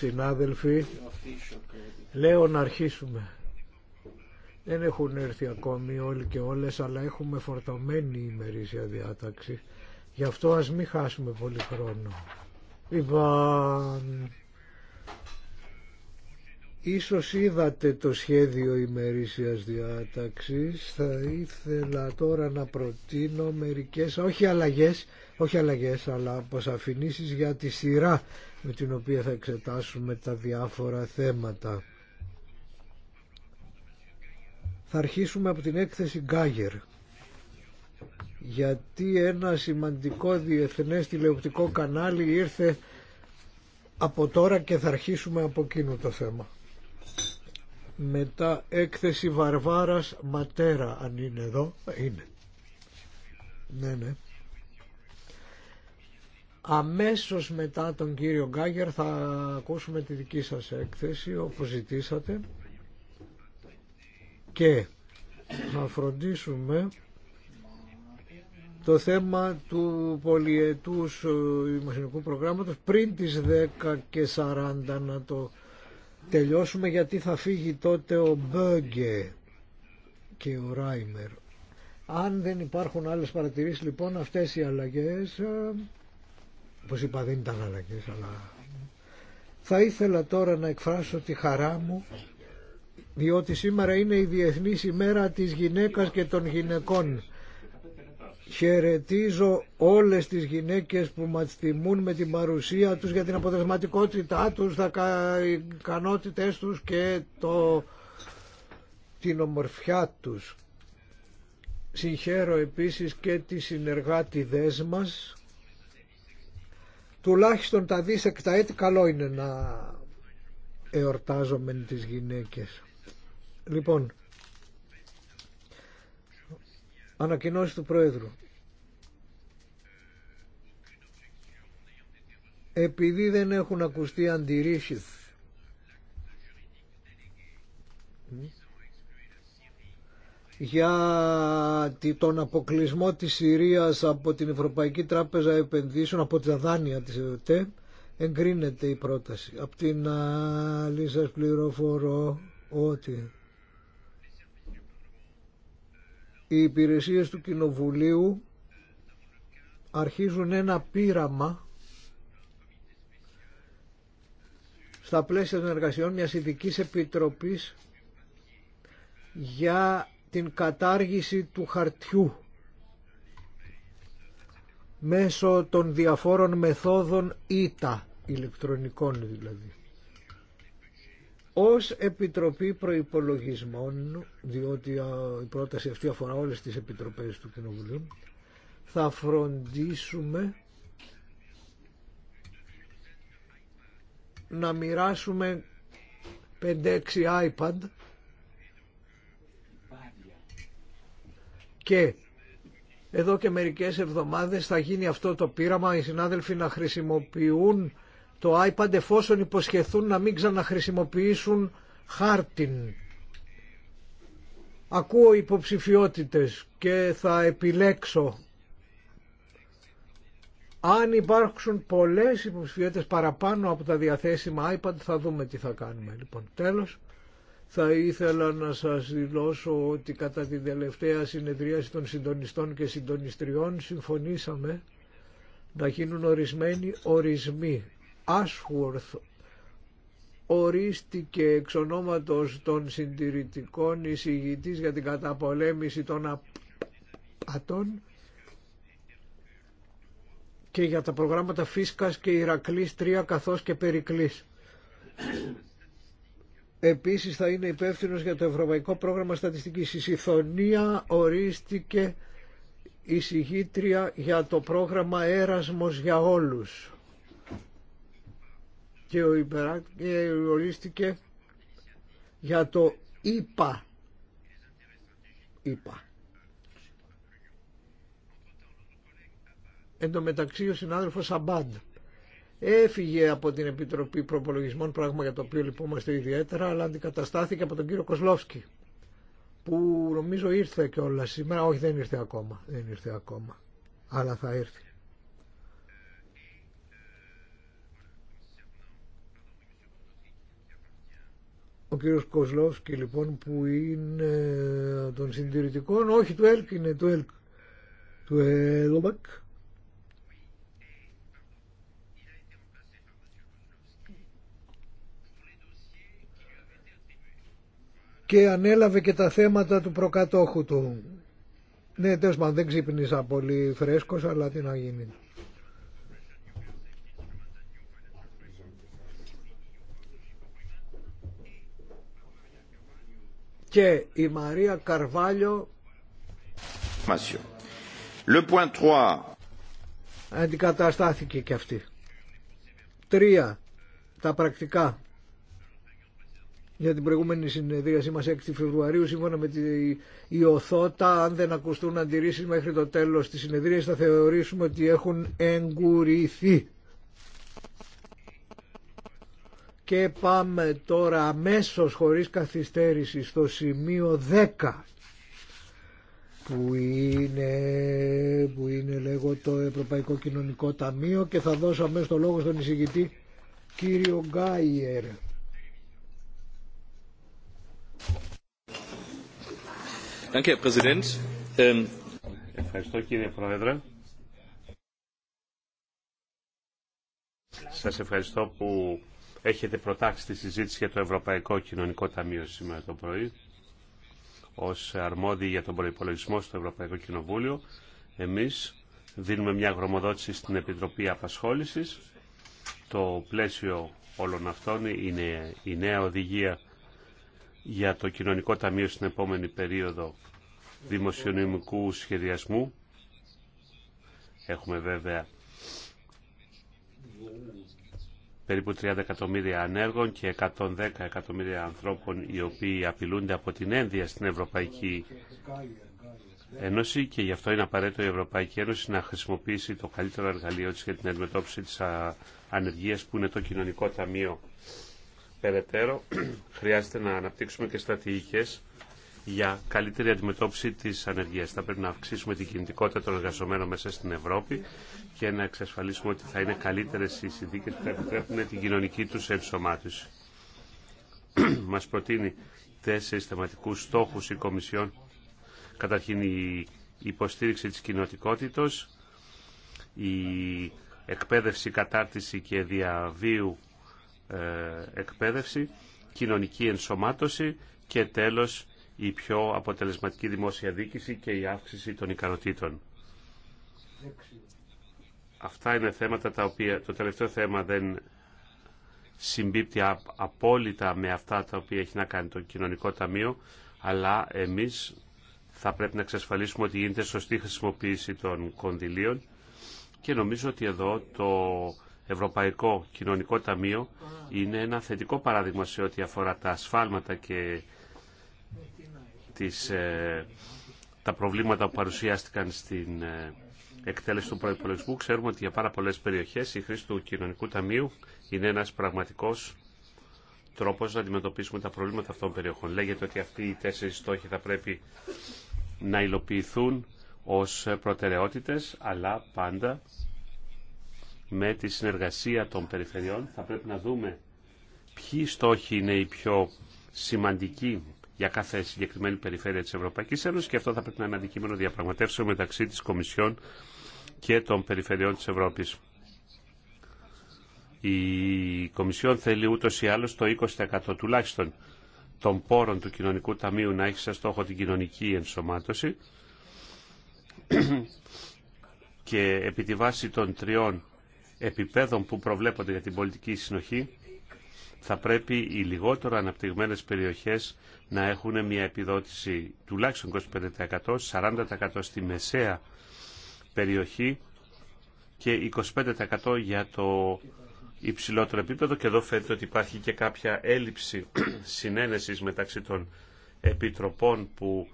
Συνάδελφοι, λέω να αρχίσουμε. Δεν έχουν έρθει ακόμη όλοι και όλες, αλλά έχουμε φορτωμένη ημερήσια διάταξη. Γι' αυτό ας μην χάσουμε πολύ χρόνο. Ίσως είδατε το σχέδιο ημερήσιας διάταξης, θα ήθελα τώρα να προτείνω μερικές, όχι αλλαγές, όχι αλλαγές, αλλά αποσαφηνήσεις για τη σειρά με την οποία θα εξετάσουμε τα διάφορα θέματα. Θα αρχίσουμε από την έκθεση Γκάγερ γιατί ένα σημαντικό διεθνές τηλεοπτικό κανάλι ήρθε από τώρα και θα αρχίσουμε από εκείνο το θέμα μετά έκθεση Βαρβάρας Ματέρα αν είναι εδώ είναι ναι ναι αμέσως μετά τον κύριο Γκάγερ θα ακούσουμε τη δική σας έκθεση όπως ζητήσατε και να φροντίσουμε το θέμα του πολιετούς ε, δημοσιονομικού προγράμματος πριν τις 10 και 40 να το τελειώσουμε γιατί θα φύγει τότε ο Μπέγκε και ο Ράιμερ. Αν δεν υπάρχουν άλλες παρατηρήσεις λοιπόν αυτές οι αλλαγές, ε, όπως είπα δεν ήταν αλλαγές αλλά θα ήθελα τώρα να εκφράσω τη χαρά μου διότι σήμερα είναι η Διεθνής ημέρα της γυναίκας και των γυναικών Χαιρετίζω όλες τις γυναίκες που μας τιμούν με την παρουσία τους για την αποτελεσματικότητά τους, τα ικανότητες τους και το... την ομορφιά τους. Συγχαίρω επίσης και τη συνεργάτιδές μας. Τουλάχιστον τα δίσεκτα έτη καλό είναι να εορτάζομαι τις γυναίκες. Λοιπόν, ανακοινώσει του Πρόεδρου. Επειδή δεν έχουν ακουστεί αντιρρήσεις για τον αποκλεισμό της Συρίας από την Ευρωπαϊκή Τράπεζα Επενδύσεων από τη δάνεια της ΕΟΤΕ εγκρίνεται η πρόταση. Απ' την άλλη σας πληροφορώ ότι οι υπηρεσίες του Κοινοβουλίου αρχίζουν ένα πείραμα στα πλαίσια των εργασιών μιας ειδική επιτροπής για την κατάργηση του χαρτιού μέσω των διαφόρων μεθόδων ήτα, ηλεκτρονικών δηλαδή. Ως Επιτροπή Προϋπολογισμών, διότι η πρόταση αυτή αφορά όλες τις επιτροπές του Κοινοβουλίου, θα φροντίσουμε να μοιράσουμε 5-6 iPad και εδώ και μερικές εβδομάδες θα γίνει αυτό το πείραμα οι συνάδελφοι να χρησιμοποιούν το iPad εφόσον υποσχεθούν να μην ξαναχρησιμοποιήσουν χάρτην. Ακούω υποψηφιότητες και θα επιλέξω αν υπάρξουν πολλές υποψηφιότητες παραπάνω από τα διαθέσιμα iPad θα δούμε τι θα κάνουμε. Λοιπόν, τέλος, θα ήθελα να σας δηλώσω ότι κατά τη τελευταία συνεδρίαση των συντονιστών και συντονιστριών συμφωνήσαμε να γίνουν ορισμένοι ορισμοί. Ashworth ορίστηκε εξ ονόματος των συντηρητικών εισηγητής για την καταπολέμηση των ατών και για τα προγράμματα Φίσκας και Ηρακλής 3 καθώς και Περικλής. Επίσης θα είναι υπεύθυνος για το Ευρωπαϊκό Πρόγραμμα Στατιστικής. Η Συθωνία ορίστηκε εισηγήτρια για το πρόγραμμα Έρασμος για όλους. Και ο ορίστηκε για το ΙΠΑ. ΙΠΑ. Εν μεταξύ ο συνάδελφο Σαμπάντ έφυγε από την Επιτροπή Προπολογισμών, πράγμα για το οποίο λυπόμαστε ιδιαίτερα, αλλά αντικαταστάθηκε από τον κύριο Κοσλόφσκι, που νομίζω ήρθε και όλα σήμερα. Όχι, δεν ήρθε ακόμα, δεν ήρθε ακόμα, αλλά θα έρθει. Ο κύριος Κοσλόφσκι λοιπόν που είναι των συντηρητικών, όχι του ΕΛΚ είναι του ΕΛΚ, του και ανέλαβε και τα θέματα του προκατόχου του. Ναι, τέλος πάντων δεν ξύπνησα πολύ φρέσκος, αλλά τι να γίνει. Και η Μαρία Καρβάλιο... Le point 3. Αντικαταστάθηκε και αυτή. Τρία. Τα πρακτικά για την προηγούμενη συνεδρίασή μας 6 Φεβρουαρίου σύμφωνα με τη Ιωθώτα αν δεν ακουστούν αντιρρήσεις μέχρι το τέλος τη συνεδρίας θα θεωρήσουμε ότι έχουν εγκουρηθεί. Και πάμε τώρα αμέσω χωρίς καθυστέρηση στο σημείο 10 που είναι, που είναι λέγω το Ευρωπαϊκό Κοινωνικό Ταμείο και θα δώσω αμέσως το λόγο στον εισηγητή κύριο Γκάιερ. Ähm, ευχαριστώ κύριε Πρόεδρε. Σας ευχαριστώ που έχετε προτάξει τη συζήτηση για το Ευρωπαϊκό Κοινωνικό Ταμείο σήμερα το πρωί ως αρμόδιοι για τον προϋπολογισμό στο Ευρωπαϊκό Κοινοβούλιο. Εμείς δίνουμε μια γρομοδότηση στην Επιτροπή Απασχόλησης. Το πλαίσιο όλων αυτών είναι η νέα οδηγία για το κοινωνικό ταμείο στην επόμενη περίοδο δημοσιονομικού σχεδιασμού. Έχουμε βέβαια περίπου 30 εκατομμύρια ανέργων και 110 εκατομμύρια ανθρώπων οι οποίοι απειλούνται από την ένδυα στην Ευρωπαϊκή Ένωση και γι' αυτό είναι απαραίτητο η Ευρωπαϊκή Ένωση να χρησιμοποιήσει το καλύτερο εργαλείο της για την αντιμετώπιση της ανεργίας που είναι το κοινωνικό ταμείο Περαιτέρω, χρειάζεται να αναπτύξουμε και στρατηγικές για καλύτερη αντιμετώπιση της ανεργίας. Θα πρέπει να αυξήσουμε την κινητικότητα των εργαζομένων μέσα στην Ευρώπη και να εξασφαλίσουμε ότι θα είναι καλύτερες οι συνθήκε που θα επιτρέπουν την κοινωνική τους ενσωμάτωση. Μας προτείνει τέσσερις θεματικούς στόχους η Κομισιόν. Καταρχήν η υποστήριξη της κοινοτικότητος, η εκπαίδευση, κατάρτιση και διαβίου ε, εκπαίδευση, κοινωνική ενσωμάτωση και τέλος η πιο αποτελεσματική δημόσια δίκηση και η αύξηση των ικανοτήτων. Αυτά είναι θέματα τα οποία το τελευταίο θέμα δεν συμπίπτει απόλυτα με αυτά τα οποία έχει να κάνει το κοινωνικό ταμείο, αλλά εμείς θα πρέπει να εξασφαλίσουμε ότι γίνεται σωστή χρησιμοποίηση των κονδυλίων και νομίζω ότι εδώ το Ευρωπαϊκό Κοινωνικό Ταμείο είναι ένα θετικό παράδειγμα σε ό,τι αφορά τα ασφάλματα και τις, ε, τα προβλήματα που παρουσιάστηκαν στην ε, εκτέλεση του προϋπολογισμού. Ξέρουμε ότι για πάρα πολλές περιοχές η χρήση του Κοινωνικού Ταμείου είναι ένας πραγματικός τρόπος να αντιμετωπίσουμε τα προβλήματα αυτών των περιοχών. Λέγεται ότι αυτοί οι τέσσερις στόχοι θα πρέπει να υλοποιηθούν ως προτεραιότητες, αλλά πάντα με τη συνεργασία των περιφερειών. Θα πρέπει να δούμε ποιοι στόχοι είναι οι πιο σημαντικοί για κάθε συγκεκριμένη περιφέρεια της Ευρωπαϊκής Ένωσης και αυτό θα πρέπει να είναι αντικείμενο διαπραγματεύσεων μεταξύ της Κομισιόν και των περιφερειών της Ευρώπης. Η Κομισιόν θέλει ούτως ή άλλως το 20% τουλάχιστον των πόρων του Κοινωνικού Ταμείου να έχει σε στόχο την κοινωνική ενσωμάτωση και επί τη βάση των τριών επιπέδων που προβλέπονται για την πολιτική συνοχή θα πρέπει οι λιγότερο αναπτυγμένες περιοχές να έχουν μια επιδότηση τουλάχιστον 25%, 40% στη μεσαία περιοχή και 25% για το υψηλότερο επίπεδο και εδώ φαίνεται ότι υπάρχει και κάποια έλλειψη συνένεσης μεταξύ των επιτροπών που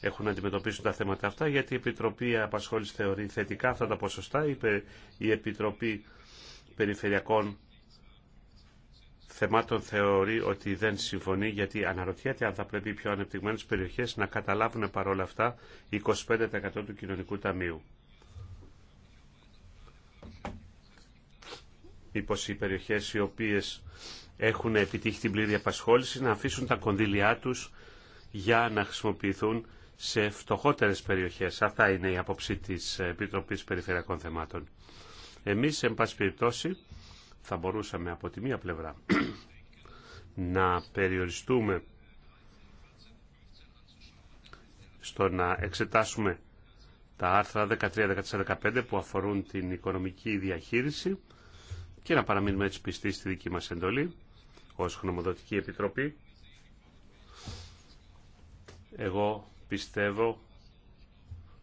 έχουν να αντιμετωπίσουν τα θέματα αυτά, γιατί η Επιτροπή Απασχόληση θεωρεί θετικά αυτά τα ποσοστά, η Επιτροπή Περιφερειακών θεμάτων θεωρεί ότι δεν συμφωνεί γιατί αναρωτιέται αν θα πρέπει οι πιο ανεπτυγμένες περιοχές να καταλάβουν παρόλα αυτά 25% του κοινωνικού ταμείου. Μήπω οι περιοχές οι οποίες έχουν επιτύχει την πλήρη απασχόληση να αφήσουν τα κονδύλια τους για να χρησιμοποιηθούν σε φτωχότερες περιοχές. Αυτά είναι η απόψη της Επιτροπής Περιφερειακών Θεμάτων. Εμείς, εν πάση περιπτώσει, θα μπορούσαμε από τη μία πλευρά να περιοριστούμε στο να εξετάσουμε τα άρθρα 13, 14, 15 που αφορούν την οικονομική διαχείριση και να παραμείνουμε έτσι πιστοί στη δική μας εντολή ως χνομοδοτική Επιτροπή. Εγώ Πιστεύω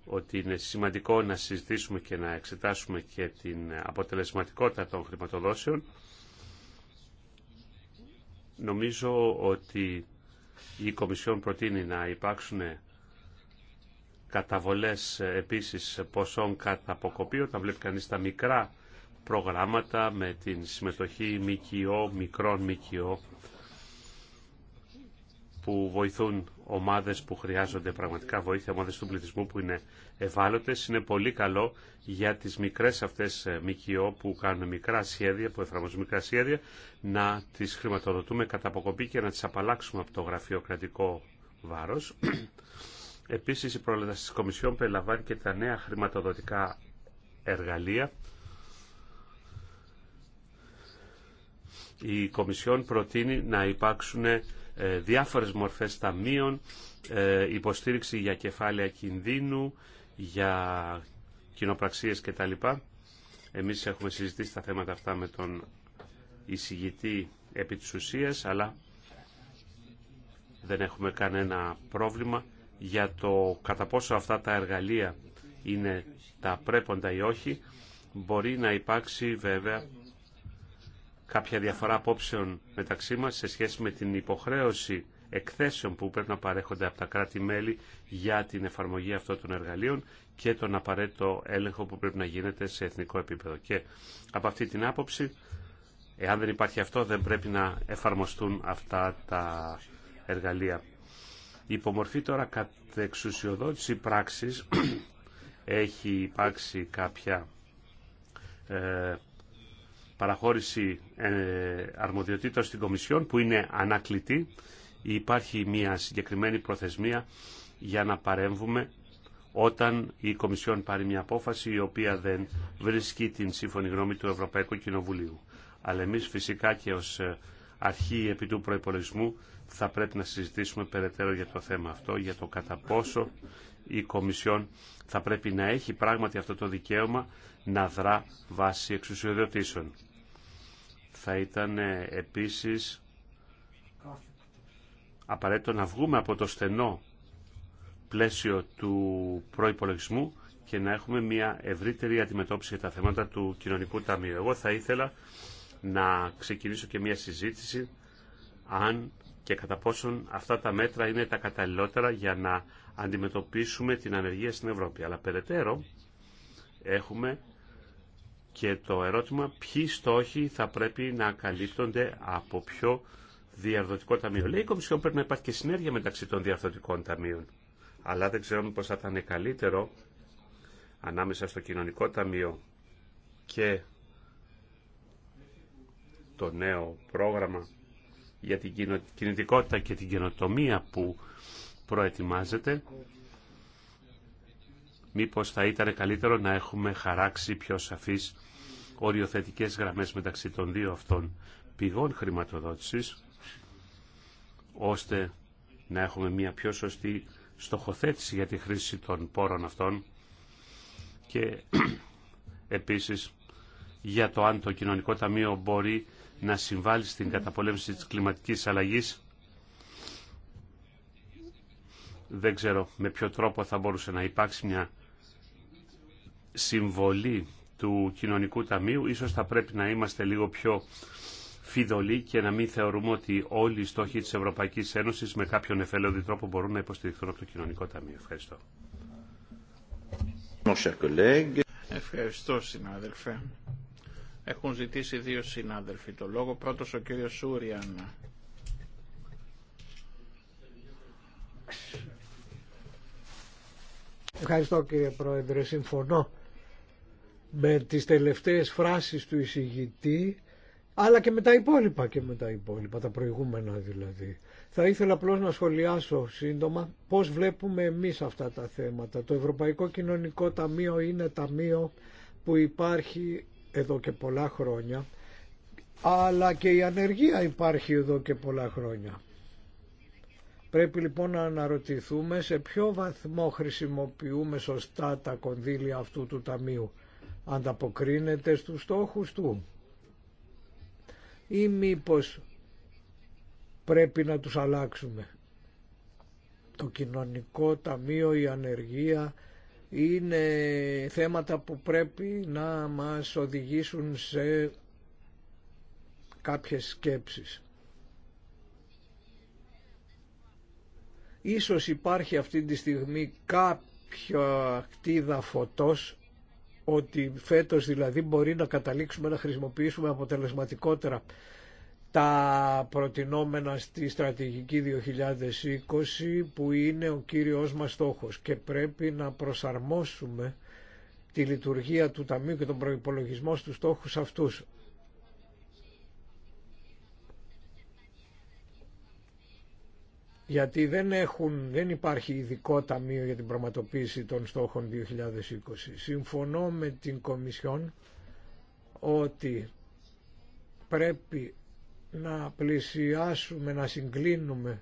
ότι είναι σημαντικό να συζητήσουμε και να εξετάσουμε και την αποτελεσματικότητα των χρηματοδόσεων. Νομίζω ότι η Κομισιόν προτείνει να υπάρξουν καταβολές επίσης ποσών κατά αποκοπή, όταν βλέπει κανείς τα μικρά προγράμματα με την συμμετοχή ΜΚΟ, μικρών ΜΚΟ που βοηθούν ομάδες που χρειάζονται πραγματικά βοήθεια, ομάδες του πληθυσμού που είναι ευάλωτες, είναι πολύ καλό για τις μικρές αυτές ε, ΜΚΟ που κάνουν μικρά σχέδια, που εφαρμόζουν μικρά σχέδια, να τις χρηματοδοτούμε κατά αποκοπή και να τις απαλλάξουμε από το γραφειοκρατικό βάρος. Επίσης η πρόλαση της Κομισιόν περιλαμβάνει και τα νέα χρηματοδοτικά εργαλεία. Η Κομισιόν προτείνει να υπάρξουν ε, διάφορες μορφές ταμείων, ε, υποστήριξη για κεφάλαια κινδύνου, για κοινοπραξίες κτλ. Εμείς έχουμε συζητήσει τα θέματα αυτά με τον εισηγητή επί της ουσίας, αλλά δεν έχουμε κανένα πρόβλημα για το κατά πόσο αυτά τα εργαλεία είναι τα πρέποντα ή όχι. Μπορεί να υπάρξει βέβαια κάποια διαφορά απόψεων μεταξύ μας σε σχέση με την υποχρέωση εκθέσεων που πρέπει να παρέχονται από τα κράτη-μέλη για την εφαρμογή αυτών των εργαλείων και τον απαραίτητο έλεγχο που πρέπει να γίνεται σε εθνικό επίπεδο. Και από αυτή την άποψη, εάν δεν υπάρχει αυτό, δεν πρέπει να εφαρμοστούν αυτά τα εργαλεία. Η υπομορφή τώρα κατεξουσιοδότηση πράξης έχει υπάρξει κάποια ε, παραχώρηση ε, αρμοδιοτήτων στην Κομισιόν που είναι ανακλητή. Υπάρχει μια συγκεκριμένη προθεσμία για να παρέμβουμε όταν η Κομισιόν πάρει μια απόφαση η οποία δεν βρίσκει την σύμφωνη γνώμη του Ευρωπαϊκού Κοινοβουλίου. Αλλά εμείς φυσικά και ως ε, αρχή επί του προϋπολογισμού θα πρέπει να συζητήσουμε περαιτέρω για το θέμα αυτό, για το κατά πόσο η Κομισιόν θα πρέπει να έχει πράγματι αυτό το δικαίωμα να δρά βάσει εξουσιοδοτήσεων. Θα ήταν ε, επίσης απαραίτητο να βγούμε από το στενό πλαίσιο του προϋπολογισμού και να έχουμε μια ευρύτερη αντιμετώπιση για τα θέματα του κοινωνικού ταμείου. Εγώ θα ήθελα να ξεκινήσω και μια συζήτηση αν και κατά πόσον αυτά τα μέτρα είναι τα καταλληλότερα για να αντιμετωπίσουμε την ανεργία στην Ευρώπη. Αλλά περαιτέρω έχουμε και το ερώτημα ποιοι στόχοι θα πρέπει να καλύπτονται από ποιο διαρδοτικό ταμείο. Λέει η Κομισιόν πρέπει να υπάρχει και συνέργεια μεταξύ των διαρδοτικών ταμείων. Αλλά δεν ξέρουμε πώς θα ήταν καλύτερο ανάμεσα στο κοινωνικό ταμείο και το νέο πρόγραμμα για την κινητικότητα και την καινοτομία που προετοιμάζεται μήπως θα ήταν καλύτερο να έχουμε χαράξει πιο σαφείς οριοθετικές γραμμές μεταξύ των δύο αυτών πηγών χρηματοδότησης, ώστε να έχουμε μια πιο σωστή στοχοθέτηση για τη χρήση των πόρων αυτών και επίσης για το αν το κοινωνικό ταμείο μπορεί να συμβάλλει στην καταπολέμηση της κλιματικής αλλαγής. Δεν ξέρω με ποιο τρόπο θα μπορούσε να υπάρξει μια συμβολή του Κοινωνικού Ταμείου. Ίσως θα πρέπει να είμαστε λίγο πιο φιδωλοί και να μην θεωρούμε ότι όλοι οι στόχοι της Ευρωπαϊκής Ένωσης με κάποιον εφελαιόδη τρόπο μπορούν να υποστηριχθούν από το Κοινωνικό Ταμείο. Ευχαριστώ. Ευχαριστώ συνάδελφε. Έχουν ζητήσει δύο συνάδελφοι το λόγο. Πρώτος ο κύριος Σούριαν. Ευχαριστώ κύριε Πρόεδρε. Συμφωνώ με τις τελευταίες φράσεις του εισηγητή αλλά και με τα υπόλοιπα και με τα υπόλοιπα, τα προηγούμενα δηλαδή. Θα ήθελα απλώ να σχολιάσω σύντομα πώς βλέπουμε εμείς αυτά τα θέματα. Το Ευρωπαϊκό Κοινωνικό Ταμείο είναι ταμείο που υπάρχει εδώ και πολλά χρόνια, αλλά και η ανεργία υπάρχει εδώ και πολλά χρόνια. Πρέπει λοιπόν να αναρωτηθούμε σε ποιο βαθμό χρησιμοποιούμε σωστά τα κονδύλια αυτού του ταμείου ανταποκρίνεται στους στόχους του ή μήπως πρέπει να τους αλλάξουμε. Το κοινωνικό ταμείο, η ανεργία είναι θέματα που πρέπει να μας οδηγήσουν σε κάποιες σκέψεις. Ίσως υπάρχει αυτή τη στιγμή κάποια κτίδα φωτός ότι φέτος δηλαδή μπορεί να καταλήξουμε να χρησιμοποιήσουμε αποτελεσματικότερα τα προτινόμενα στη στρατηγική 2020 που είναι ο κύριος μας στόχος και πρέπει να προσαρμόσουμε τη λειτουργία του Ταμείου και τον προϋπολογισμό στους στόχους αυτούς. γιατί δεν, έχουν, δεν υπάρχει ειδικό ταμείο για την πραγματοποίηση των στόχων 2020. Συμφωνώ με την Κομισιόν ότι πρέπει να πλησιάσουμε, να συγκλίνουμε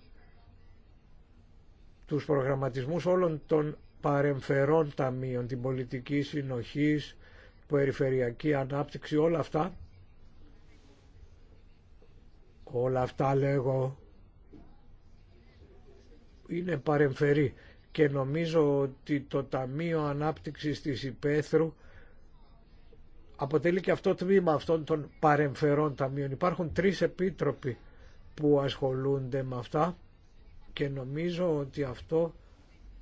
τους προγραμματισμούς όλων των παρεμφερών ταμείων, την πολιτική συνοχής, περιφερειακή ανάπτυξη, όλα αυτά. Όλα αυτά λέγω είναι παρεμφερή και νομίζω ότι το Ταμείο Ανάπτυξης της Υπέθρου αποτελεί και αυτό το τμήμα αυτών των παρεμφερών ταμείων. Υπάρχουν τρεις επίτροποι που ασχολούνται με αυτά και νομίζω ότι αυτό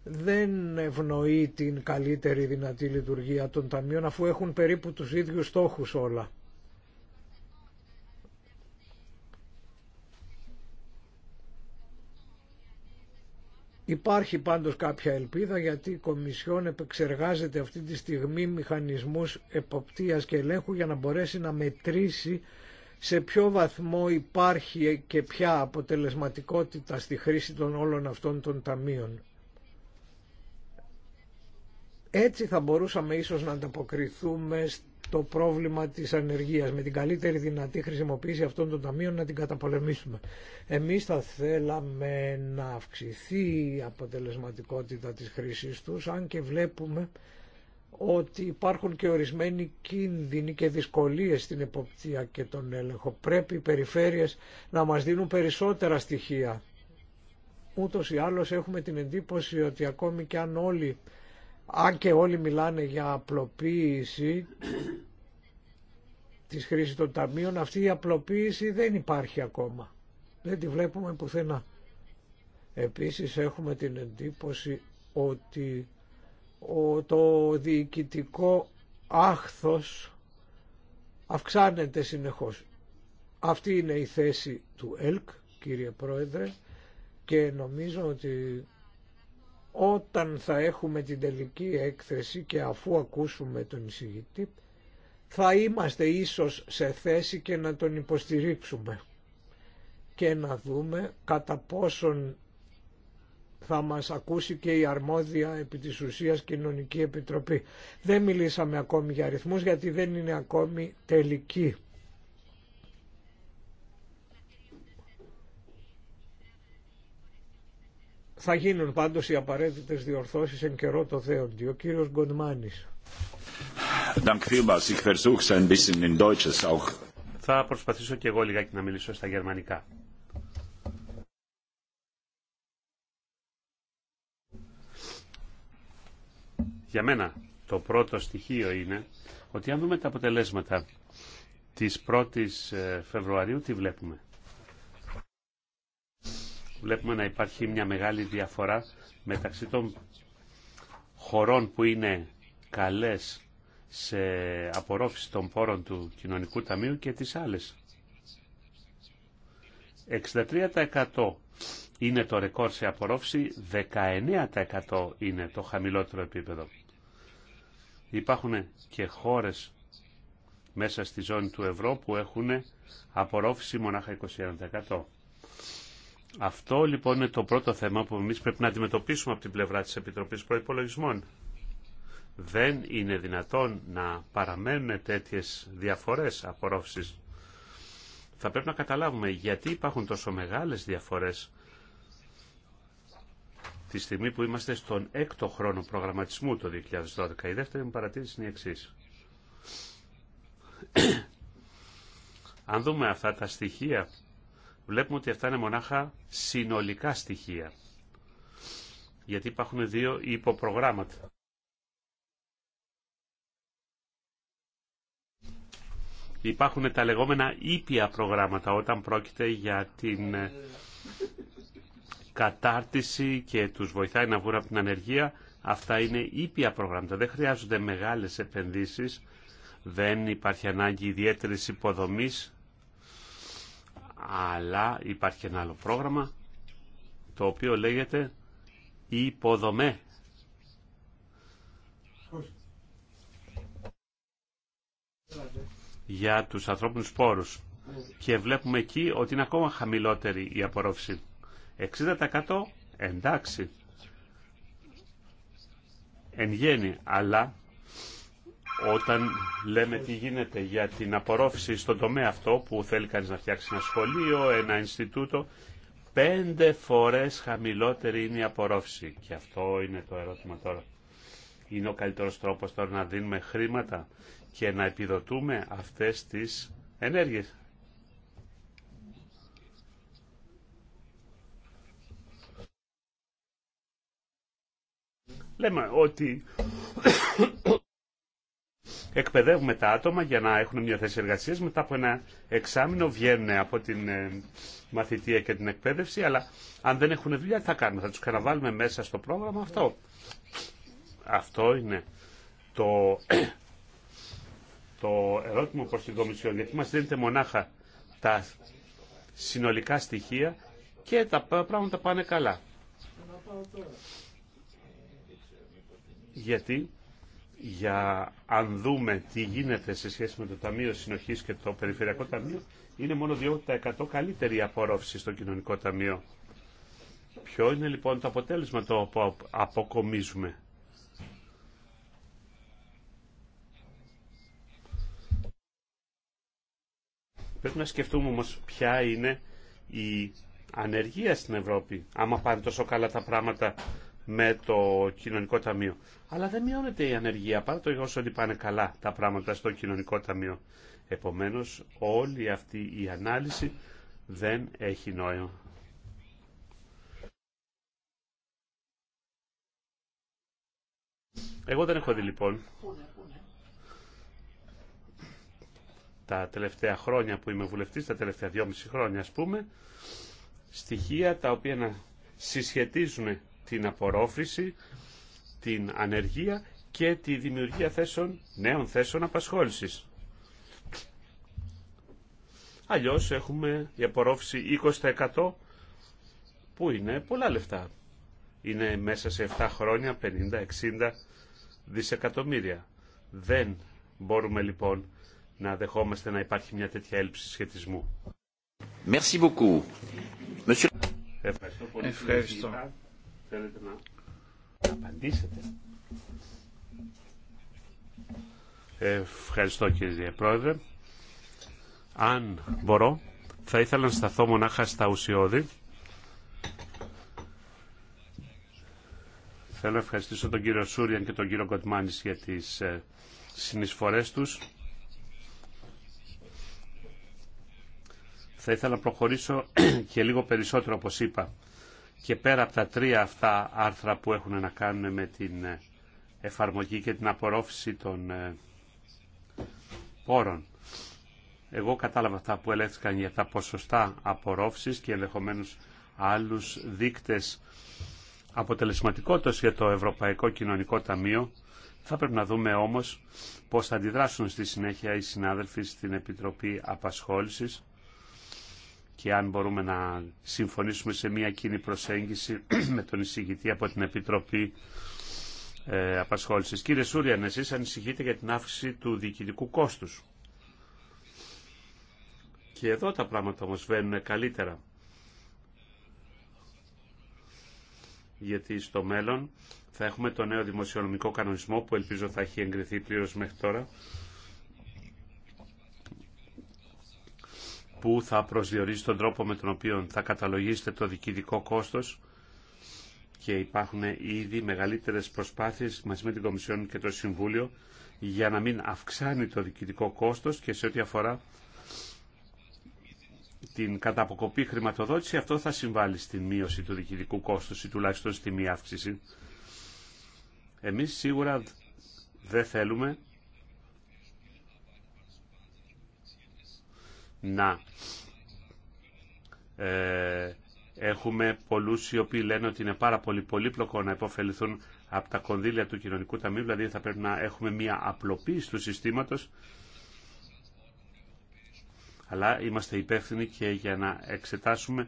δεν ευνοεί την καλύτερη δυνατή λειτουργία των ταμείων αφού έχουν περίπου τους ίδιους στόχους όλα. Υπάρχει πάντως κάποια ελπίδα γιατί η Κομισιόν επεξεργάζεται αυτή τη στιγμή μηχανισμούς εποπτείας και ελέγχου για να μπορέσει να μετρήσει σε ποιο βαθμό υπάρχει και ποια αποτελεσματικότητα στη χρήση των όλων αυτών των ταμείων. Έτσι θα μπορούσαμε ίσως να ανταποκριθούμε το πρόβλημα της ανεργίας με την καλύτερη δυνατή χρησιμοποίηση αυτών των ταμείων να την καταπολεμήσουμε. Εμείς θα θέλαμε να αυξηθεί η αποτελεσματικότητα της χρήσης τους αν και βλέπουμε ότι υπάρχουν και ορισμένοι κίνδυνοι και δυσκολίες στην εποπτεία και τον έλεγχο. Πρέπει οι περιφέρειες να μας δίνουν περισσότερα στοιχεία. Ούτως ή άλλως έχουμε την εντύπωση ότι ακόμη και αν όλοι αν και όλοι μιλάνε για απλοποίηση της χρήσης των ταμείων, αυτή η απλοποίηση δεν υπάρχει ακόμα. Δεν τη βλέπουμε πουθενά. Επίσης έχουμε την εντύπωση ότι το διοικητικό άχθος αυξάνεται συνεχώς. Αυτή είναι η θέση του ΕΛΚ, κύριε Πρόεδρε, και νομίζω ότι όταν θα έχουμε την τελική έκθεση και αφού ακούσουμε τον εισηγητή, θα είμαστε ίσως σε θέση και να τον υποστηρίξουμε και να δούμε κατά πόσον θα μας ακούσει και η αρμόδια επί της ουσίας Κοινωνική Επιτροπή. Δεν μιλήσαμε ακόμη για αριθμούς γιατί δεν είναι ακόμη τελική Θα γίνουν πάντως οι απαραίτητες διορθώσεις εν καιρό το δέοντι. Ο κύριος auch. Θα προσπαθήσω και εγώ λιγάκι να μιλήσω στα γερμανικά. Για μένα το πρώτο στοιχείο είναι ότι αν δούμε τα αποτελέσματα της 1ης ε, Φεβρουαρίου τι βλέπουμε βλέπουμε να υπάρχει μια μεγάλη διαφορά μεταξύ των χωρών που είναι καλές σε απορρόφηση των πόρων του Κοινωνικού Ταμείου και τις άλλες. 63% είναι το ρεκόρ σε απορρόφηση, 19% είναι το χαμηλότερο επίπεδο. Υπάρχουν και χώρες μέσα στη ζώνη του ευρώ που έχουν απορρόφηση μονάχα 21%. Αυτό λοιπόν είναι το πρώτο θέμα που εμείς πρέπει να αντιμετωπίσουμε από την πλευρά της Επιτροπής Προϋπολογισμών. Δεν είναι δυνατόν να παραμένουν τέτοιες διαφορές απορρόφησης. Θα πρέπει να καταλάβουμε γιατί υπάρχουν τόσο μεγάλες διαφορές τη στιγμή που είμαστε στον έκτο χρόνο προγραμματισμού το 2012. Η δεύτερη μου παρατήρηση είναι η εξή. Αν δούμε αυτά τα στοιχεία βλέπουμε ότι αυτά είναι μονάχα συνολικά στοιχεία. Γιατί υπάρχουν δύο υποπρογράμματα. Υπάρχουν τα λεγόμενα ήπια προγράμματα όταν πρόκειται για την ε, κατάρτιση και τους βοηθάει να βγουν από την ανεργία. Αυτά είναι ήπια προγράμματα. Δεν χρειάζονται μεγάλες επενδύσεις. Δεν υπάρχει ανάγκη ιδιαίτερης υποδομής αλλά υπάρχει ένα άλλο πρόγραμμα το οποίο λέγεται υποδομέ. για τους ανθρώπινους σπόρους και βλέπουμε εκεί ότι είναι ακόμα χαμηλότερη η απορρόφηση. 60% εντάξει εν γέννη, αλλά όταν λέμε τι γίνεται για την απορρόφηση στον τομέα αυτό που θέλει κανείς να φτιάξει ένα σχολείο, ένα Ινστιτούτο, πέντε φορές χαμηλότερη είναι η απορρόφηση. Και αυτό είναι το ερώτημα τώρα. Είναι ο καλύτερος τρόπος τώρα να δίνουμε χρήματα και να επιδοτούμε αυτές τις ενέργειες. Λέμε ότι εκπαιδεύουμε τα άτομα για να έχουν μια θέση εργασία. Μετά από ένα εξάμεινο βγαίνουν από την ε, μαθητεία και την εκπαίδευση, αλλά αν δεν έχουν δουλειά, τι θα κάνουμε, θα του καναβάλουμε μέσα στο πρόγραμμα αυτό. Αυτό είναι το, το ερώτημα προ την Κομισιόν, γιατί μα δίνεται μονάχα τα συνολικά στοιχεία και τα πράγματα πάνε καλά. Γιατί για αν δούμε τι γίνεται σε σχέση με το Ταμείο Συνοχής και το Περιφερειακό Ταμείο, είναι μόνο 2% καλύτερη η απορρόφηση στο Κοινωνικό Ταμείο. Ποιο είναι λοιπόν το αποτέλεσμα το που αποκομίζουμε. Πρέπει να σκεφτούμε όμως ποια είναι η ανεργία στην Ευρώπη. Άμα πάνε τόσο καλά τα πράγματα με το κοινωνικό ταμείο. Αλλά δεν μειώνεται η ανεργία παρά το γεγονό ότι πάνε καλά τα πράγματα στο κοινωνικό ταμείο. Επομένως όλη αυτή η ανάλυση δεν έχει νόημα. Εγώ δεν έχω δει λοιπόν τα τελευταία χρόνια που είμαι βουλευτής, τα τελευταία δυόμιση χρόνια ας πούμε, στοιχεία τα οποία να συσχετίζουν την απορρόφηση, την ανεργία και τη δημιουργία θέσεων, νέων θέσεων απασχόλησης. Αλλιώς έχουμε η απορρόφηση 20% που είναι πολλά λεφτά. Είναι μέσα σε 7 χρόνια 50-60 δισεκατομμύρια. Δεν μπορούμε λοιπόν να δεχόμαστε να υπάρχει μια τέτοια έλλειψη σχετισμού. Ευχαριστώ πολύ. Θέλετε να απαντήσετε. Ευχαριστώ κύριε Πρόεδρε. Αν μπορώ, θα ήθελα να σταθώ μονάχα στα ουσιώδη. Θέλω να ευχαριστήσω τον κύριο Σούριαν και τον κύριο Κοτμάνης για τις ε, συνεισφορές τους. Θα ήθελα να προχωρήσω και λίγο περισσότερο, όπως είπα, και πέρα από τα τρία αυτά άρθρα που έχουν να κάνουν με την ε, εφαρμογή και την απορρόφηση των ε, πόρων. Εγώ κατάλαβα αυτά που ελέγχθηκαν για τα ποσοστά απορρόφησης και ενδεχομένως άλλους δείκτες αποτελεσματικότητας για το Ευρωπαϊκό Κοινωνικό Ταμείο. Θα πρέπει να δούμε όμως πώς θα αντιδράσουν στη συνέχεια οι συνάδελφοι στην Επιτροπή Απασχόλησης και αν μπορούμε να συμφωνήσουμε σε μια κοινή προσέγγιση με τον εισηγητή από την Επιτροπή ε, Απασχόλησης. Κύριε Σούριαν, εσείς ανησυχείτε για την αύξηση του διοικητικού κόστους. Και εδώ τα πράγματα όμως βαίνουν καλύτερα. Γιατί στο μέλλον θα έχουμε το νέο δημοσιονομικό κανονισμό που ελπίζω θα έχει εγκριθεί πλήρως μέχρι τώρα που θα προσδιορίζει τον τρόπο με τον οποίο θα καταλογίσετε το διοικητικό κόστος και υπάρχουν ήδη μεγαλύτερες προσπάθειες μαζί με την Κομισιόν και το Συμβούλιο για να μην αυξάνει το διοικητικό κόστος και σε ό,τι αφορά την καταποκοπή χρηματοδότηση, αυτό θα συμβάλλει στην μείωση του διοικητικού κόστους ή τουλάχιστον στη μία αύξηση. Εμείς σίγουρα δεν θέλουμε να ε, έχουμε πολλούς οι οποίοι λένε ότι είναι πάρα πολύ πολύπλοκο να υποφεληθούν από τα κονδύλια του κοινωνικού ταμείου, δηλαδή θα πρέπει να έχουμε μια απλοποίηση του συστήματος, αλλά είμαστε υπεύθυνοι και για να εξετάσουμε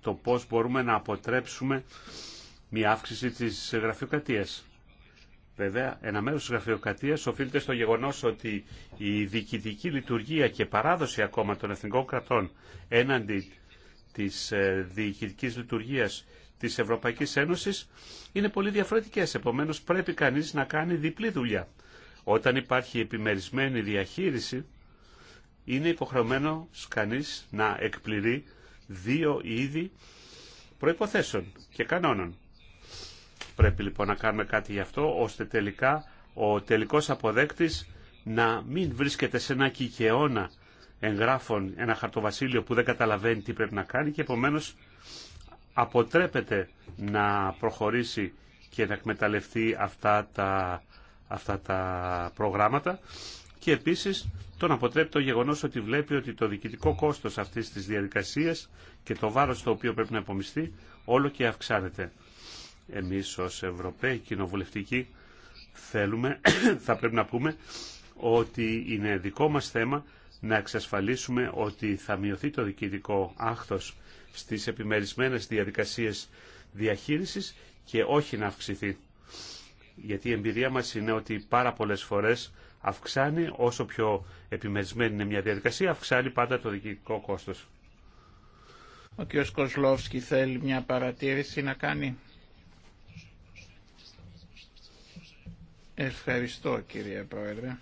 το πώς μπορούμε να αποτρέψουμε μια αύξηση της γραφειοκρατίας. Βέβαια, ένα μέρο τη γραφειοκρατία οφείλεται στο γεγονό ότι η διοικητική λειτουργία και παράδοση ακόμα των εθνικών κρατών έναντι τη ε, διοικητική λειτουργία τη Ευρωπαϊκή Ένωση είναι πολύ διαφορετικέ. Επομένω, πρέπει κανεί να κάνει διπλή δουλειά. Όταν υπάρχει επιμερισμένη διαχείριση, είναι υποχρεωμένο κανεί να εκπληρεί δύο είδη προποθέσεων και κανόνων. Πρέπει λοιπόν να κάνουμε κάτι γι' αυτό, ώστε τελικά ο τελικός αποδέκτης να μην βρίσκεται σε ένα κικαιώνα εγγράφων, ένα χαρτοβασίλειο που δεν καταλαβαίνει τι πρέπει να κάνει και επομένως αποτρέπεται να προχωρήσει και να εκμεταλλευτεί αυτά τα, αυτά τα προγράμματα και επίσης τον αποτρέπει το γεγονός ότι βλέπει ότι το διοικητικό κόστος αυτής της διαδικασίας και το βάρος το οποίο πρέπει να επομιστεί όλο και αυξάνεται. Εμείς ως Ευρωπαίοι Κοινοβουλευτικοί θέλουμε, θα πρέπει να πούμε, ότι είναι δικό μας θέμα να εξασφαλίσουμε ότι θα μειωθεί το διοικητικό άχθος στις επιμερισμένες διαδικασίες διαχείρισης και όχι να αυξηθεί. Γιατί η εμπειρία μας είναι ότι πάρα πολλές φορές αυξάνει, όσο πιο επιμερισμένη είναι μια διαδικασία, αυξάνει πάντα το διοικητικό κόστος. Ο κ. Κοσλόφσκι θέλει μια παρατήρηση να κάνει. Ευχαριστώ κύριε Πρόεδρε.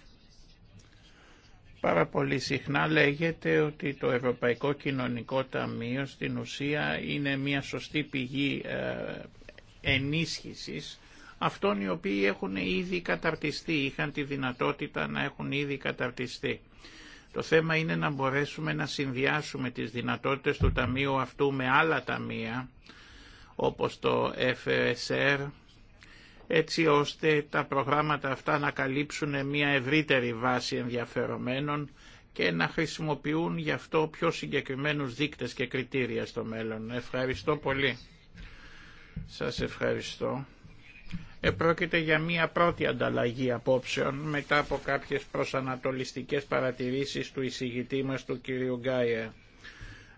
Πάρα πολύ συχνά λέγεται ότι το Ευρωπαϊκό Κοινωνικό Ταμείο στην ουσία είναι μια σωστή πηγή ε, ενίσχυσης αυτών οι οποίοι έχουν ήδη καταρτιστεί, είχαν τη δυνατότητα να έχουν ήδη καταρτιστεί. Το θέμα είναι να μπορέσουμε να συνδυάσουμε τις δυνατότητες του ταμείου αυτού με άλλα ταμεία, όπως το FSR, έτσι ώστε τα προγράμματα αυτά να καλύψουν μια ευρύτερη βάση ενδιαφερομένων και να χρησιμοποιούν γι' αυτό πιο συγκεκριμένους δείκτες και κριτήρια στο μέλλον. Ευχαριστώ πολύ. Σας ευχαριστώ. Επρόκειται για μία πρώτη ανταλλαγή απόψεων μετά από κάποιες προσανατολιστικές παρατηρήσεις του εισηγητή μας του κ. Γκάιερ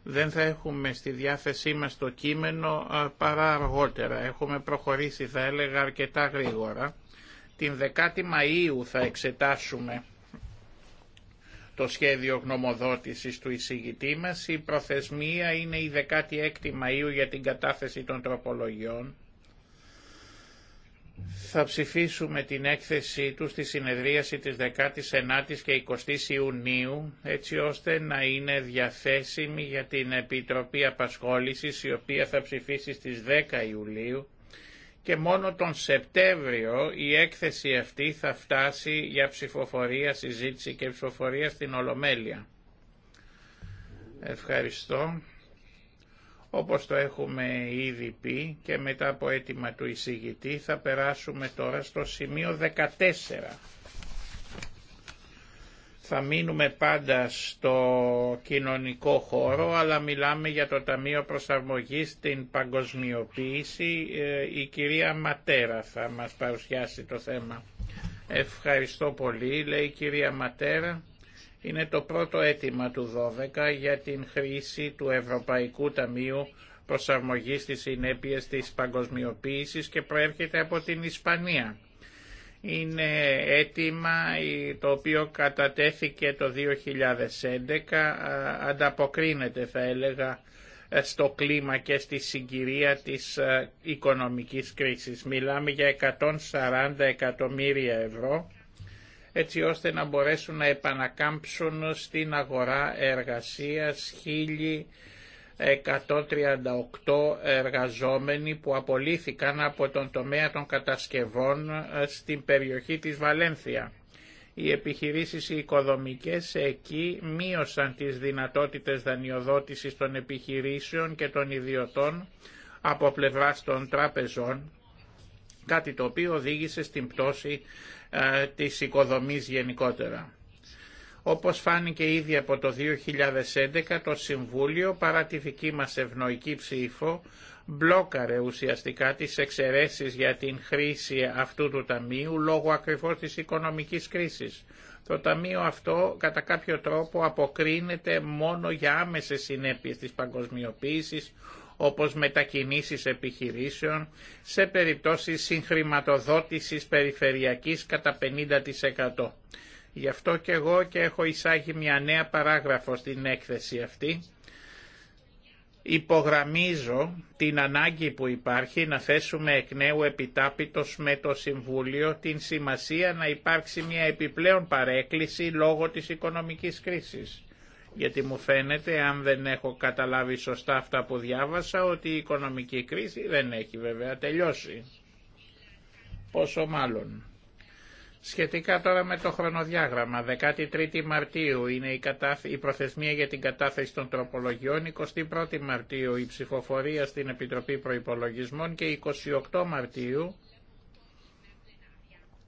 δεν θα έχουμε στη διάθεσή μας το κείμενο παρά αργότερα. Έχουμε προχωρήσει θα έλεγα αρκετά γρήγορα. Την 10η Μαΐου θα εξετάσουμε το σχέδιο γνωμοδότησης του εισηγητή μας. Η προθεσμία είναι η 16η Μαΐου για την κατάθεση των τροπολογιών θα ψηφίσουμε την έκθεσή του στη συνεδρίαση της 19ης και 20ης Ιουνίου, έτσι ώστε να είναι διαθέσιμη για την Επιτροπή Απασχόλησης, η οποία θα ψηφίσει στις 10 Ιουλίου και μόνο τον Σεπτέμβριο η έκθεση αυτή θα φτάσει για ψηφοφορία, συζήτηση και ψηφοφορία στην Ολομέλεια. Ευχαριστώ. Όπως το έχουμε ήδη πει και μετά από αίτημα του εισηγητή θα περάσουμε τώρα στο σημείο 14. Θα μείνουμε πάντα στο κοινωνικό χώρο, αλλά μιλάμε για το Ταμείο Προσαρμογής στην Παγκοσμιοποίηση. Ε, η κυρία Ματέρα θα μας παρουσιάσει το θέμα. Ευχαριστώ πολύ, λέει η κυρία Ματέρα είναι το πρώτο αίτημα του 12 για την χρήση του Ευρωπαϊκού Ταμείου Προσαρμογής στις συνέπειες της παγκοσμιοποίησης και προέρχεται από την Ισπανία. Είναι αίτημα το οποίο κατατέθηκε το 2011, ανταποκρίνεται θα έλεγα ε, στο κλίμα και στη συγκυρία της ε, οικονομικής κρίσης. Μιλάμε για 140 εκατομμύρια ευρώ έτσι ώστε να μπορέσουν να επανακάμψουν στην αγορά εργασίας 1.138 εργαζόμενοι που απολύθηκαν από τον τομέα των κατασκευών ε, στην περιοχή της Βαλένθια. Οι επιχειρήσεις οι οικοδομικές εκεί μείωσαν τις δυνατότητες δανειοδότησης των επιχειρήσεων και των ιδιωτών από πλευράς των τραπεζών, κάτι το οποίο οδήγησε στην πτώση ε, της οικοδομής γενικότερα. Όπως φάνηκε ήδη από το 2011, το Συμβούλιο, παρά τη δική μας ευνοϊκή ψήφο, μπλόκαρε ουσιαστικά τις εξαιρέσει για την χρήση αυτού του ταμείου λόγω ακριβώς της οικονομικής κρίσης. Το ταμείο αυτό κατά κάποιο τρόπο αποκρίνεται μόνο για άμεσες συνέπειες της παγκοσμιοποίησης όπως μετακινήσεις επιχειρήσεων σε περιπτώσεις συγχρηματοδότησης περιφερειακής κατά 50%. Γι' αυτό και εγώ και έχω εισάγει μια νέα παράγραφο στην έκθεση αυτή. Υπογραμμίζω την ανάγκη που υπάρχει να θέσουμε εκ νέου επιτάπητος με το Συμβούλιο την σημασία να υπάρξει μια επιπλέον παρέκκληση λόγω της οικονομικής κρίσης γιατί μου φαίνεται, αν δεν έχω καταλάβει σωστά αυτά που διάβασα, ότι η οικονομική κρίση δεν έχει βέβαια τελειώσει. Πόσο μάλλον. Σχετικά τώρα με το χρονοδιάγραμμα, 13η Μαρτίου είναι η, κατάθ... η η προθεσμια για την κατάθεση των τροπολογιών, 21η Μαρτίου η ψηφοφορία στην Επιτροπή Προϋπολογισμών και 28 Μαρτίου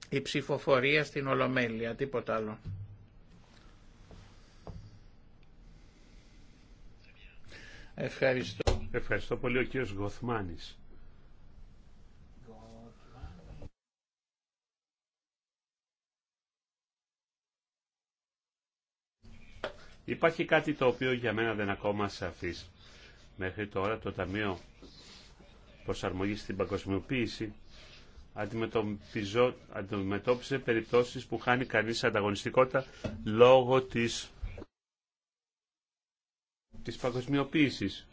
η ψηφοφορία στην Ολομέλεια, τίποτα άλλο. Ευχαριστώ. Ευχαριστώ πολύ ο κύριος Γοθμάνης. Υπάρχει κάτι το οποίο για μένα δεν ακόμα σαφής. Μέχρι τώρα το Ταμείο Προσαρμογής στην Παγκοσμιοποίηση αντιμετώπιζε περιπτώσεις που χάνει κανείς ανταγωνιστικότητα λόγω της της παγκοσμιοποίησης.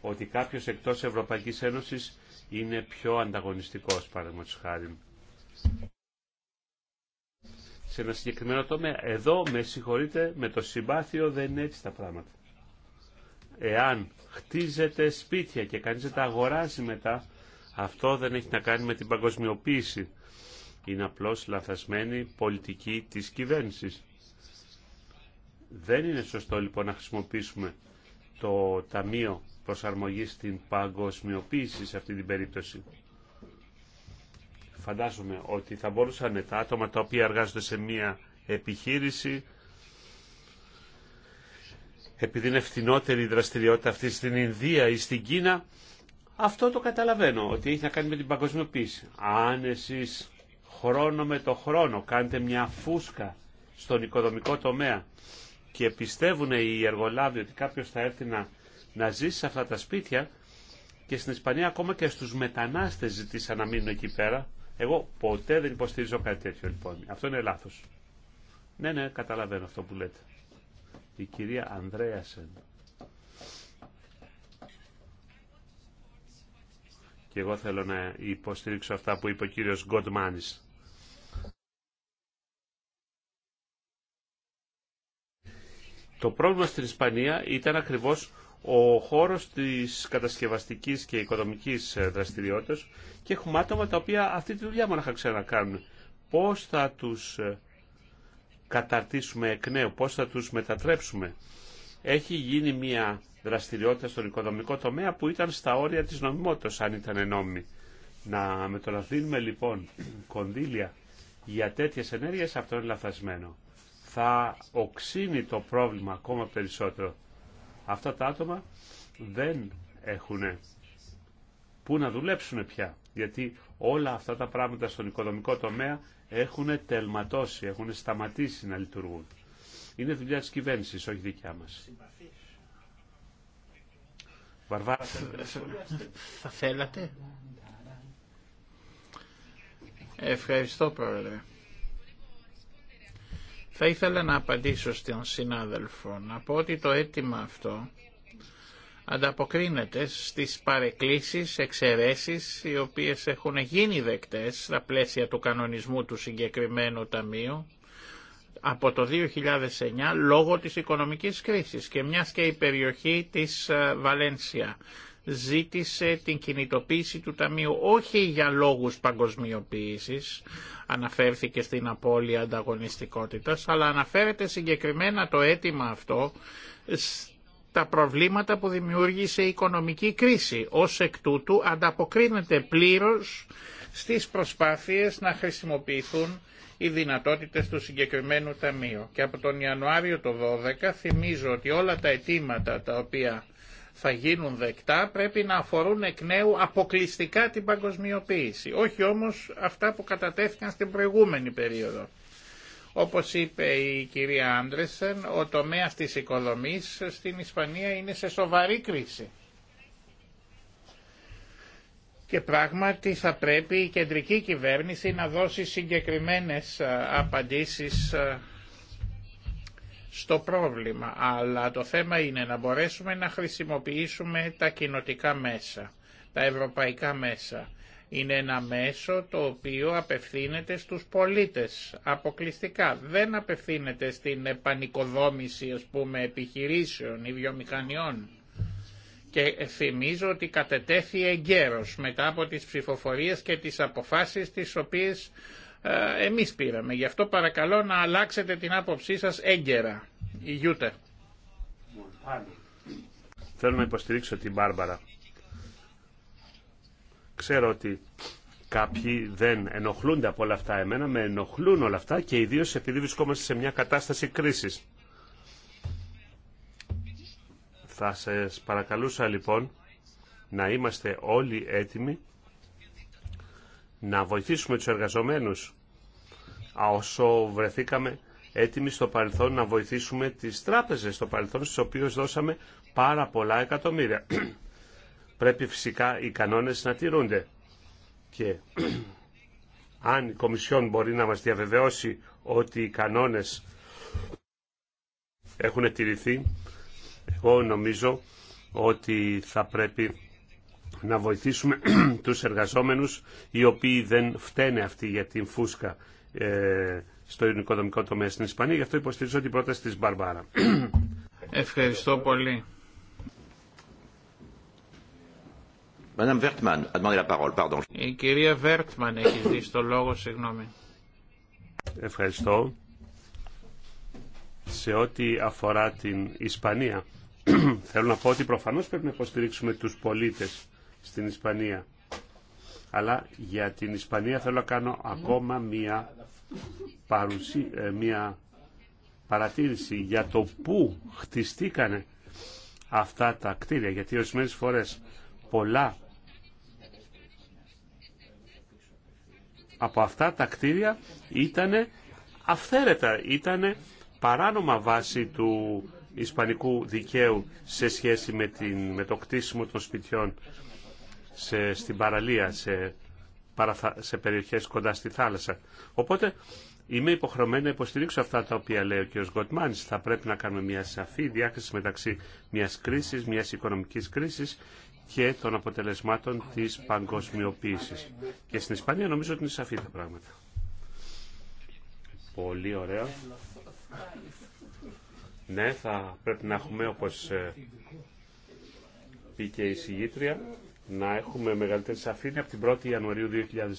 Ότι κάποιος εκτός Ευρωπαϊκής Ένωσης είναι πιο ανταγωνιστικός, παραδείγματο χάρη. Σε ένα συγκεκριμένο τομέα. Εδώ, με συγχωρείτε, με το συμπάθειο δεν είναι έτσι τα πράγματα. Εάν χτίζεται σπίτια και κανείς δεν τα αγοράζει μετά, αυτό δεν έχει να κάνει με την παγκοσμιοποίηση. Είναι απλώς λαθασμένη πολιτική της κυβέρνησης. Δεν είναι σωστό λοιπόν να χρησιμοποιήσουμε το Ταμείο Προσαρμογής στην Παγκοσμιοποίηση σε αυτή την περίπτωση. Φαντάζομαι ότι θα μπορούσαν τα άτομα τα οποία εργάζονται σε μία επιχείρηση επειδή είναι φθηνότερη η δραστηριότητα αυτή στην Ινδία ή στην Κίνα, αυτό το καταλαβαίνω, ότι έχει να κάνει με την παγκοσμιοποίηση. Αν εσείς χρόνο με το χρόνο κάνετε μια φούσκα στον οικοδομικό τομέα και πιστεύουν οι εργολάβοι ότι κάποιος θα έρθει να, να ζήσει σε αυτά τα σπίτια και στην Ισπανία ακόμα και στους μετανάστες ζητήσαν να μείνουν εκεί πέρα. Εγώ ποτέ δεν υποστηρίζω κάτι τέτοιο λοιπόν. Αυτό είναι λάθος. Ναι, ναι, καταλαβαίνω αυτό που λέτε. Η κυρία Ανδρέασεν. Και εγώ θέλω να υποστηρίξω αυτά που είπε ο κύριος Γκοντμάνης. Το πρόβλημα στην Ισπανία ήταν ακριβώς ο χώρος της κατασκευαστικής και οικονομικής ε, δραστηριότητας και έχουμε άτομα τα οποία αυτή τη δουλειά μόνο ξέρουν να κάνουν. Πώς θα τους ε, καταρτήσουμε εκ νέου, πώς θα τους μετατρέψουμε. Έχει γίνει μια δραστηριότητα στον οικονομικό τομέα που ήταν στα όρια της νομιμότητας, αν ήταν νόμιμη. Να μετοναθύνουμε λοιπόν κονδύλια για τέτοιες ενέργειες, αυτό είναι λαθασμένο θα οξύνει το πρόβλημα ακόμα περισσότερο. Αυτά τα άτομα δεν έχουν που να δουλέψουν πια, γιατί όλα αυτά τα πράγματα στον οικοδομικό τομέα έχουν τελματώσει, έχουν σταματήσει να λειτουργούν. Είναι δουλειά της κυβέρνησης, όχι δικιά μας. θα θέλατε. Ευχαριστώ, Πρόεδρε. Θα ήθελα να απαντήσω στον συνάδελφο να πω ότι το αίτημα αυτό ανταποκρίνεται στις παρεκκλήσεις, εξαιρέσεις οι οποίες έχουν γίνει δεκτές στα πλαίσια του κανονισμού του συγκεκριμένου ταμείου από το 2009 λόγω της οικονομικής κρίσης και μιας και η περιοχή της ε, Βαλένσια ζήτησε την κινητοποίηση του Ταμείου όχι για λόγους παγκοσμιοποίησης, αναφέρθηκε στην απώλεια ανταγωνιστικότητας, αλλά αναφέρεται συγκεκριμένα το αίτημα αυτό στα προβλήματα που δημιούργησε η οικονομική κρίση. Ως εκ τούτου ανταποκρίνεται πλήρως στις προσπάθειες να χρησιμοποιηθούν οι δυνατότητες του συγκεκριμένου ταμείου. Και από τον Ιανουάριο το 2012 θυμίζω ότι όλα τα αιτήματα τα οποία θα γίνουν δεκτά πρέπει να αφορούν εκ νέου αποκλειστικά την παγκοσμιοποίηση, όχι όμως αυτά που κατατέθηκαν στην προηγούμενη περίοδο. Όπως είπε η κυρία Άντρεσεν, ο τομέας της οικοδομής στην Ισπανία είναι σε σοβαρή κρίση. Και πράγματι θα πρέπει η κεντρική κυβέρνηση να δώσει συγκεκριμένες ε, απαντήσεις ε, στο πρόβλημα, αλλά το θέμα είναι να μπορέσουμε να χρησιμοποιήσουμε τα κοινοτικά μέσα, τα ευρωπαϊκά μέσα. Είναι ένα μέσο το οποίο απευθύνεται στους πολίτες αποκλειστικά. Δεν απευθύνεται στην επανικοδόμηση ας πούμε, επιχειρήσεων ή βιομηχανιών. Και θυμίζω ότι κατετέθη εγκαίρως μετά από τις ψηφοφορίες και τις αποφάσεις τις οποίες ε, εμείς πήραμε. Γι' αυτό παρακαλώ να αλλάξετε την άποψή σας έγκαιρα. Η Γιούτε. Θέλω να υποστηρίξω την Μπάρμπαρα. Ξέρω ότι κάποιοι δεν ενοχλούνται από όλα αυτά. Εμένα με ενοχλούν όλα αυτά και ιδίως επειδή βρισκόμαστε σε μια κατάσταση κρίσης. Θα σας παρακαλούσα λοιπόν να είμαστε όλοι έτοιμοι να βοηθήσουμε τους εργαζομένους όσο βρεθήκαμε έτοιμοι στο παρελθόν να βοηθήσουμε τις τράπεζες στο παρελθόν στις οποίες δώσαμε πάρα πολλά εκατομμύρια. Πρέπει φυσικά οι κανόνες να τηρούνται και αν η Κομισιόν μπορεί να μας διαβεβαιώσει ότι οι κανόνες έχουν τηρηθεί, εγώ νομίζω ότι θα πρέπει να βοηθήσουμε τους εργαζόμενους οι οποίοι δεν φταίνε αυτοί για την φούσκα ε, στο οικοδομικό τομέα στην Ισπανία. Γι' αυτό υποστηρίζω την πρόταση της Μπαρμπάρα. Ευχαριστώ πολύ. Η κυρία Βέρτμαν έχει δει στο λόγο, συγγνώμη. Ευχαριστώ. Σε ό,τι αφορά την Ισπανία, θέλω να πω ότι προφανώς πρέπει να υποστηρίξουμε τους πολίτες στην Ισπανία. Αλλά για την Ισπανία θέλω να κάνω ακόμα μία, παρουσί, ε, μία παρατήρηση για το πού χτιστήκανε αυτά τα κτίρια. Γιατί ορισμένε φορές πολλά από αυτά τα κτίρια ήταν αυθαίρετα, ήταν παράνομα βάση του ισπανικού δικαίου σε σχέση με, την, με το κτίσιμο των σπιτιών σε, στην παραλία, σε, παραθα, σε περιοχές κοντά στη θάλασσα. Οπότε είμαι υποχρεωμένο να υποστηρίξω αυτά τα οποία λέει ο κ. Γκοτμάνης. Θα πρέπει να κάνουμε μια σαφή διάκριση μεταξύ μιας κρίσης, μιας οικονομικής κρίσης και των αποτελεσμάτων της παγκοσμιοποίησης. Και στην Ισπανία νομίζω ότι είναι σαφή τα πράγματα. Πολύ ωραία. Ναι, θα πρέπει να έχουμε, όπως ε, πει η συγγήτρια, να έχουμε μεγαλύτερη σαφήνεια από την 1η Ιανουαρίου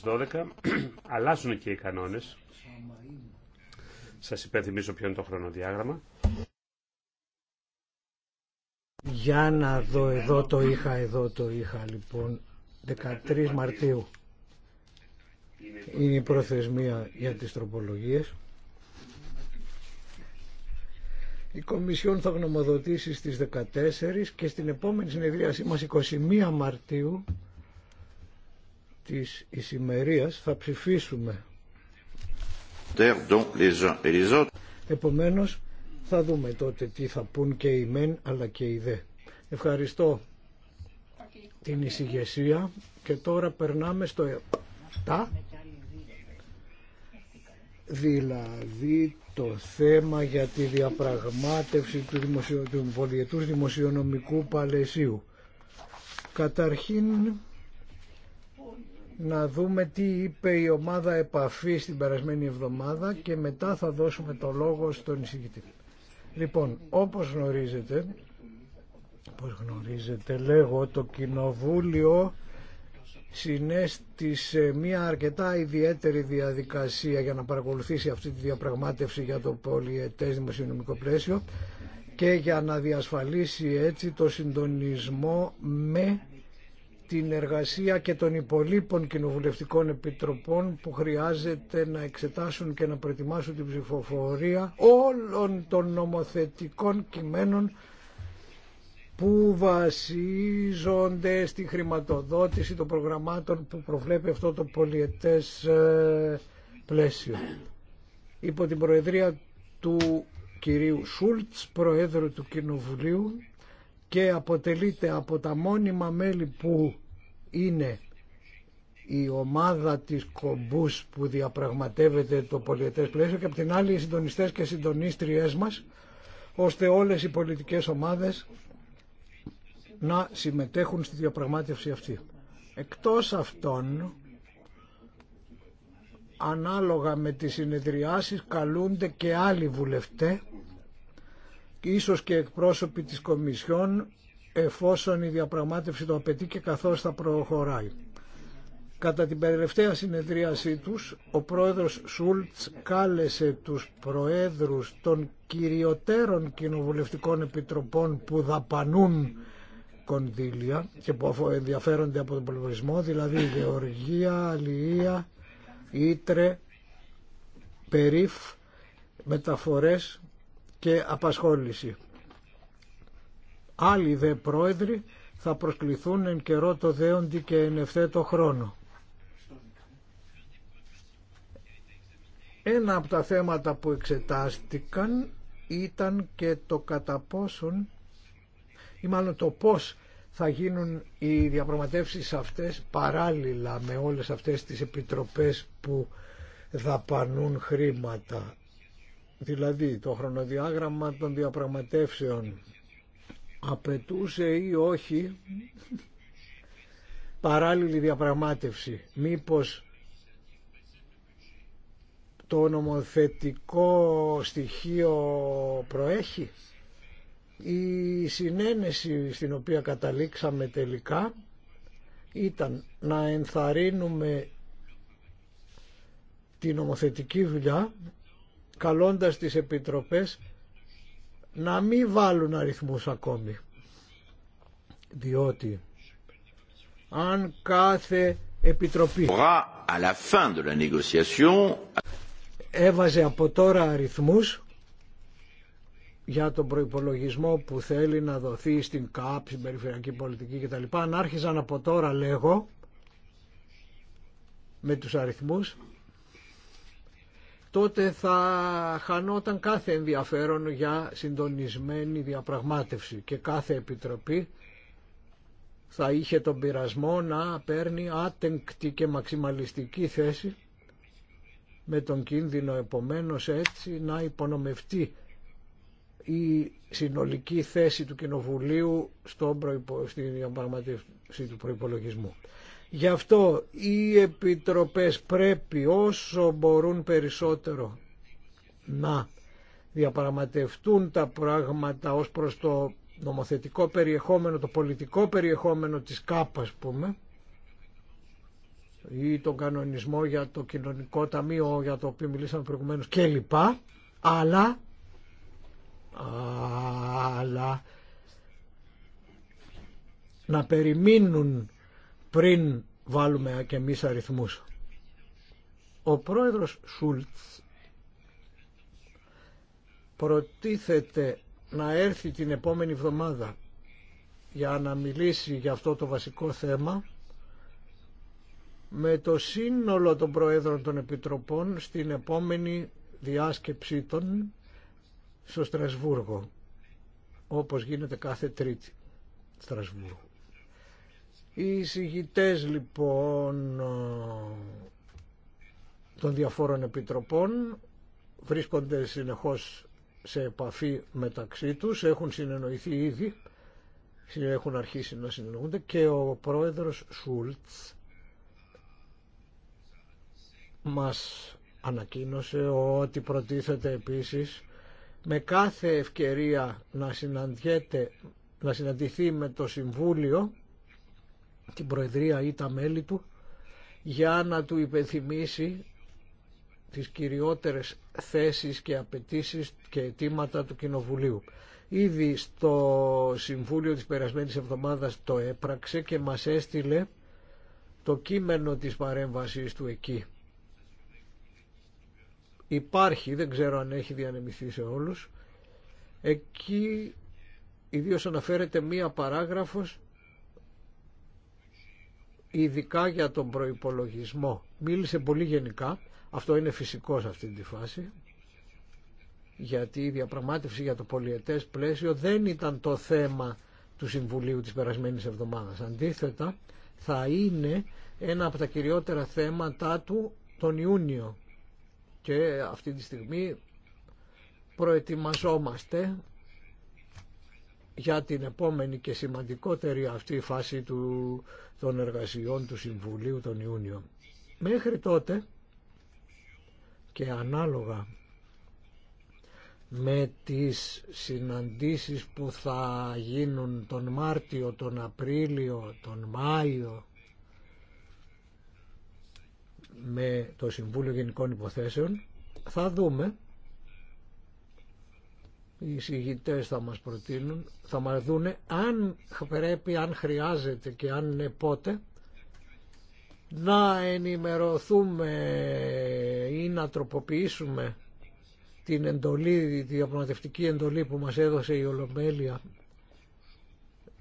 2012. Αλλάζουν και οι κανόνες. Σας υπενθυμίζω ποιο είναι το χρονοδιάγραμμα. Για να δω, εδώ το είχα, εδώ το είχα λοιπόν. 13 Μαρτίου είναι η προθεσμία για τις τροπολογίες. Η Κομισιόν θα γνωμοδοτήσει στις 14 και στην επόμενη συνεδρίασή μας 21 Μαρτίου της ησημερίας θα ψηφίσουμε. Επομένως θα δούμε τότε τι θα πούν και οι μεν αλλά και οι δε. Ευχαριστώ την εισηγεσία και τώρα περνάμε στο 7 δηλαδή το θέμα για τη διαπραγμάτευση του, δημοσιο... του δημοσιονομικού παλαισίου. Καταρχήν να δούμε τι είπε η ομάδα επαφής την περασμένη εβδομάδα και μετά θα δώσουμε το λόγο στον εισηγητή. Λοιπόν, όπως γνωρίζετε, όπως γνωρίζετε λέγω το Κοινοβούλιο συνέστησε μια αρκετά ιδιαίτερη διαδικασία για να παρακολουθήσει αυτή τη διαπραγμάτευση για το πολιετές δημοσιονομικό πλαίσιο και για να διασφαλίσει έτσι το συντονισμό με την εργασία και των υπολείπων κοινοβουλευτικών επιτροπών που χρειάζεται να εξετάσουν και να προετοιμάσουν την ψηφοφορία όλων των νομοθετικών κειμένων που βασίζονται στη χρηματοδότηση των προγραμμάτων που προβλέπει αυτό το πολιετές ε, πλαίσιο. Υπό την Προεδρία του κυρίου Σούλτς, Προέδρου του Κοινοβουλίου και αποτελείται από τα μόνιμα μέλη που είναι η ομάδα της Κομπούς που διαπραγματεύεται το πολιετές πλαίσιο και από την άλλη οι συντονιστές και συντονίστριές μας ώστε όλες οι πολιτικές ομάδες να συμμετέχουν στη διαπραγμάτευση αυτή. Εκτός αυτών, ανάλογα με τις συνεδριάσεις καλούνται και άλλοι βουλευτές, ίσως και εκπρόσωποι της Κομισιόν, εφόσον η διαπραγμάτευση το απαιτεί και καθώς θα προχωράει. Κατά την τελευταία συνεδρίασή τους, ο πρόεδρος Σούλτς κάλεσε τους προέδρους των κυριωτέρων κοινοβουλευτικών επιτροπών που δαπανούν κονδύλια και που ενδιαφέρονται από τον πολιτισμό, δηλαδή γεωργία, αλληλεία, ήτρε, περίφ, μεταφορές και απασχόληση. Άλλοι δε πρόεδροι θα προσκληθούν εν καιρό το δέοντι και εν ευθέτω χρόνο. Ένα από τα θέματα που εξετάστηκαν ήταν και το κατά πόσον ή μάλλον το πώς θα γίνουν οι διαπραγματεύσεις αυτές παράλληλα με όλες αυτές τις επιτροπές που δαπανούν χρήματα. Δηλαδή το χρονοδιάγραμμα των διαπραγματεύσεων απαιτούσε ή όχι παράλληλη διαπραγμάτευση. Μήπως το νομοθετικό στοιχείο προέχει η συνένεση στην οποία καταλήξαμε τελικά ήταν να ενθαρρύνουμε την νομοθετική δουλειά καλώντας τις επιτροπές να μην βάλουν αριθμούς ακόμη διότι αν κάθε επιτροπή έβαζε από τώρα αριθμούς για τον προϋπολογισμό που θέλει να δοθεί στην ΚΑΠ, στην περιφερειακή πολιτική κτλ. Αν άρχιζαν από τώρα λέγω με τους αριθμούς τότε θα χανόταν κάθε ενδιαφέρον για συντονισμένη διαπραγμάτευση και κάθε επιτροπή θα είχε τον πειρασμό να παίρνει άτεγκτη και μαξιμαλιστική θέση με τον κίνδυνο επομένως έτσι να υπονομευτεί η συνολική θέση του Κοινοβουλίου στον προϋπο, στην διαπραγματεύση του προϋπολογισμού. Γι' αυτό οι επιτροπές πρέπει όσο μπορούν περισσότερο να διαπραγματευτούν τα πράγματα ως προς το νομοθετικό περιεχόμενο, το πολιτικό περιεχόμενο της ΚΑΠ ας πούμε ή τον κανονισμό για το κοινωνικό ταμείο για το οποίο μιλήσαμε προηγουμένως κλπ. Αλλά αλλά να περιμείνουν πριν βάλουμε και εμείς αριθμούς. Ο πρόεδρος Σούλτς προτίθεται να έρθει την επόμενη εβδομάδα για να μιλήσει για αυτό το βασικό θέμα με το σύνολο των Προέδρων των Επιτροπών στην επόμενη διάσκεψή των στο Στρασβούργο, όπως γίνεται κάθε Τρίτη Στρασβούργο. Οι συγητές λοιπόν των διαφόρων επιτροπών βρίσκονται συνεχώς σε επαφή μεταξύ τους, έχουν συνεννοηθεί ήδη, έχουν αρχίσει να συνεννοούνται και ο πρόεδρος Σούλτς μας ανακοίνωσε ότι προτίθεται επίσης με κάθε ευκαιρία να, συναντιέται, να συναντηθεί με το Συμβούλιο, την Προεδρία ή τα μέλη του, για να του υπενθυμίσει τις κυριότερες θέσεις και απαιτήσει και αιτήματα του Κοινοβουλίου. Ήδη στο Συμβούλιο της περασμένης εβδομάδας το έπραξε και μας έστειλε το κείμενο της παρέμβασης του εκεί υπάρχει, δεν ξέρω αν έχει διανεμηθεί σε όλους, εκεί ιδίως αναφέρεται μία παράγραφος ειδικά για τον προϋπολογισμό. Μίλησε πολύ γενικά, αυτό είναι φυσικό σε αυτή τη φάση, γιατί η διαπραγμάτευση για το πολιετές πλαίσιο δεν ήταν το θέμα του Συμβουλίου της περασμένης εβδομάδας. Αντίθετα, θα είναι ένα από τα κυριότερα θέματα του τον Ιούνιο και αυτή τη στιγμή προετοιμαζόμαστε για την επόμενη και σημαντικότερη αυτή φάση του, των εργασιών του Συμβουλίου τον Ιούνιο. Μέχρι τότε και ανάλογα με τις συναντήσεις που θα γίνουν τον Μάρτιο, τον Απρίλιο, τον Μάιο με το Συμβούλιο Γενικών Υποθέσεων θα δούμε οι συγητές θα μας προτείνουν θα μας δούνε αν πρέπει, αν χρειάζεται και αν είναι πότε να ενημερωθούμε ή να τροποποιήσουμε την εντολή, τη διαπραγματευτική εντολή που μας έδωσε η Ολομέλεια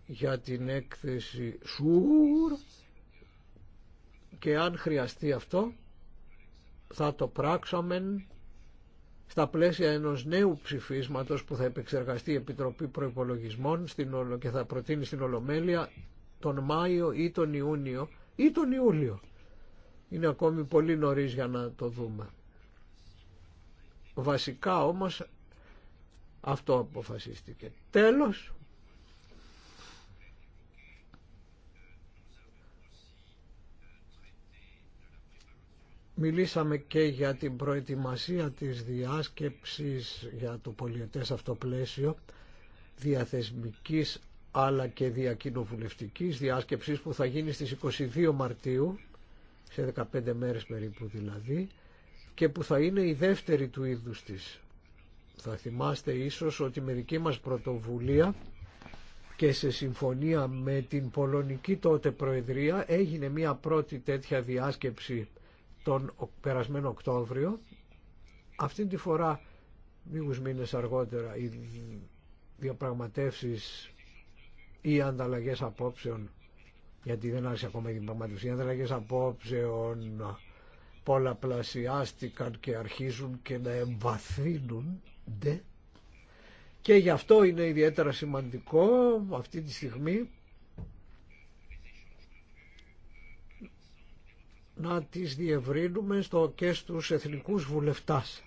για την έκθεση ΣΟΥΡ και αν χρειαστεί αυτό θα το πράξαμε στα πλαίσια ενός νέου ψηφίσματος που θα επεξεργαστεί η Επιτροπή Προϋπολογισμών στην και θα προτείνει στην Ολομέλεια τον Μάιο ή τον Ιούνιο ή τον Ιούλιο. Είναι ακόμη πολύ νωρίς για να το δούμε. Βασικά όμως αυτό αποφασίστηκε. Τέλος, Μιλήσαμε και για την προετοιμασία της διάσκεψης για το πολιετές αυτό πλαίσιο διαθεσμικής αλλά και διακοινοβουλευτικής διάσκεψης που θα γίνει στις 22 Μαρτίου σε 15 μέρες περίπου δηλαδή και που θα είναι η δεύτερη του είδους της. Θα θυμάστε ίσως ότι με δική μας πρωτοβουλία και σε συμφωνία με την Πολωνική τότε Προεδρία έγινε μια πρώτη τέτοια διάσκεψη τον περασμένο Οκτώβριο. Αυτή τη φορά, λίγους μήνες αργότερα, οι διαπραγματεύσεις ή ανταλλαγές απόψεων, γιατί δεν άρχισε ακόμα η διαπραγματεύση, οι ανταλλαγές απόψεων πολλαπλασιάστηκαν και αρχίζουν και να εμβαθύνονται και γι' αυτό είναι ιδιαίτερα σημαντικό αυτή τη στιγμή να τις διευρύνουμε στο και στους εθνικούς βουλευτάς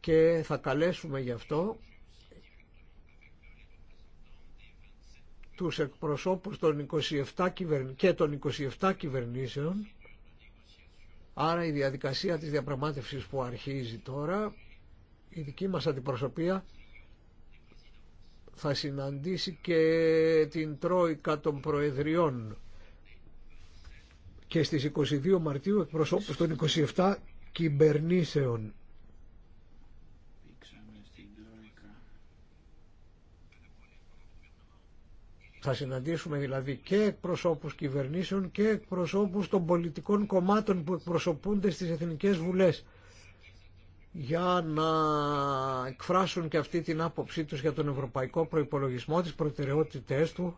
και θα καλέσουμε γι' αυτό τους εκπροσώπους των 27 και των 27 κυβερνήσεων άρα η διαδικασία της διαπραγμάτευσης που αρχίζει τώρα η δική μας αντιπροσωπεία θα συναντήσει και την Τρόικα των Προεδριών και στις 22 Μαρτίου εκπροσώπους των 27 κυβερνήσεων. Θα συναντήσουμε δηλαδή και εκπροσώπους κυβερνήσεων και εκπροσώπους των πολιτικών κομμάτων που εκπροσωπούνται στις Εθνικές Βουλές για να εκφράσουν και αυτή την άποψή τους για τον ευρωπαϊκό προϋπολογισμό, τις προτεραιότητές του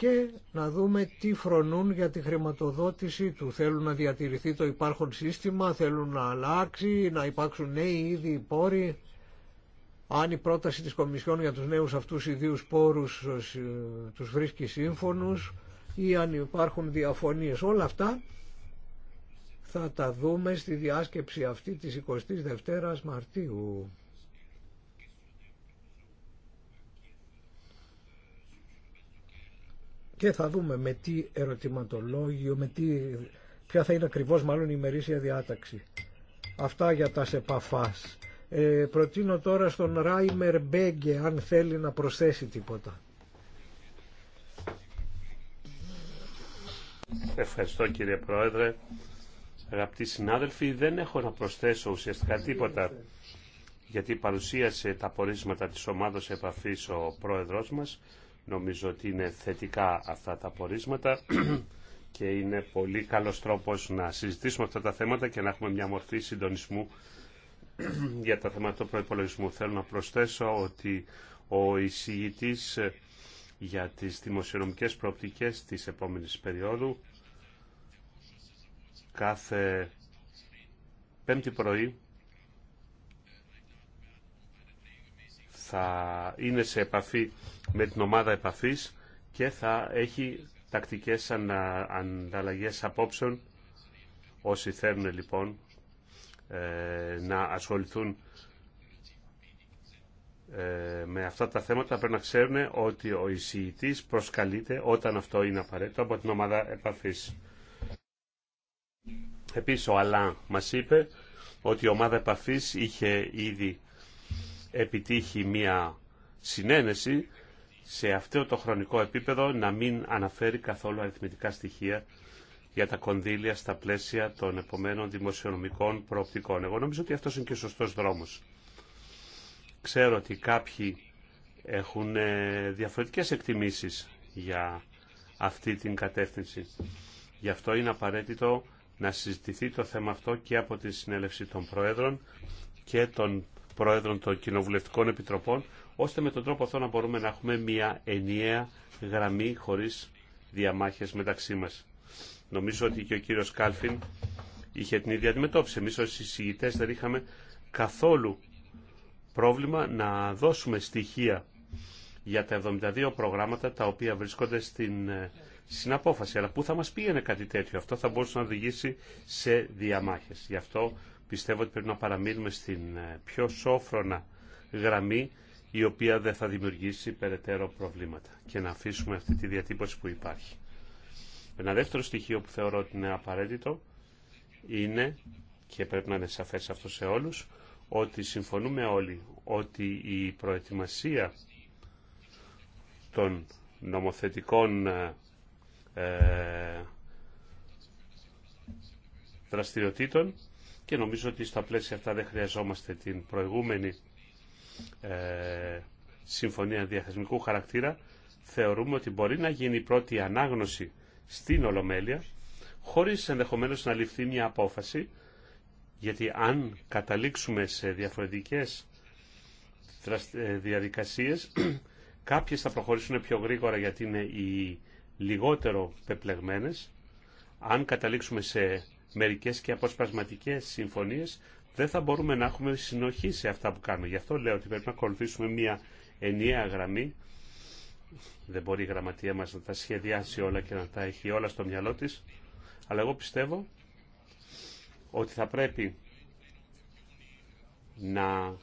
και να δούμε τι φρονούν για τη χρηματοδότησή του. Θέλουν να διατηρηθεί το υπάρχον σύστημα, θέλουν να αλλάξει, να υπάρξουν νέοι ήδη πόροι. Αν η πρόταση της Κομισιόν για τους νέους αυτούς ιδίους πόρους ε, τους βρίσκει σύμφωνους ή αν υπάρχουν διαφωνίες. Όλα αυτά θα τα δούμε στη διάσκεψη αυτή της 22ης Μαρτίου. και θα δούμε με τι ερωτηματολόγιο, με τι, ποια θα είναι ακριβώς μάλλον η ημερήσια διάταξη. Αυτά για τα σεπαφάς. Ε, προτείνω τώρα στον Ράιμερ Μπέγκε αν θέλει να προσθέσει τίποτα. Ευχαριστώ κύριε Πρόεδρε. Αγαπητοί συνάδελφοι, δεν έχω να προσθέσω ουσιαστικά τίποτα γιατί παρουσίασε τα πορίσματα της ομάδος επαφής ο πρόεδρος μας Νομίζω ότι είναι θετικά αυτά τα πορίσματα και είναι πολύ καλός τρόπος να συζητήσουμε αυτά τα θέματα και να έχουμε μια μορφή συντονισμού για τα θέματα του προϋπολογισμού. Θέλω να προσθέσω ότι ο εισηγητής ε, για τις δημοσιονομικές προοπτικές της επόμενης περίοδου κάθε πέμπτη πρωί θα είναι σε επαφή με την ομάδα επαφής και θα έχει τακτικές ανα, ανταλλαγές απόψεων όσοι θέλουν λοιπόν ε, να ασχοληθούν ε, με αυτά τα θέματα πρέπει να ξέρουν ότι ο εισηγητής προσκαλείται όταν αυτό είναι απαραίτητο από την ομάδα επαφής. Επίσης ο Αλάν μας είπε ότι η ομάδα επαφής είχε ήδη επιτύχει μία συνένεση σε αυτό το χρονικό επίπεδο να μην αναφέρει καθόλου αριθμητικά στοιχεία για τα κονδύλια στα πλαίσια των επομένων δημοσιονομικών προοπτικών. Εγώ νομίζω ότι αυτός είναι και ο σωστός δρόμος. Ξέρω ότι κάποιοι έχουν ε, διαφορετικές εκτιμήσεις για αυτή την κατεύθυνση. Γι' αυτό είναι απαραίτητο να συζητηθεί το θέμα αυτό και από τη συνέλευση των Προέδρων και των πρόεδρων των κοινοβουλευτικών επιτροπών, ώστε με τον τρόπο αυτό να μπορούμε να έχουμε μια ενιαία γραμμή χωρίς διαμάχες μεταξύ μας. Νομίζω ότι και ο κύριος Κάλφιν είχε την ίδια αντιμετώπιση. Εμείς ως εισηγητές δεν είχαμε καθόλου πρόβλημα να δώσουμε στοιχεία για τα 72 προγράμματα τα οποία βρίσκονται στην ε, συναπόφαση. Αλλά πού θα μας πήγαινε κάτι τέτοιο. Αυτό θα μπορούσε να οδηγήσει σε διαμάχες. Γι' αυτό Πιστεύω ότι πρέπει να παραμείνουμε στην ε, πιο σόφρονα γραμμή η οποία δεν θα δημιουργήσει περαιτέρω προβλήματα και να αφήσουμε αυτή τη διατύπωση που υπάρχει. Ένα δεύτερο στοιχείο που θεωρώ ότι είναι απαραίτητο είναι και πρέπει να είναι σαφές αυτό σε όλους ότι συμφωνούμε όλοι ότι η προετοιμασία των νομοθετικών ε, ε δραστηριοτήτων και νομίζω ότι στα πλαίσια αυτά δεν χρειαζόμαστε την προηγούμενη ε, συμφωνία διαθεσμικού χαρακτήρα. Θεωρούμε ότι μπορεί να γίνει η πρώτη ανάγνωση στην Ολομέλεια χωρίς ενδεχομένως να ληφθεί μια απόφαση γιατί αν καταλήξουμε σε διαφορετικές ε, διαδικασίες κάποιες θα προχωρήσουν πιο γρήγορα γιατί είναι οι λιγότερο πεπλεγμένες αν καταλήξουμε σε μερικές και αποσπασματικές συμφωνίες, δεν θα μπορούμε να έχουμε συνοχή σε αυτά που κάνουμε. Γι' αυτό λέω ότι πρέπει να ακολουθήσουμε μια ενιαία γραμμή. Δεν μπορεί η γραμματεία μας να τα σχεδιάσει όλα και να τα έχει όλα στο μυαλό της. Αλλά εγώ πιστεύω ότι θα πρέπει να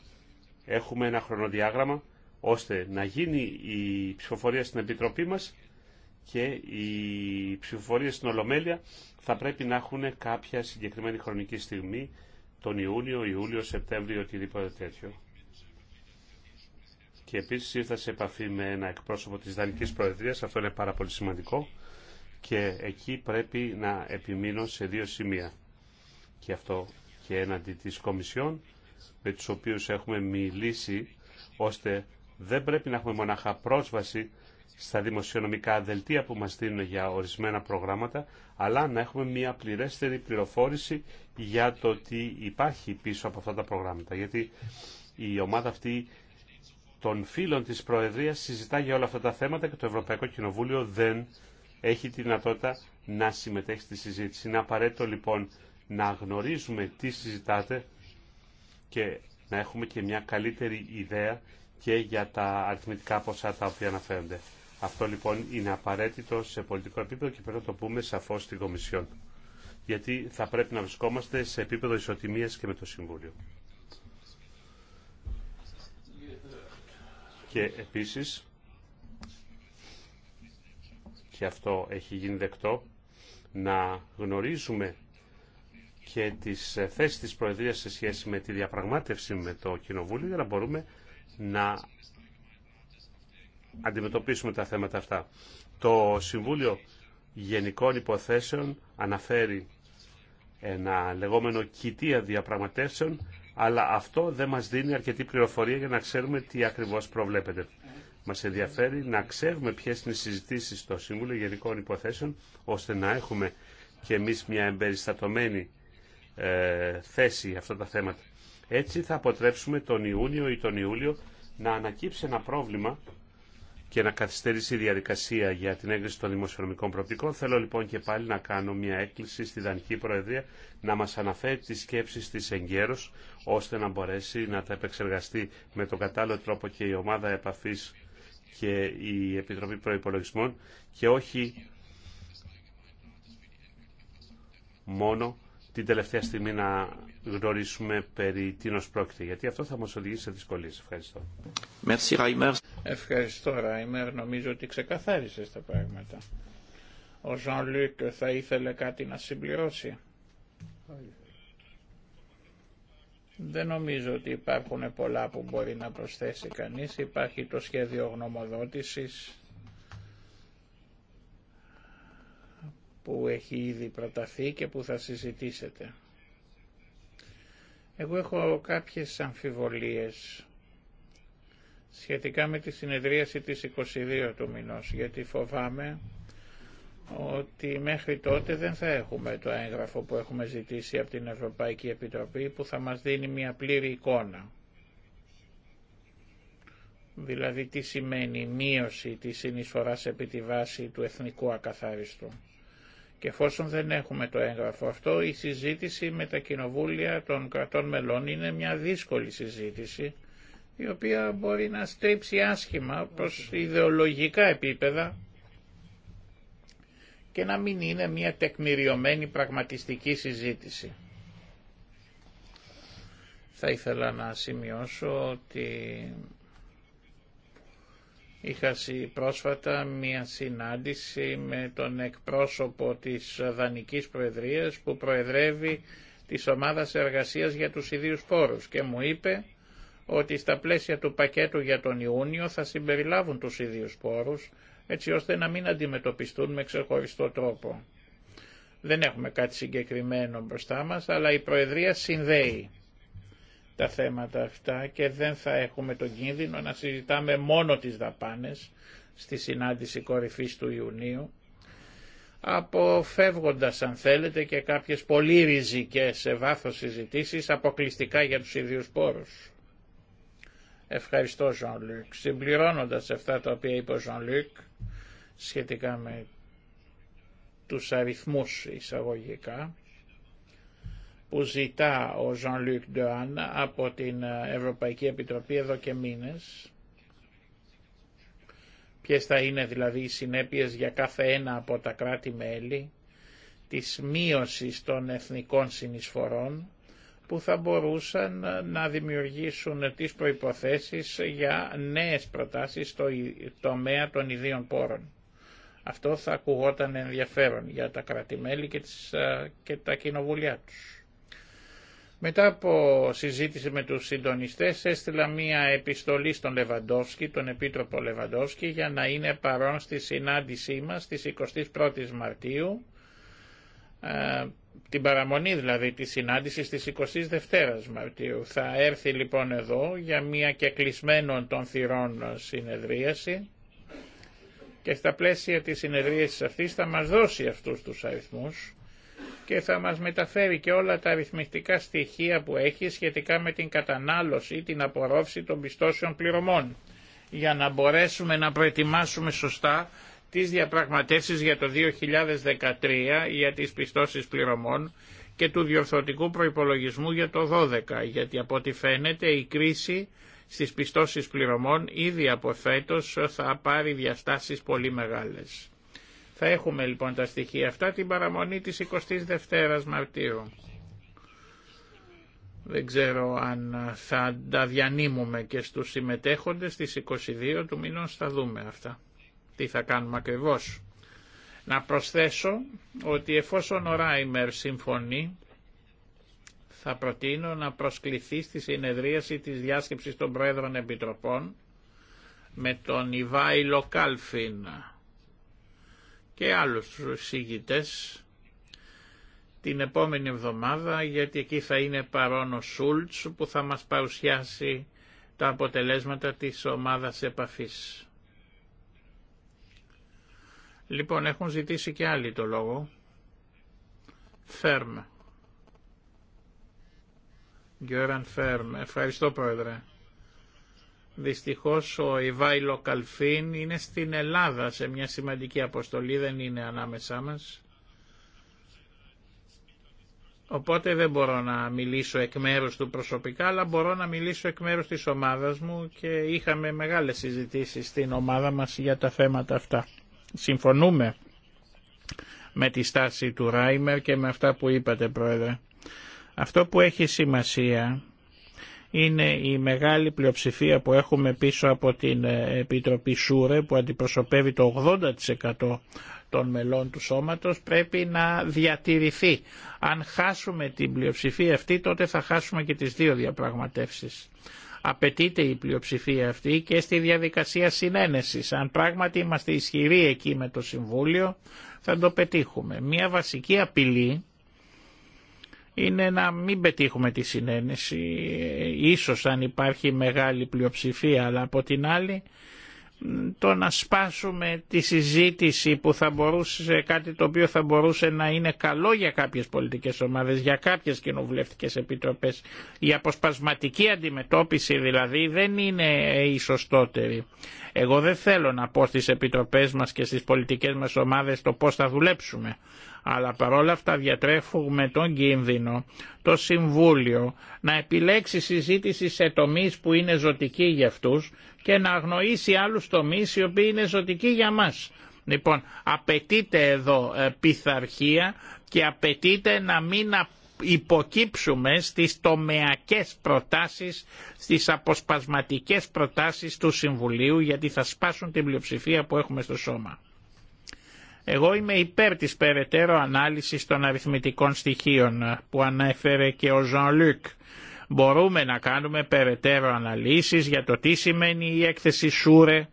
έχουμε ένα χρονοδιάγραμμα ώστε να γίνει η ψηφοφορία στην Επιτροπή μας και οι ψηφοφορίες στην Ολομέλεια θα πρέπει να έχουν κάποια συγκεκριμένη χρονική στιγμή, τον Ιούνιο, Ιούλιο, Σεπτέμβριο, οτιδήποτε τέτοιο. Και επίσης ήρθα σε επαφή με ένα εκπρόσωπο της Δανικής Προεδρίας, αυτό είναι πάρα πολύ σημαντικό, και εκεί πρέπει να επιμείνω σε δύο σημεία. Και αυτό και έναντι της Κομισιόν, με τους οποίους έχουμε μιλήσει, ώστε δεν πρέπει να έχουμε μονάχα πρόσβαση στα δημοσιονομικά δελτία που μας δίνουν για ορισμένα προγράμματα, αλλά να έχουμε μια πληρέστερη πληροφόρηση για το τι υπάρχει πίσω από αυτά τα προγράμματα. Γιατί η ομάδα αυτή των φίλων της Προεδρίας συζητά για όλα αυτά τα θέματα και το Ευρωπαϊκό Κοινοβούλιο δεν έχει τη δυνατότητα να συμμετέχει στη συζήτηση. Είναι απαραίτητο λοιπόν να γνωρίζουμε τι συζητάτε και να έχουμε και μια καλύτερη ιδέα και για τα αριθμητικά ποσά τα οποία αναφέρονται. Αυτό λοιπόν είναι απαραίτητο σε πολιτικό επίπεδο και πρέπει να το πούμε σαφώ στην Κομισιόν. Γιατί θα πρέπει να βρισκόμαστε σε επίπεδο ισοτιμίας και με το Συμβούλιο. Και επίσης, και αυτό έχει γίνει δεκτό, να γνωρίζουμε και τις θέσεις της Προεδρίας σε σχέση με τη διαπραγμάτευση με το Κοινοβούλιο για να μπορούμε να αντιμετωπίσουμε τα θέματα αυτά. Το Συμβούλιο Γενικών Υποθέσεων αναφέρει ένα λεγόμενο κοιτία διαπραγματεύσεων, αλλά αυτό δεν μας δίνει αρκετή πληροφορία για να ξέρουμε τι ακριβώς προβλέπεται. Μας ενδιαφέρει να ξέρουμε ποιες είναι οι συζητήσεις στο Συμβούλιο Γενικών Υποθέσεων, ώστε να έχουμε και εμείς μια εμπεριστατωμένη ε, θέση για αυτά τα θέματα. Έτσι θα αποτρέψουμε τον Ιούνιο ή τον Ιούλιο να ανακύψει ένα πρόβλημα και να καθυστερήσει η διαδικασία για την έγκριση των δημοσιονομικών προοπτικών. Θέλω λοιπόν και πάλι να κάνω μια έκκληση στη Δανική Προεδρία να μας αναφέρει τις σκέψεις της εγκαίρως ώστε να μπορέσει να τα επεξεργαστεί με τον κατάλληλο τρόπο και η ομάδα επαφής και η Επιτροπή Προϋπολογισμών και όχι μόνο την τελευταία στιγμή να γνωρίσουμε περί τίνος πρόκειται, γιατί αυτό θα μας οδηγήσει σε δυσκολίες. Ευχαριστώ. Merci, Ευχαριστώ, Ράιμερ. Νομίζω ότι ξεκαθάρισε τα πράγματα. Ο Ζαν Λουκ θα ήθελε κάτι να συμπληρώσει. Δεν νομίζω ότι υπάρχουν πολλά που μπορεί να προσθέσει κανείς. Υπάρχει το σχέδιο γνωμοδότησης που έχει ήδη προταθεί και που θα συζητήσετε. Εγώ έχω κάποιες αμφιβολίες σχετικά με τη συνεδρίαση της 22 του μηνός, γιατί φοβάμαι ότι μέχρι τότε δεν θα έχουμε το έγγραφο που έχουμε ζητήσει από την Ευρωπαϊκή Επιτροπή που θα μας δίνει μια πλήρη εικόνα. Δηλαδή τι σημαίνει μείωση της συνεισφοράς επί τη βάση του εθνικού ακαθάριστου. Και εφόσον δεν έχουμε το έγγραφο αυτό, η συζήτηση με τα κοινοβούλια των κρατών μελών είναι μια δύσκολη συζήτηση, η οποία μπορεί να στρίψει άσχημα προς ιδεολογικά επίπεδα και να μην είναι μια τεκμηριωμένη πραγματιστική συζήτηση. Θα ήθελα να σημειώσω ότι Είχα πρόσφατα μία συνάντηση με τον εκπρόσωπο της Δανικής Προεδρίας που προεδρεύει της Ομάδας Εργασίας για τους Ιδίους Πόρους και μου είπε ότι στα πλαίσια του πακέτου για τον Ιούνιο θα συμπεριλάβουν τους ίδιους πόρους, έτσι ώστε να μην αντιμετωπιστούν με ξεχωριστό τρόπο. Δεν έχουμε κάτι συγκεκριμένο μπροστά μας, αλλά η Προεδρία συνδέει τα θέματα αυτά και δεν θα έχουμε τον κίνδυνο να συζητάμε μόνο τις δαπάνες στη συνάντηση κορυφής του Ιουνίου, αποφεύγοντας αν θέλετε και κάποιες πολύ ριζικές σε βάθος συζητήσεις αποκλειστικά για τους ίδιους πόρους. Ευχαριστώ Ζων Λουκ. Συμπληρώνοντας αυτά τα οποία είπε ο Ζων Λουκ σχετικά με τους αριθμούς εισαγωγικά, που ζητά ο Ζαν Λουκ Ντοάν από την ε, Ευρωπαϊκή Επιτροπή εδώ και μήνες. Ποιες θα είναι δηλαδή οι συνέπειες για κάθε ένα από τα κράτη-μέλη της μείωσης των εθνικών συνεισφορών που θα μπορούσαν να δημιουργήσουν τις προϋποθέσεις για νέες προτάσεις στο τομέα των ιδίων πόρων. Αυτό θα ακουγόταν ενδιαφέρον για τα κρατη και, ε, και τα κοινοβουλιά τους. Μετά από συζήτηση με τους συντονιστές έστειλα μία επιστολή στον Λεβαντόφσκι, τον Επίτροπο Λεβαντόφσκι, για να είναι παρόν στη συνάντησή μας στις 21 Μαρτίου, ε, την παραμονή δηλαδή της συνάντηση στις 22 Μαρτίου. Θα έρθει λοιπόν εδώ για μία και κλεισμένων των θυρών συνεδρίαση και στα πλαίσια της συνεδρίασης αυτής θα μας δώσει αυτούς τους αριθμούς και θα μας μεταφέρει και όλα τα αριθμητικά στοιχεία που έχει σχετικά με την κατανάλωση την απορρόφηση των πιστώσεων πληρωμών για να μπορέσουμε να προετοιμάσουμε σωστά τις διαπραγματεύσεις για το 2013 για τις πιστώσεις πληρωμών και του διορθωτικού προϋπολογισμού για το 2012, γιατί από ό,τι φαίνεται η κρίση στις πιστώσεις πληρωμών ήδη από φέτος θα πάρει διαστάσεις πολύ μεγάλες. Θα έχουμε λοιπόν τα στοιχεία αυτά την παραμονή της 22ης Μαρτίου. Δεν ξέρω αν θα τα διανύμουμε και στους συμμετέχοντες στις 22 του μηνός θα δούμε αυτά. Τι θα κάνουμε ακριβώς. Να προσθέσω ότι εφόσον ο Ράιμερ συμφωνεί θα προτείνω να προσκληθεί στη συνεδρίαση της διάσκεψης των Πρόεδρων Επιτροπών με τον Ιβάη Λοκάλφιν και άλλους συγητές την επόμενη εβδομάδα γιατί εκεί θα είναι παρόν ο Σούλτς που θα μας παρουσιάσει τα αποτελέσματα της ομάδας επαφής. Λοιπόν, έχουν ζητήσει και άλλοι το λόγο. Φέρμε. Γιώραν Φέρμε. Ευχαριστώ, Πρόεδρε. Δυστυχώς ο Ιβάιλο Καλφίν είναι στην Ελλάδα σε μια σημαντική αποστολή, δεν είναι ανάμεσά μας. Οπότε δεν μπορώ να μιλήσω εκ μέρους του προσωπικά, αλλά μπορώ να μιλήσω εκ μέρους της ομάδας μου και είχαμε μεγάλες συζητήσεις στην ομάδα μας για τα θέματα αυτά. Συμφωνούμε με τη στάση του Ράιμερ και με αυτά που είπατε, Πρόεδρε. Αυτό που έχει σημασία είναι η μεγάλη πλειοψηφία που έχουμε πίσω από την ε, Επιτροπή ΣΟΥΡΕ που αντιπροσωπεύει το 80% των μελών του σώματος πρέπει να διατηρηθεί. Αν χάσουμε την πλειοψηφία αυτή τότε θα χάσουμε και τις δύο διαπραγματεύσεις. Απαιτείται η πλειοψηφία αυτή και στη διαδικασία συνένεσης. Αν πράγματι είμαστε ισχυροί εκεί με το Συμβούλιο θα το πετύχουμε. Μια βασική απειλή είναι να μην πετύχουμε τη συνένεση, ίσως αν υπάρχει μεγάλη πλειοψηφία, αλλά από την άλλη το να σπάσουμε τη συζήτηση που θα μπορούσε, κάτι το οποίο θα μπορούσε να είναι καλό για κάποιες πολιτικές ομάδες, για κάποιες κοινοβουλευτικές επιτροπές. Η αποσπασματική αντιμετώπιση δηλαδή δεν είναι η σωστότερη. Εγώ δεν θέλω να πω στις επιτροπές μας και στις πολιτικές μας ομάδες το πώς θα δουλέψουμε αλλά παρόλα αυτά διατρέφουμε τον κίνδυνο το Συμβούλιο να επιλέξει συζήτηση σε τομείς που είναι ζωτικοί για αυτούς και να αγνοήσει άλλους τομείς οι οποίοι είναι ζωτικοί για μας. Λοιπόν, απαιτείται εδώ ε, πειθαρχία και απαιτείται να μην υποκύψουμε στις τομεακές προτάσεις, στις αποσπασματικές προτάσεις του Συμβουλίου γιατί θα σπάσουν την πλειοψηφία που έχουμε στο σώμα. Εγώ είμαι υπέρ της περαιτέρω ανάλυσης των αριθμητικών στοιχείων που ανέφερε και ο Ζαν Μπορούμε να κάνουμε περαιτέρω αναλύσεις για το τι σημαίνει η έκθεση Σούρε.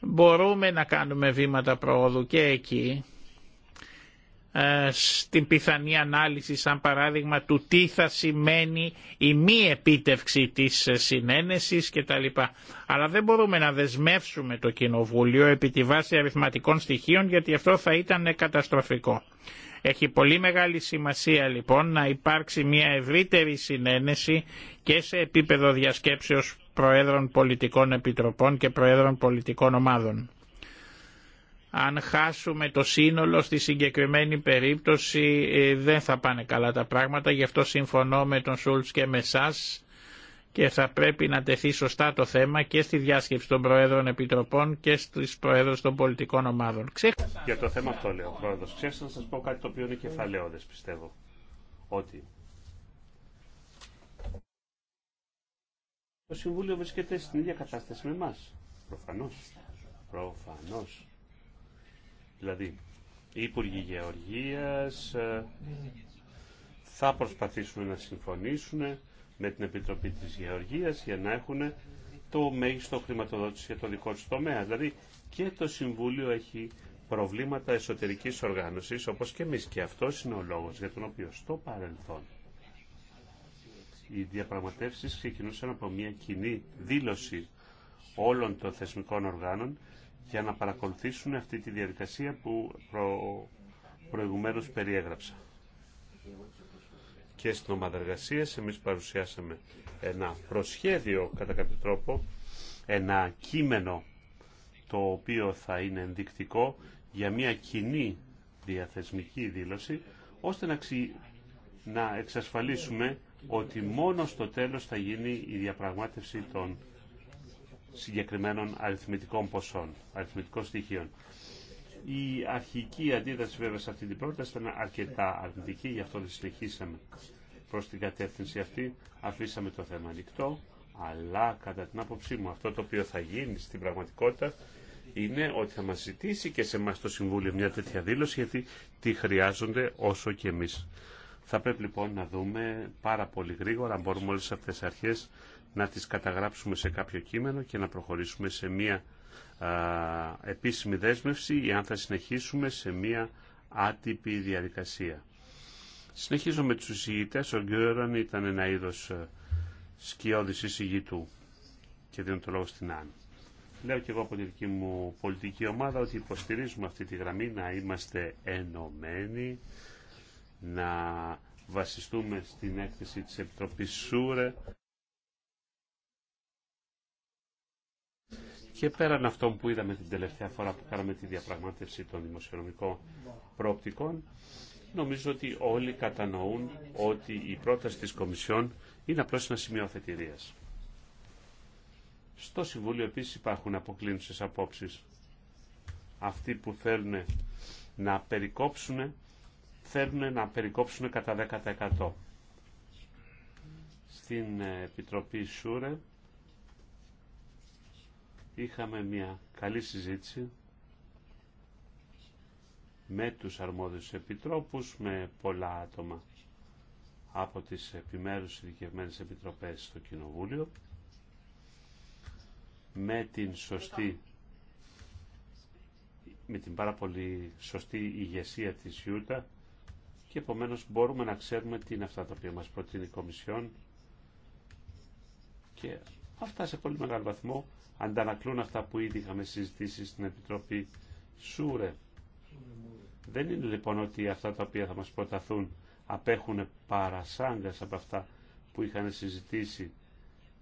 Μπορούμε να κάνουμε βήματα προόδου και εκεί ε, στην πιθανή ανάλυση σαν παράδειγμα του τι θα σημαίνει η μη επίτευξη της συνένεσης κτλ. Αλλά δεν μπορούμε να δεσμεύσουμε το Κοινοβούλιο επί τη βάση αριθματικών στοιχείων γιατί αυτό θα ήταν καταστροφικό. Έχει πολύ μεγάλη σημασία λοιπόν να υπάρξει μια ευρύτερη συνένεση και σε επίπεδο διασκέψεως Προέδρων Πολιτικών Επιτροπών και Προέδρων Πολιτικών Ομάδων αν χάσουμε το σύνολο στη συγκεκριμένη περίπτωση ε, δεν θα πάνε καλά τα πράγματα, γι' αυτό συμφωνώ με τον Σούλτς και με εσά και θα πρέπει να τεθεί σωστά το θέμα και στη διάσκεψη των Προέδρων Επιτροπών και στις Προέδρους των πολιτικών ομάδων. Για το θέμα αυτό λέω, Πρόεδρος. Ξέχασα να σας πω κάτι το οποίο είναι κεφαλαιόδες, πιστεύω. Ότι το Συμβούλιο βρίσκεται στην ίδια κατάσταση με εμάς. Προφανώς. Προφανώς. Δηλαδή, οι Υπουργοί Γεωργίας ε, θα προσπαθήσουν να συμφωνήσουν με την Επιτροπή της Γεωργίας για να έχουν το μέγιστο χρηματοδότηση για το δικό του τομέα. Δηλαδή και το Συμβούλιο έχει προβλήματα εσωτερικής οργάνωσης όπως και εμείς και αυτός είναι ο λόγος για τον οποίο στο παρελθόν οι διαπραγματεύσεις ξεκινούσαν από μια κοινή δήλωση όλων των θεσμικών οργάνων για να παρακολουθήσουν αυτή τη διαδικασία που προ... προηγουμένως περιέγραψα. Και στην ομάδα εργασία εμείς παρουσιάσαμε ένα προσχέδιο κατά κάποιο τρόπο, ένα κείμενο το οποίο θα είναι ενδεικτικό για μια κοινή διαθεσμική δήλωση, ώστε να, εξασφαλίσουμε ότι μόνο στο τέλος θα γίνει η διαπραγμάτευση των συγκεκριμένων αριθμητικών ποσών, αριθμητικών στοιχείων. Η αρχική αντίδραση βέβαια σε αυτή την πρόταση ήταν αρκετά αρνητική, γι' αυτό δεν συνεχίσαμε προς την κατεύθυνση αυτή. Αφήσαμε το θέμα ανοιχτό, αλλά κατά την άποψή μου αυτό το οποίο θα γίνει στην πραγματικότητα είναι ότι θα μας ζητήσει και σε εμά το Συμβούλιο μια τέτοια δήλωση, γιατί τη χρειάζονται όσο και εμείς. Θα πρέπει λοιπόν να δούμε πάρα πολύ γρήγορα, αν μπορούμε όλε αυτές τις αρχές να τις καταγράψουμε σε κάποιο κείμενο και να προχωρήσουμε σε μία επίσημη δέσμευση ή αν θα συνεχίσουμε σε μία άτυπη διαδικασία. Συνεχίζω με τους εισηγητές. Ο Γκέραν ήταν ένα είδος σκιώδης εισηγητού και δίνω το λόγο στην Άννη. Λέω και εγώ από τη δική μου πολιτική ομάδα ότι υποστηρίζουμε αυτή τη γραμμή να είμαστε ενωμένοι, να βασιστούμε στην έκθεση της Επιτροπής ΣΟΥΡΕ Και πέραν αυτών που είδαμε την τελευταία φορά που κάναμε τη διαπραγμάτευση των δημοσιονομικών προοπτικών, νομίζω ότι όλοι κατανοούν ότι η πρόταση της Κομισιόν είναι απλώς ένα σημείο αφετηρίας. Στο Συμβούλιο επίσης υπάρχουν αποκλίνουσες απόψεις. Αυτοί που θέλουν να περικόψουν, θέλουν να περικόψουν κατά 10%. Στην Επιτροπή ΣΟΥΡΕ είχαμε μια καλή συζήτηση με τους αρμόδιους επιτρόπους, με πολλά άτομα από τις επιμέρους ειδικευμένες επιτροπές στο Κοινοβούλιο, με την σωστή με την πάρα πολύ σωστή ηγεσία της Ιούτα και επομένως μπορούμε να ξέρουμε τι είναι αυτά τα οποία μας προτείνει η Κομισιόν και αυτά σε πολύ μεγάλο βαθμό αντανακλούν αυτά που ήδη είχαμε συζητήσει στην Επιτροπή Σούρε. Δεν είναι λοιπόν ότι αυτά τα οποία θα μας προταθούν απέχουν παρασάγκας από αυτά που είχαν συζητήσει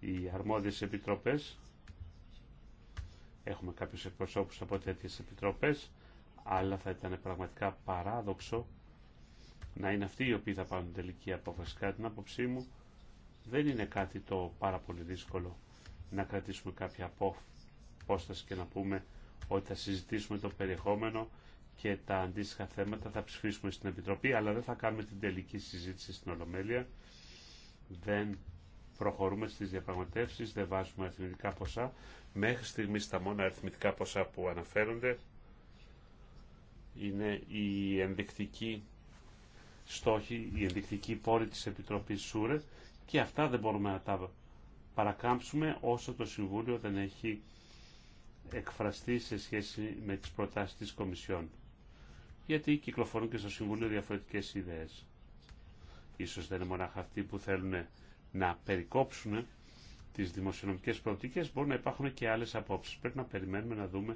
οι αρμόδιες επιτροπές. Έχουμε κάποιους εκπροσώπους από τέτοιες επιτροπές, αλλά θα ήταν πραγματικά παράδοξο να είναι αυτοί οι οποίοι θα πάρουν τελική απόφαση. την άποψή μου δεν είναι κάτι το πάρα πολύ δύσκολο να κρατήσουμε κάποια απόσταση και να πούμε ότι θα συζητήσουμε το περιεχόμενο και τα αντίστοιχα θέματα θα ψηφίσουμε στην Επιτροπή, αλλά δεν θα κάνουμε την τελική συζήτηση στην Ολομέλεια. Δεν προχωρούμε στις διαπραγματεύσεις, δεν βάζουμε αριθμητικά ποσά. Μέχρι στιγμής τα μόνα αριθμητικά ποσά που αναφέρονται είναι η ενδεικτική στόχη, η ενδεικτική πόρη της Επιτροπής ΣΟΥΡΕ και αυτά δεν μπορούμε να τα παρακάμψουμε όσο το Συμβούλιο δεν έχει εκφραστεί σε σχέση με τις προτάσεις της Κομισιόν. Γιατί κυκλοφορούν και στο Συμβούλιο διαφορετικές ιδέες. Ίσως δεν είναι μονάχα αυτοί που θέλουν να περικόψουν τις δημοσιονομικές προοπτικές, Μπορεί να υπάρχουν και άλλες απόψεις. Πρέπει να περιμένουμε να δούμε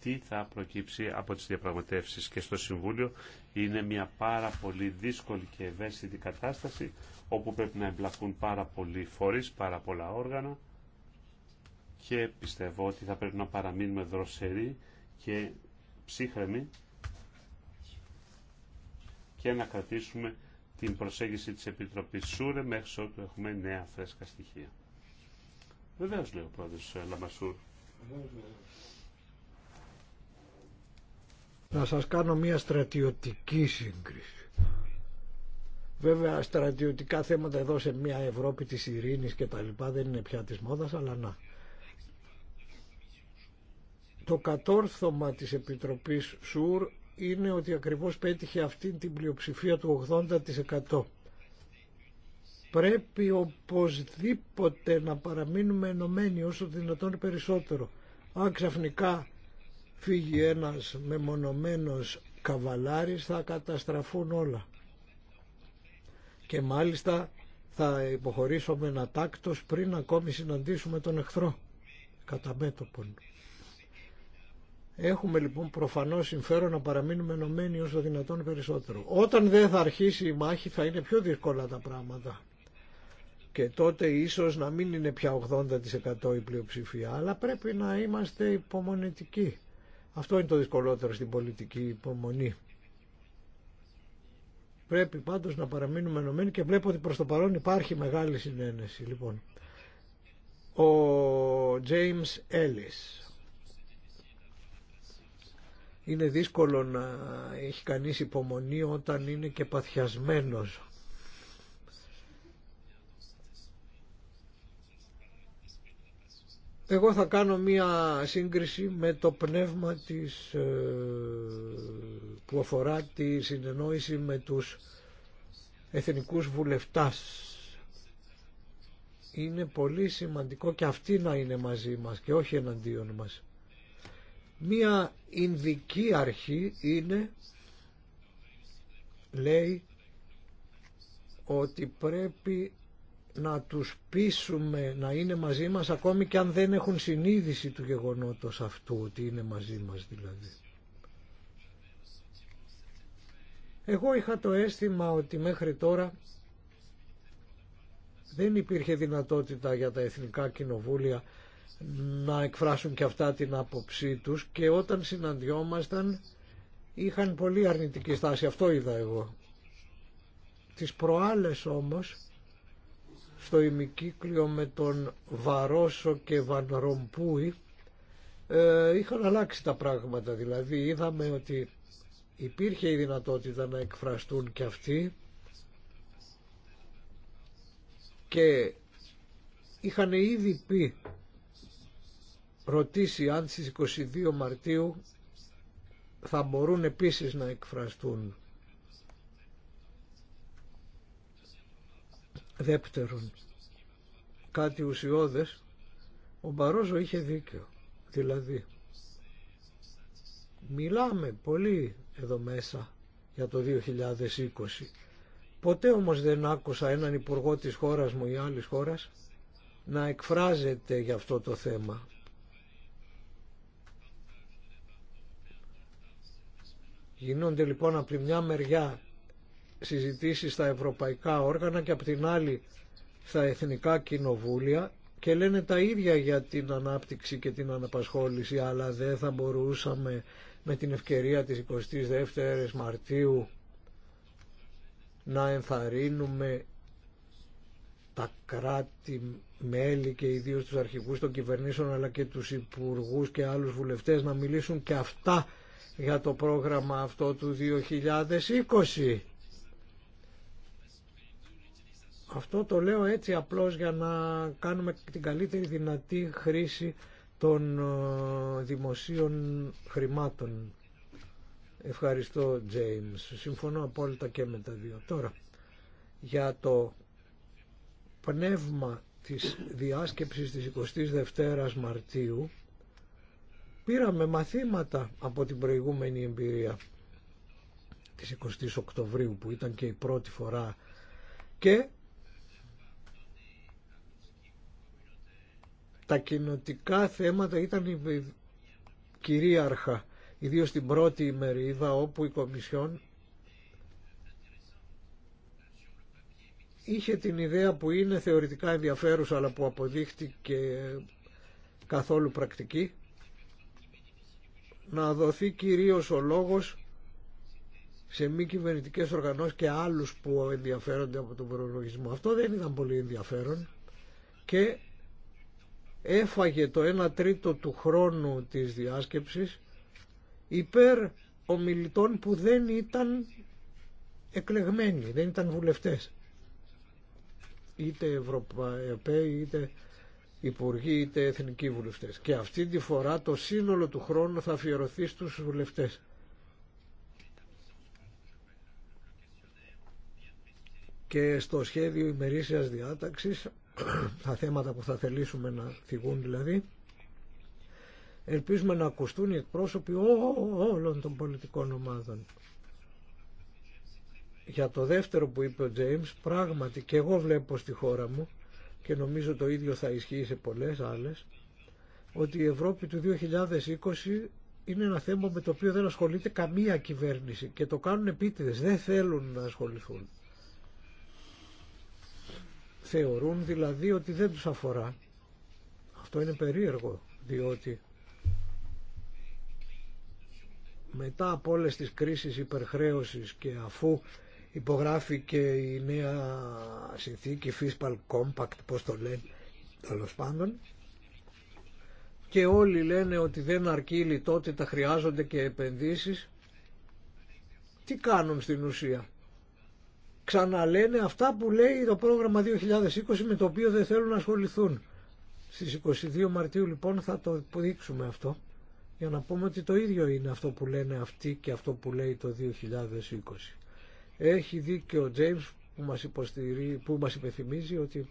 τι θα προκύψει από τις διαπραγματεύσεις και στο Συμβούλιο είναι μια πάρα πολύ δύσκολη και ευαίσθητη κατάσταση όπου πρέπει να εμπλακούν πάρα πολλοί φορείς, πάρα πολλά όργανα και πιστεύω ότι θα πρέπει να παραμείνουμε δροσεροί και ψύχρεμοι και να κρατήσουμε την προσέγγιση της Επιτροπής Σούρε μέχρι ότου έχουμε νέα φρέσκα στοιχεία. Βεβαίως λέει ο πρόεδρος Λαμασούρ. Να σας κάνω μια στρατιωτική σύγκριση. Βέβαια στρατιωτικά θέματα εδώ σε μια Ευρώπη της ειρήνης και τα λοιπά δεν είναι πια της μόδας, αλλά να. Το κατόρθωμα της Επιτροπής ΣΟΥΡ είναι ότι ακριβώς πέτυχε αυτή την πλειοψηφία του 80%. Πρέπει οπωσδήποτε να παραμείνουμε ενωμένοι όσο δυνατόν περισσότερο. Αν ξαφνικά φύγει ένας μεμονωμένος καβαλάρης θα καταστραφούν όλα. Και μάλιστα θα υποχωρήσουμε ένα τάκτος πριν ακόμη συναντήσουμε τον εχθρό κατά μέτωπον. Έχουμε λοιπόν προφανώς συμφέρον να παραμείνουμε ενωμένοι όσο δυνατόν περισσότερο. Όταν δεν θα αρχίσει η μάχη θα είναι πιο δύσκολα τα πράγματα. Και τότε ίσως να μην είναι πια 80% η πλειοψηφία, αλλά πρέπει να είμαστε υπομονετικοί. Αυτό είναι το δυσκολότερο στην πολιτική υπομονή. Πρέπει πάντως να παραμείνουμε ενωμένοι και βλέπω ότι προς το παρόν υπάρχει μεγάλη συνένεση. Λοιπόν, ο James Ellis. Είναι δύσκολο να έχει κανείς υπομονή όταν είναι και παθιασμένος. Εγώ θα κάνω μία σύγκριση με το πνεύμα της, ε, που αφορά τη συνεννόηση με τους εθνικούς βουλευτάς. Είναι πολύ σημαντικό και αυτοί να είναι μαζί μας και όχι εναντίον μας. Μία Ινδική αρχή είναι, λέει, ότι πρέπει να τους πείσουμε να είναι μαζί μας ακόμη και αν δεν έχουν συνείδηση του γεγονότος αυτού ότι είναι μαζί μας δηλαδή. Εγώ είχα το αίσθημα ότι μέχρι τώρα δεν υπήρχε δυνατότητα για τα εθνικά κοινοβούλια να εκφράσουν και αυτά την άποψή τους και όταν συναντιόμασταν είχαν πολύ αρνητική στάση, αυτό είδα εγώ. Τις προάλλες όμως στο ημικύκλιο με τον Βαρόσο και Βανρομπούι ε, είχαν αλλάξει τα πράγματα. Δηλαδή είδαμε ότι υπήρχε η δυνατότητα να εκφραστούν και αυτοί και είχαν ήδη πει ρωτήσει αν στις 22 Μαρτίου θα μπορούν επίσης να εκφραστούν Δεύτερον, κάτι ουσιώδες, ο Μπαρόζο είχε δίκιο. Δηλαδή, μιλάμε πολύ εδώ μέσα για το 2020. Ποτέ όμως δεν άκουσα έναν υπουργό της χώρας μου ή άλλης χώρας να εκφράζεται για αυτό το θέμα. Γίνονται λοιπόν από τη μια μεριά συζητήσει στα ευρωπαϊκά όργανα και από την άλλη στα εθνικά κοινοβούλια και λένε τα ίδια για την ανάπτυξη και την αναπασχόληση αλλά δεν θα μπορούσαμε με την ευκαιρία της 22ης Μαρτίου να ενθαρρύνουμε τα κράτη-μέλη και ιδίως τους αρχηγούς των κυβερνήσεων αλλά και τους υπουργούς και άλλους βουλευτές να μιλήσουν και αυτά για το πρόγραμμα αυτό του 2020 αυτό το λέω έτσι απλώς για να κάνουμε την καλύτερη δυνατή χρήση των ε, δημοσίων χρημάτων. Ευχαριστώ, James. Συμφωνώ απόλυτα και με τα δύο. Τώρα, για το πνεύμα της διάσκεψης της 22ης Μαρτίου, πήραμε μαθήματα από την προηγούμενη εμπειρία της 20ης Οκτωβρίου, που ήταν και η πρώτη φορά, και τα κοινοτικά θέματα ήταν κυρίαρχα, ιδίως την πρώτη ημερίδα όπου η Κομισιόν είχε την ιδέα που είναι θεωρητικά ενδιαφέρουσα αλλά που αποδείχτηκε καθόλου πρακτική να δοθεί κυρίως ο λόγος σε μη κυβερνητικέ οργανώσεις και άλλους που ενδιαφέρονται από τον προλογισμό. Αυτό δεν ήταν πολύ ενδιαφέρον και έφαγε το 1 τρίτο του χρόνου της διάσκεψης υπέρ ομιλητών που δεν ήταν εκλεγμένοι, δεν ήταν βουλευτές. Είτε Ευρωπαίοι, είτε Υπουργοί, είτε Εθνικοί βουλευτές. Και αυτή τη φορά το σύνολο του χρόνου θα αφιερωθεί στους βουλευτές. Και στο σχέδιο ημερήσιας διάταξης τα θέματα που θα θελήσουμε να φυγούν δηλαδή. Ελπίζουμε να ακουστούν οι εκπρόσωποι όλων των πολιτικών ομάδων. Για το δεύτερο που είπε ο Τζέιμς, πράγματι και εγώ βλέπω στη χώρα μου και νομίζω το ίδιο θα ισχύει σε πολλές άλλες, ότι η Ευρώπη του 2020 είναι ένα θέμα με το οποίο δεν ασχολείται καμία κυβέρνηση και το κάνουν επίτηδες, δεν θέλουν να ασχοληθούν. Θεωρούν δηλαδή ότι δεν τους αφορά. Αυτό είναι περίεργο, διότι μετά από όλες τις κρίσεις υπερχρέωσης και αφού υπογράφει και η νέα συνθήκη Fiscal Compact, πώς το λένε, τέλο πάντων, και όλοι λένε ότι δεν αρκεί η λιτότητα, χρειάζονται και επενδύσεις, τι κάνουν στην ουσία ξαναλένε αυτά που λέει το πρόγραμμα 2020 με το οποίο δεν θέλουν να ασχοληθούν. Στις 22 Μαρτίου λοιπόν θα το δείξουμε αυτό για να πούμε ότι το ίδιο είναι αυτό που λένε αυτοί και αυτό που λέει το 2020. Έχει δει και ο Τζέιμς που μας, υποστηρεί, που μας υπενθυμίζει ότι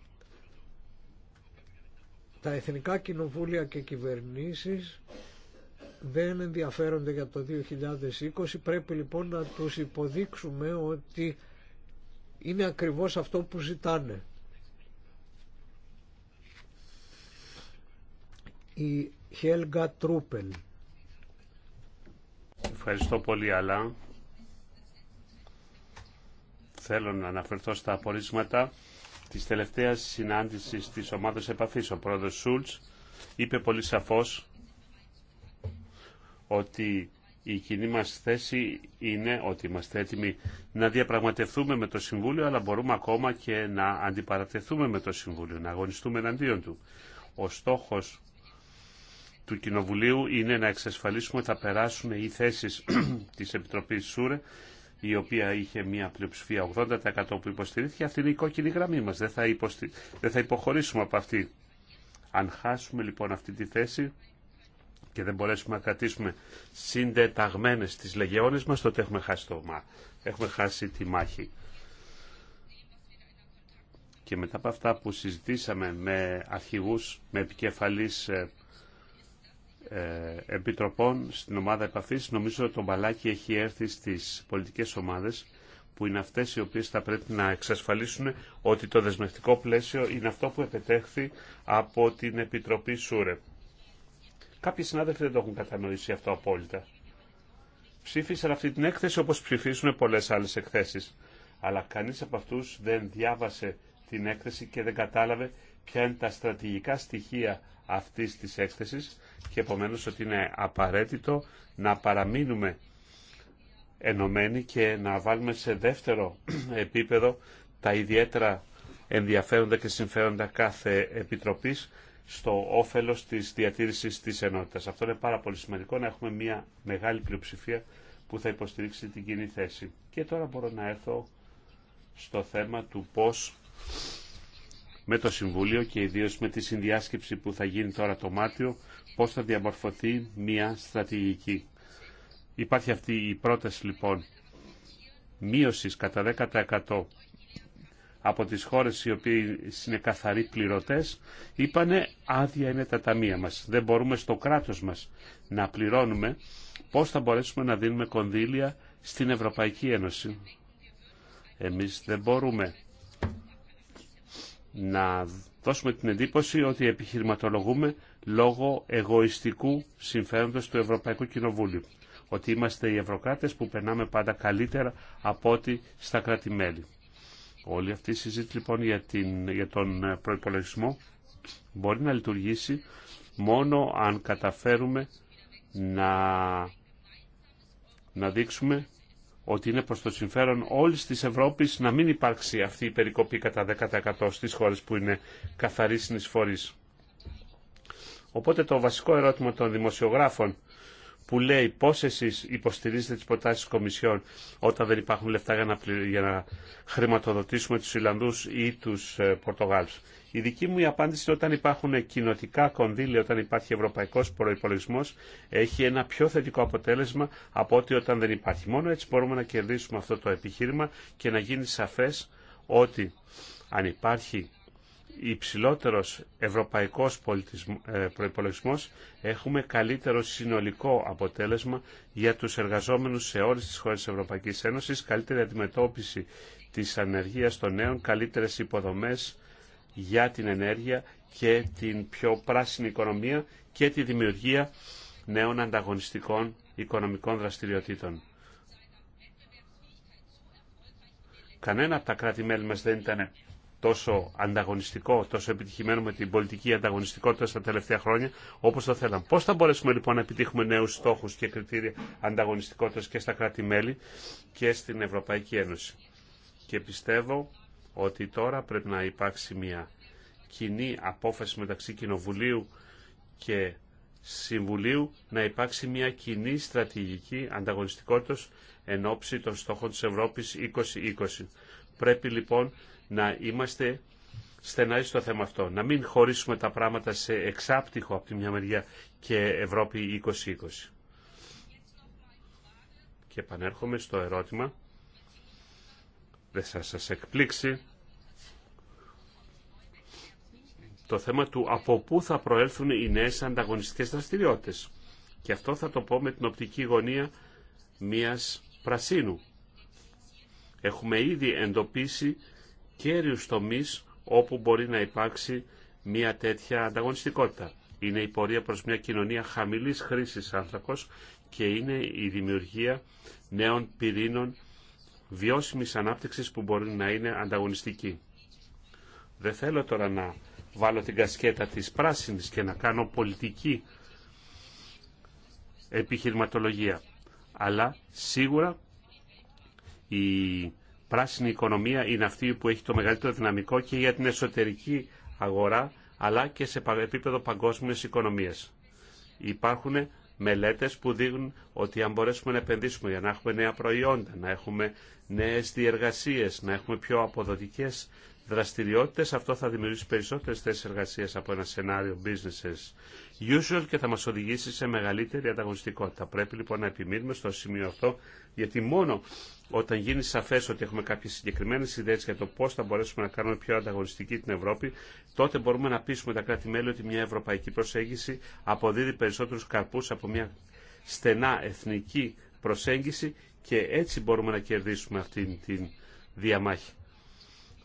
τα εθνικά κοινοβούλια και κυβερνήσεις δεν ενδιαφέρονται για το 2020. Πρέπει λοιπόν να τους υποδείξουμε ότι είναι ακριβώς αυτό που ζητάνε. Η Χέλγα Τρούπελ. Ευχαριστώ πολύ, αλλά θέλω να αναφερθώ στα απορίσματα της τελευταίας συνάντησης της ομάδας επαφής. Ο πρόεδρος Σούλτς είπε πολύ σαφώς ότι η κοινή μας θέση είναι ότι είμαστε έτοιμοι να διαπραγματευτούμε με το Συμβούλιο, αλλά μπορούμε ακόμα και να αντιπαρατεθούμε με το Συμβούλιο, να αγωνιστούμε εναντίον του. Ο στόχος του Κοινοβουλίου είναι να εξασφαλίσουμε ότι θα περάσουν οι θέσεις της Επιτροπής ΣΟΥΡΕ, η οποία είχε μια πλειοψηφία 80% που υποστηρίχθηκε. Αυτή είναι η κόκκινη γραμμή μας. Δεν θα, υποστη... Δεν θα υποχωρήσουμε από αυτή. Αν χάσουμε λοιπόν αυτή τη θέση, και δεν μπορέσουμε να κρατήσουμε συντεταγμένες τις λεγεώνες μας, τότε έχουμε χάσει, το, έχουμε χάσει τη μάχη. Και μετά από αυτά που συζητήσαμε με αρχηγούς, με επικεφαλής ε, ε, επιτροπών στην ομάδα επαφής, νομίζω ότι το μπαλάκι έχει έρθει στις πολιτικές ομάδες που είναι αυτές οι οποίες θα πρέπει να εξασφαλίσουν ότι το δεσμευτικό πλαίσιο είναι αυτό που επετέχθη από την Επιτροπή Σούρε. Κάποιοι συνάδελφοι δεν το έχουν κατανοήσει αυτό απόλυτα. Ψήφισαν αυτή την έκθεση όπως ψηφίσουν πολλές άλλες εκθέσεις. Αλλά κανείς από αυτούς δεν διάβασε την έκθεση και δεν κατάλαβε ποια είναι τα στρατηγικά στοιχεία αυτής της έκθεσης και επομένως ότι είναι απαραίτητο να παραμείνουμε ενωμένοι και να βάλουμε σε δεύτερο επίπεδο τα ιδιαίτερα ενδιαφέροντα και συμφέροντα κάθε επιτροπής στο όφελος της διατήρησης τη ενότητα. Αυτό είναι πάρα πολύ σημαντικό να έχουμε μια μεγάλη πλειοψηφία που θα υποστηρίξει την κοινή θέση. Και τώρα μπορώ να έρθω στο θέμα του πώ, με το Συμβούλιο και ιδίως με τη συνδιάσκεψη που θα γίνει τώρα το Μάρτιο, πώς θα διαμορφωθεί μια στρατηγική. Υπάρχει αυτή η πρόταση λοιπόν μείωση κατά 10% από τις χώρες οι οποίες είναι καθαροί πληρωτές είπανε άδεια είναι τα ταμεία μας. Δεν μπορούμε στο κράτος μας να πληρώνουμε πώς θα μπορέσουμε να δίνουμε κονδύλια στην Ευρωπαϊκή Ένωση. Εμείς δεν μπορούμε να δώσουμε την εντύπωση ότι επιχειρηματολογούμε λόγω εγωιστικού συμφέροντος του Ευρωπαϊκού Κοινοβούλου. Ότι είμαστε οι ευρωκράτες που περνάμε πάντα καλύτερα από ό,τι στα κρατη Όλη αυτή η συζήτηση λοιπόν για, τον ε, προϋπολογισμό μπορεί να λειτουργήσει μόνο αν καταφέρουμε να, δείξουμε ότι είναι προς το συμφέρον όλης της Ευρώπης να μην υπάρξει αυτή η περικοπή κατά 10% στις χώρες που είναι καθαρή συνεισφορής. Οπότε το βασικό ερώτημα των δημοσιογράφων που λέει πώς εσείς υποστηρίζετε τι προτάσει τη Κομισιόν όταν δεν υπάρχουν λεφτά για να, για χρηματοδοτήσουμε τους Ιλλανδούς ή τους ε, Πορτογάλους. Η δική μου απάντηση είναι όταν υπάρχουν κοινοτικά κονδύλια, όταν υπάρχει ευρωπαϊκός Προπολογισμό, έχει ένα πιο θετικό αποτέλεσμα από ότι όταν δεν υπάρχει. Μόνο έτσι μπορούμε να κερδίσουμε αυτό το επιχείρημα και να γίνει σαφέ ότι αν υπάρχει υψηλότερος ευρωπαϊκός ε, προπολογισμό έχουμε καλύτερο συνολικό αποτέλεσμα για τους εργαζόμενους σε όλες τις χώρες της Ευρωπαϊκής Ένωσης, καλύτερη αντιμετώπιση της ανεργίας των νέων, καλύτερες υποδομές για την ενέργεια και την πιο πράσινη οικονομία και τη δημιουργία νέων ανταγωνιστικών οικονομικών δραστηριοτήτων. Κανένα από τα κράτη-μέλη μας δεν ήταν τόσο ανταγωνιστικό, τόσο επιτυχημένο με την πολιτική ανταγωνιστικότητα στα τελευταία χρόνια όπως το θέλαμε. Πώς θα μπορέσουμε λοιπόν να επιτύχουμε νέους στόχους και κριτήρια ανταγωνιστικότητας και στα κράτη-μέλη και στην Ευρωπαϊκή Ένωση. Και πιστεύω ότι τώρα πρέπει να υπάρξει μια κοινή απόφαση μεταξύ Κοινοβουλίου και Συμβουλίου να υπάρξει μια κοινή στρατηγική ανταγωνιστικότητας εν ώψη των στόχων της Ευρώπης 2020. Πρέπει λοιπόν να είμαστε στεναροί στο θέμα αυτό. Να μην χωρίσουμε τα πράγματα σε εξάπτυχο από τη μια μεριά και Ευρώπη 2020. Και επανέρχομαι στο ερώτημα. Δεν θα σας εκπλήξει. Το θέμα του από πού θα προέλθουν οι νέες ανταγωνιστικές δραστηριότητες. Και αυτό θα το πω με την οπτική γωνία μίας πρασίνου. Έχουμε ήδη εντοπίσει κέριους τομείς όπου μπορεί να υπάρξει μια τέτοια ανταγωνιστικότητα. Είναι η πορεία προς μια κοινωνία χαμηλής χρήσης άνθρακος και είναι η δημιουργία νέων πυρήνων βιώσιμης ανάπτυξης που μπορεί να είναι ανταγωνιστική. Δεν θέλω τώρα να βάλω την κασκέτα της πράσινης και να κάνω πολιτική επιχειρηματολογία. Αλλά σίγουρα η πράσινη οικονομία είναι αυτή που έχει το μεγαλύτερο δυναμικό και για την εσωτερική αγορά αλλά και σε επίπεδο παγκόσμιας οικονομίας. Υπάρχουν μελέτες που δείχνουν ότι αν μπορέσουμε να επενδύσουμε για να έχουμε νέα προϊόντα, να έχουμε νέες διεργασίες, να έχουμε πιο αποδοτικές δραστηριότητες. Αυτό θα δημιουργήσει περισσότερε θέσει εργασία από ένα σενάριο business as usual και θα μα οδηγήσει σε μεγαλύτερη ανταγωνιστικότητα. Πρέπει λοιπόν να επιμείνουμε στο σημείο αυτό, γιατί μόνο όταν γίνει σαφές ότι έχουμε κάποιε συγκεκριμένε ιδέε για το πώ θα μπορέσουμε να κάνουμε πιο ανταγωνιστική την Ευρώπη, τότε μπορούμε να πείσουμε τα κράτη-μέλη ότι μια ευρωπαϊκή προσέγγιση αποδίδει περισσότερου καρπού από μια στενά εθνική προσέγγιση και έτσι μπορούμε να κερδίσουμε αυτή την διαμάχη.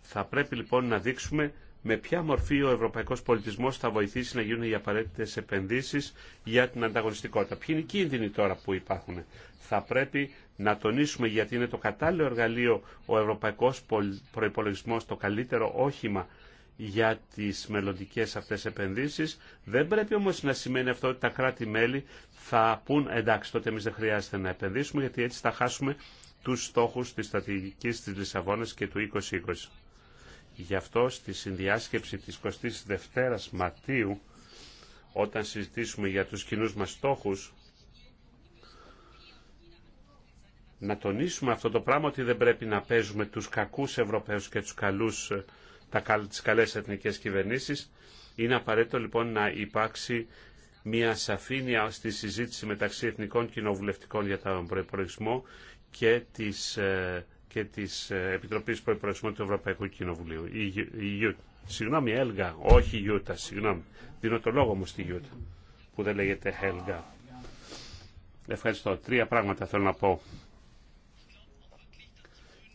Θα πρέπει λοιπόν να δείξουμε με ποια μορφή ο ευρωπαϊκός πολιτισμός θα βοηθήσει να γίνουν οι απαραίτητες επενδύσεις για την ανταγωνιστικότητα. Ποιοι είναι οι κίνδυνοι τώρα που υπάρχουν. Θα πρέπει να τονίσουμε γιατί είναι το κατάλληλο εργαλείο ο ευρωπαϊκός προϋπολογισμός το καλύτερο όχημα για τις μελλοντικέ αυτές επενδύσεις. Δεν πρέπει όμως να σημαίνει αυτό ότι τα κράτη-μέλη θα πούν εντάξει τότε εμείς δεν χρειάζεται να επενδύσουμε γιατί έτσι θα χάσουμε τους στόχους της στρατηγικής της Λισαβόνας και του 2020. Γι' αυτό στη συνδιάσκεψη της 22ης ματιού, όταν συζητήσουμε για τους κοινού μας στόχους, να τονίσουμε αυτό το πράγμα ότι δεν πρέπει να παίζουμε τους κακούς Ευρωπαίους και τους καλούς, τα, τις καλές εθνικές κυβερνήσεις. Είναι απαραίτητο λοιπόν να υπάρξει μια σαφήνεια στη συζήτηση μεταξύ εθνικών κοινοβουλευτικών για τον προϋπολογισμό και της ε, και της ε, Επιτροπής Προϋπολογισμού του Ευρωπαϊκού Κοινοβουλίου. Η, η, συγγνώμη, Έλγα, όχι Ιούτα, συγγνώμη. Δίνω το λόγο μου στη Γιούτα, που δεν λέγεται Έλγα. Ευχαριστώ. Τρία πράγματα θέλω να πω.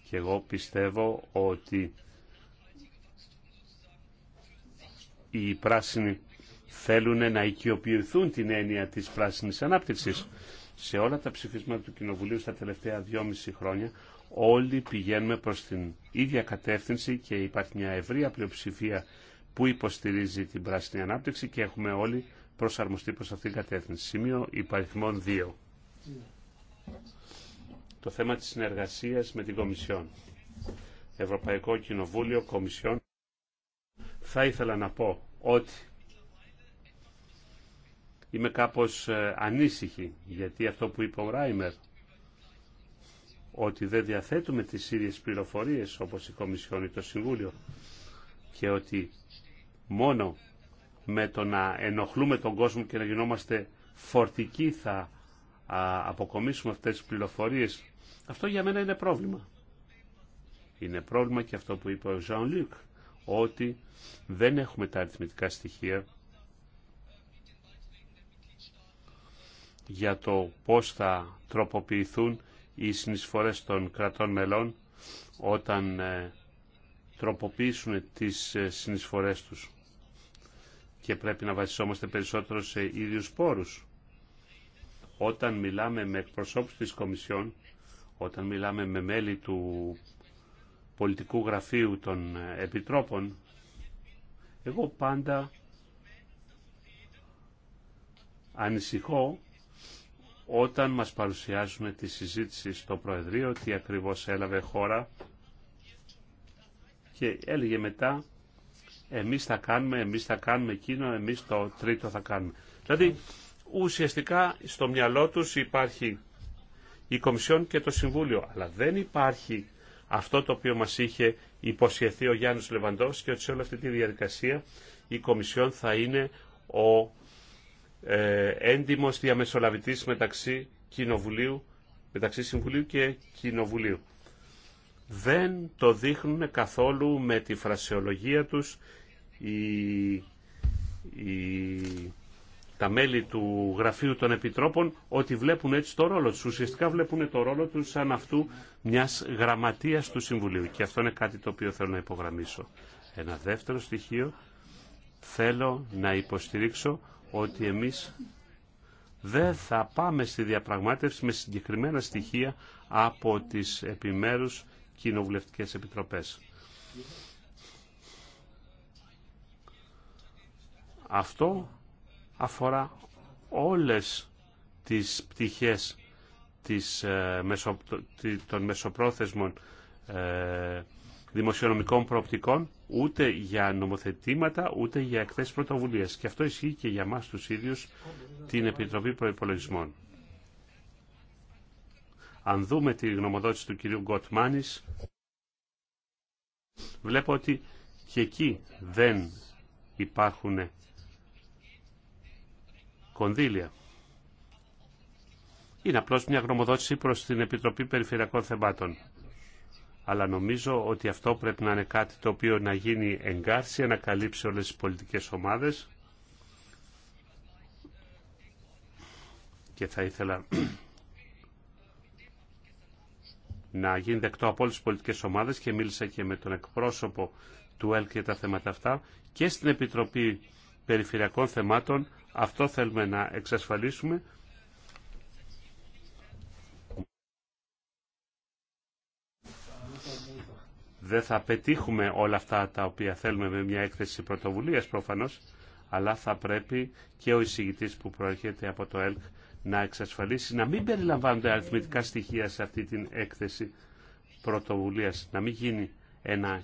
Και εγώ πιστεύω ότι οι πράσινοι θέλουν να οικειοποιηθούν την έννοια της πράσινης ανάπτυξης. Σε όλα τα ψηφίσματα του Κοινοβουλίου στα τελευταία δυόμιση χρόνια, όλοι πηγαίνουμε προς την ίδια κατεύθυνση και υπάρχει μια ευρεία πλειοψηφία που υποστηρίζει την πράσινη ανάπτυξη και έχουμε όλοι προσαρμοστεί προς αυτήν την κατεύθυνση. Σημείο υπαριθμών 2. Το θέμα της συνεργασίας με την Κομισιόν. Ευρωπαϊκό Κοινοβούλιο, Κομισιόν. Θα ήθελα να πω ότι είμαι κάπως ε, ανήσυχη γιατί αυτό που είπε ο Ράιμερ ότι δεν διαθέτουμε τις ίδιες πληροφορίες όπως η Κομισιόν ή το Συμβούλιο και ότι μόνο με το να ενοχλούμε τον κόσμο και να γινόμαστε φορτικοί θα αποκομίσουμε αυτές τις πληροφορίες. Αυτό για μένα είναι πρόβλημα. Είναι πρόβλημα και αυτό που είπε ο Ζαν Λουκ, ότι δεν έχουμε τα αριθμητικά στοιχεία για το πώς θα τροποποιηθούν οι συνεισφορές των κρατών μελών όταν ε, τροποποιήσουν τις ε, συνεισφορές τους και πρέπει να βασισόμαστε περισσότερο σε ίδιους πόρους. Όταν μιλάμε με εκπροσώπους της Κομισιόν, όταν μιλάμε με μέλη του πολιτικού γραφείου των ε, επιτρόπων, εγώ πάντα ανησυχώ όταν μας παρουσιάζουν τη συζήτηση στο Προεδρείο, τι ακριβώς έλαβε χώρα και έλεγε μετά εμείς θα κάνουμε, εμείς θα κάνουμε εκείνο, εμείς το τρίτο θα κάνουμε. Δηλαδή ουσιαστικά στο μυαλό τους υπάρχει η Κομισιόν και το Συμβούλιο, αλλά δεν υπάρχει αυτό το οποίο μας είχε υποσχεθεί ο Γιάννης Λεβαντός και ότι σε όλη αυτή τη διαδικασία η Κομισιόν θα είναι ο ε, έντιμος διαμεσολαβητής μεταξύ, κοινοβουλίου, μεταξύ Συμβουλίου και Κοινοβουλίου. Δεν το δείχνουν καθόλου με τη φρασεολογία τους η τα μέλη του Γραφείου των Επιτρόπων ότι βλέπουν έτσι το ρόλο τους. Ουσιαστικά βλέπουν το ρόλο τους σαν αυτού μιας γραμματείας του Συμβουλίου. Και αυτό είναι κάτι το οποίο θέλω να υπογραμμίσω. Ένα δεύτερο στοιχείο θέλω να υποστηρίξω ότι εμείς δεν θα πάμε στη διαπραγμάτευση με συγκεκριμένα στοιχεία από τις επιμέρους κοινοβουλευτικές επιτροπές. Αυτό αφορά όλες τις πτυχές της, ε, των μεσοπρόθεσμων ε, δημοσιονομικών προοπτικών ούτε για νομοθετήματα, ούτε για εκθέσεις πρωτοβουλίας. Και αυτό ισχύει και για μας τους ίδιους την Επιτροπή Προϋπολογισμών. Αν δούμε τη γνωμοδότηση του κυρίου Γκοτμάνης, βλέπω ότι και εκεί δεν υπάρχουν κονδύλια. Είναι απλώς μια γνωμοδότηση προς την Επιτροπή Περιφερειακών Θεμάτων αλλά νομίζω ότι αυτό πρέπει να είναι κάτι το οποίο να γίνει εγκάρσια, να καλύψει όλες τις πολιτικές ομάδες. Και θα ήθελα να γίνει δεκτό από όλες τις πολιτικές ομάδες και μίλησα και με τον εκπρόσωπο του ΕΛΚ για τα θέματα αυτά και στην Επιτροπή Περιφερειακών Θεμάτων αυτό θέλουμε να εξασφαλίσουμε δεν θα πετύχουμε όλα αυτά τα οποία θέλουμε με μια έκθεση πρωτοβουλία προφανώς, αλλά θα πρέπει και ο εισηγητή που προέρχεται από το ΕΛΚ να εξασφαλίσει να μην περιλαμβάνονται αριθμητικά στοιχεία σε αυτή την έκθεση πρωτοβουλία. να μην γίνει ένα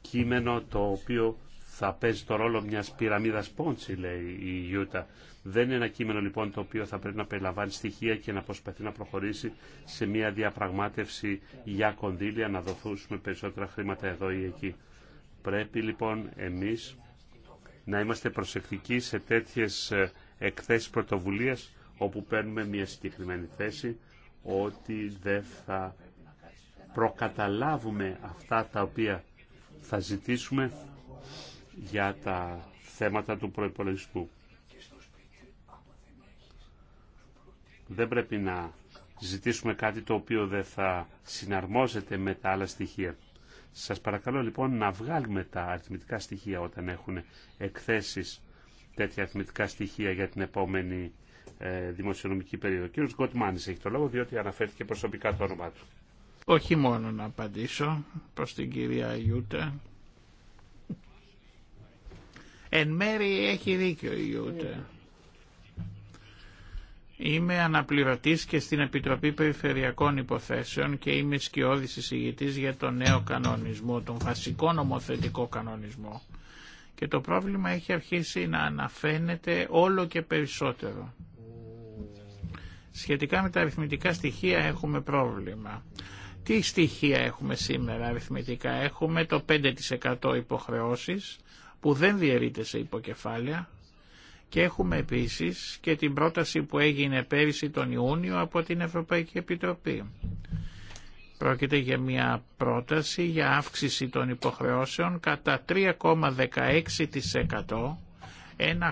κείμενο το οποίο θα παίζει το ρόλο μιας πυραμίδας πόντσι, λέει η Ιούτα. Δεν είναι ένα κείμενο λοιπόν το οποίο θα πρέπει να περιλαμβάνει στοιχεία και να προσπαθεί να προχωρήσει σε μια διαπραγμάτευση για κονδύλια, να δοθούσουμε περισσότερα χρήματα εδώ ή εκεί. Πρέπει λοιπόν εμείς να είμαστε προσεκτικοί σε τέτοιες ε, εκθέσεις πρωτοβουλίας όπου παίρνουμε μια συγκεκριμένη θέση ότι δεν θα προκαταλάβουμε αυτά τα οποία θα ζητήσουμε για τα θέματα του προϋπολογισμού. Δεν πρέπει να ζητήσουμε κάτι το οποίο δεν θα συναρμόζεται με τα άλλα στοιχεία. Σας παρακαλώ λοιπόν να βγάλουμε τα αριθμητικά στοιχεία όταν έχουν εκθέσεις τέτοια αριθμητικά στοιχεία για την επόμενη ε, δημοσιονομική περίοδο. Ο κύριος Γκοτμάνης έχει το λόγο διότι αναφέρθηκε προσωπικά το όνομά του. Όχι μόνο να απαντήσω προς την κυρία Ιούτα Εν μέρη έχει δίκιο η Ιούτα. Είμαι αναπληρωτής και στην Επιτροπή Περιφερειακών Υποθέσεων και είμαι σκιώδης εισηγητής για τον νέο κανονισμό, τον βασικό νομοθετικό κανονισμό. Και το πρόβλημα έχει αρχίσει να αναφαίνεται όλο και περισσότερο. Σχετικά με τα αριθμητικά στοιχεία έχουμε πρόβλημα. Τι στοιχεία έχουμε σήμερα αριθμητικά. Έχουμε το 5% υποχρεώσεις, που δεν διαιρείται σε υποκεφάλαια και έχουμε επίσης και την πρόταση που έγινε πέρυσι τον Ιούνιο από την Ευρωπαϊκή Επιτροπή. Πρόκειται για μια πρόταση για αύξηση των υποχρεώσεων κατά 3,16%,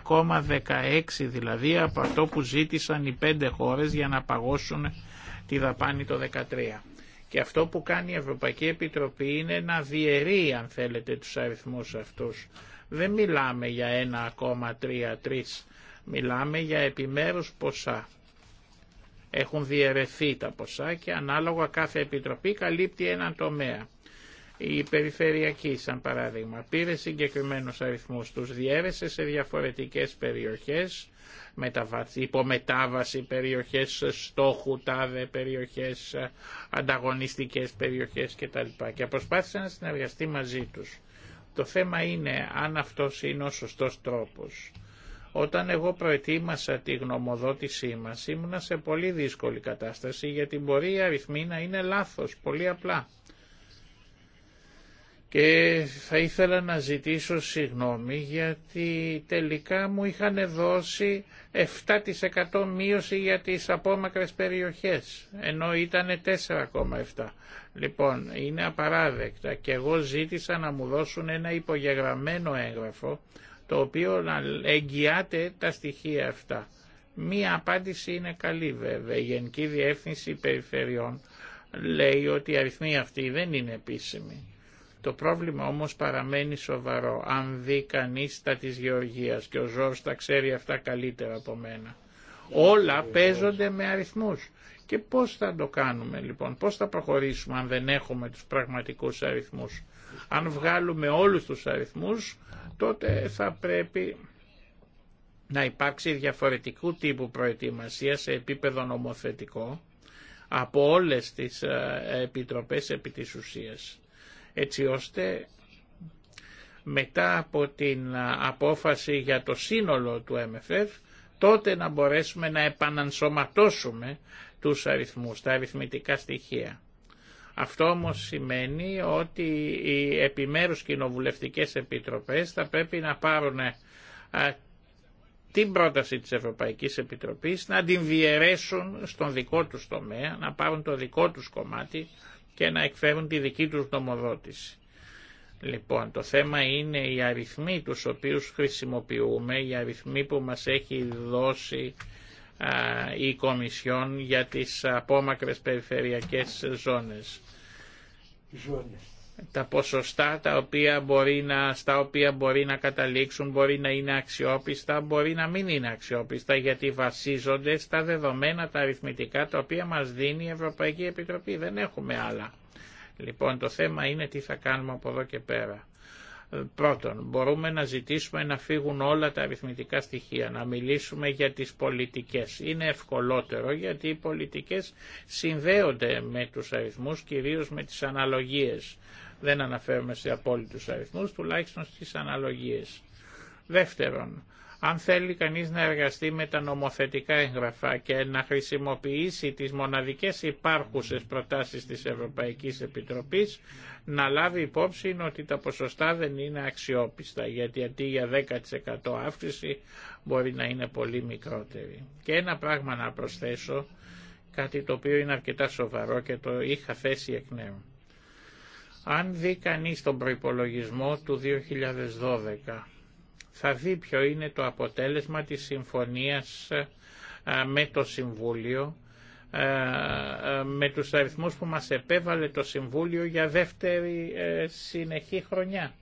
1,16 δηλαδή από αυτό που ζήτησαν οι πέντε χώρες για να παγώσουν τη δαπάνη το 2013. Και αυτό που κάνει η Ευρωπαϊκή Επιτροπή είναι να διαιρεί, αν θέλετε, τους αριθμούς αυτούς. Δεν μιλάμε για ένα ακόμα, τρεις. μιλάμε για επιμέρους ποσά. Έχουν διαιρεθεί τα ποσά και ανάλογα κάθε επιτροπή καλύπτει έναν τομέα. Η περιφερειακή, σαν παράδειγμα, πήρε συγκεκριμένους αριθμούς, τους διέρεσε σε διαφορετικές περιοχές, υπομετάβαση περιοχές στόχου, τάδε περιοχές, ανταγωνιστικές περιοχές κτλ. Και προσπάθησε να συνεργαστεί μαζί τους. Το θέμα είναι αν αυτός είναι ο σωστός τρόπος. Όταν εγώ προετοίμασα τη γνωμοδότησή μας ήμουνα σε πολύ δύσκολη κατάσταση γιατί μπορεί η αριθμή να είναι λάθος, πολύ απλά και θα ήθελα να ζητήσω συγγνώμη γιατί τελικά μου είχαν δώσει 7% μείωση για τις απόμακρες περιοχές, ενώ ήταν 4,7%. Λοιπόν, είναι απαράδεκτα και εγώ ζήτησα να μου δώσουν ένα υπογεγραμμένο έγγραφο το οποίο να εγγυάται τα στοιχεία αυτά. Μία απάντηση είναι καλή βέβαια. Η Γενική Διεύθυνση Περιφερειών λέει ότι η αριθμή αυτή δεν είναι επίσημη το πρόβλημα όμως παραμένει σοβαρό, αν δει κανείς τα της Γεωργίας και ο Ζόρς τα ξέρει αυτά καλύτερα από μένα. Όλα παίζονται με αριθμούς. Και πώς θα το κάνουμε λοιπόν, πώς θα προχωρήσουμε αν δεν έχουμε τους πραγματικούς αριθμούς. Αν βγάλουμε όλους τους αριθμούς, τότε θα πρέπει να υπάρξει διαφορετικού τύπου προετοιμασία σε επίπεδο νομοθετικό από όλες τις ε, επιτροπές επί της ουσίας έτσι ώστε μετά από την απόφαση για το σύνολο του MFF τότε να μπορέσουμε να επανανσωματώσουμε τους αριθμούς, τα αριθμητικά στοιχεία. Αυτό όμως σημαίνει ότι οι επιμέρους κοινοβουλευτικές επιτροπές θα πρέπει να πάρουν ε, την πρόταση της Ευρωπαϊκής Επιτροπής να την διαιρέσουν στον δικό τους τομέα, να πάρουν το δικό τους κομμάτι και να εκφέρουν τη δική τους νομοδότηση. Λοιπόν, το θέμα είναι οι αριθμοί τους οποίους χρησιμοποιούμε, οι αριθμοί που μας έχει δώσει η Κομισιόν για τις απόμακρες περιφερειακές ζώνες. ζώνες τα ποσοστά τα οποία μπορεί να, στα οποία μπορεί να καταλήξουν, μπορεί να είναι αξιόπιστα, μπορεί να μην είναι αξιόπιστα, γιατί βασίζονται στα δεδομένα τα αριθμητικά τα οποία μας δίνει η Ευρωπαϊκή Επιτροπή. Δεν έχουμε άλλα. Λοιπόν, το θέμα είναι τι θα κάνουμε από εδώ και πέρα. Ε, πρώτον, μπορούμε να ζητήσουμε να φύγουν όλα τα αριθμητικά στοιχεία, να μιλήσουμε για τις πολιτικές. Είναι ευκολότερο γιατί οι πολιτικές συνδέονται με τους αριθμούς, κυρίως με τις αναλογίες. Δεν αναφέρομαι σε απόλυτους αριθμούς, τουλάχιστον στις αναλογίες. Δεύτερον, αν θέλει κανείς να εργαστεί με τα νομοθετικά έγγραφα και να χρησιμοποιήσει τις μοναδικές υπάρχουσες προτάσεις της Ευρωπαϊκής Επιτροπής, να λάβει υπόψη ότι τα ποσοστά δεν είναι αξιόπιστα, γιατί αντί για 10% αύξηση μπορεί να είναι πολύ μικρότερη. Και ένα πράγμα να προσθέσω, κάτι το οποίο είναι αρκετά σοβαρό και το είχα θέσει εκ νέου. Αν δει κανείς τον προϋπολογισμό του 2012, θα δει ποιο είναι το αποτέλεσμα της συμφωνίας ε, ε, με το Συμβούλιο, ε, με τους αριθμούς που μας επέβαλε το Συμβούλιο για δεύτερη συνεχή χρονιά.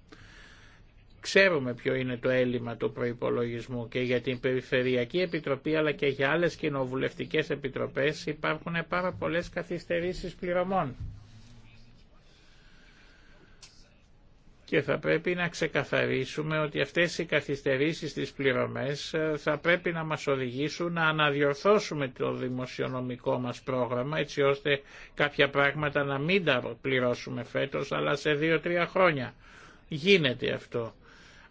Ξέρουμε ποιο είναι το έλλειμμα του προϋπολογισμού και για την Περιφερειακή Επιτροπή αλλά και για άλλες κοινοβουλευτικές επιτροπές υπάρχουν πάρα πολλές καθυστερήσεις πληρωμών. και θα πρέπει να ξεκαθαρίσουμε ότι αυτές οι καθυστερήσεις στις πληρωμές ε, θα πρέπει να μας οδηγήσουν να αναδιορθώσουμε το δημοσιονομικό μας πρόγραμμα έτσι ώστε κάποια πράγματα να μην τα πληρώσουμε φέτος αλλά σε δύο-τρία χρόνια. Γίνεται αυτό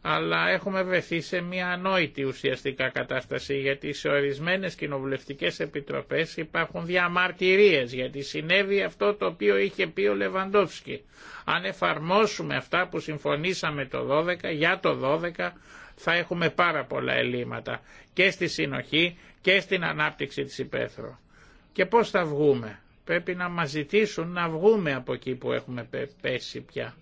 αλλά έχουμε βρεθεί σε μια ανόητη ουσιαστικά κατάσταση γιατί σε ορισμένες κοινοβουλευτικέ επιτροπές υπάρχουν διαμαρτυρίες γιατί συνέβη αυτό το οποίο είχε πει ο Λεβαντόφσκι. Αν εφαρμόσουμε αυτά που συμφωνήσαμε το 12 για το 12 θα έχουμε πάρα πολλά ελλείμματα και στη συνοχή και στην ανάπτυξη της υπαίθρου. Και πώς θα βγούμε. Πρέπει να μας ζητήσουν να βγούμε από εκεί που έχουμε πέσει πια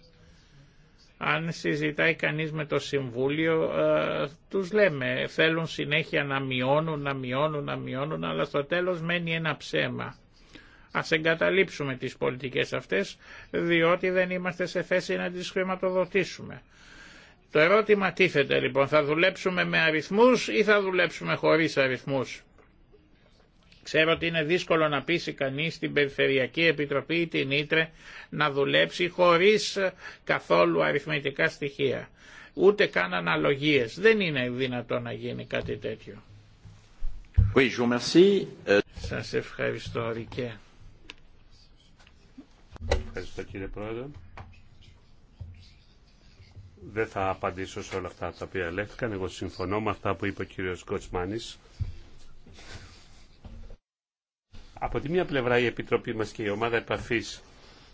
αν συζητάει κανείς με το Συμβούλιο, ε, τους λέμε, θέλουν συνέχεια να μειώνουν, να μειώνουν, να μειώνουν, αλλά στο τέλος μένει ένα ψέμα. Ας εγκαταλείψουμε τις πολιτικές αυτές, διότι δεν είμαστε σε θέση να τις χρηματοδοτήσουμε. Το ερώτημα τίθεται λοιπόν, θα δουλέψουμε με αριθμούς ή θα δουλέψουμε χωρίς αριθμούς. Ξέρω ότι είναι δύσκολο να πείσει κανείς την Περιφερειακή Επιτροπή ή την Ήτρε να δουλέψει χωρίς καθόλου αριθμητικά στοιχεία. Ούτε καν αναλογίες. Δεν είναι δυνατό να γίνει κάτι τέτοιο. Oui, je vous Σας ευχαριστώ, Ρικέ. Ευχαριστώ κύριε Πρόεδρε. Δεν θα απαντήσω σε όλα αυτά τα οποία λέχθηκαν. Εγώ συμφωνώ με αυτά που είπε ο κύριος Κοτσμάνης. Από τη μία πλευρά η Επιτροπή μας και η ομάδα επαφής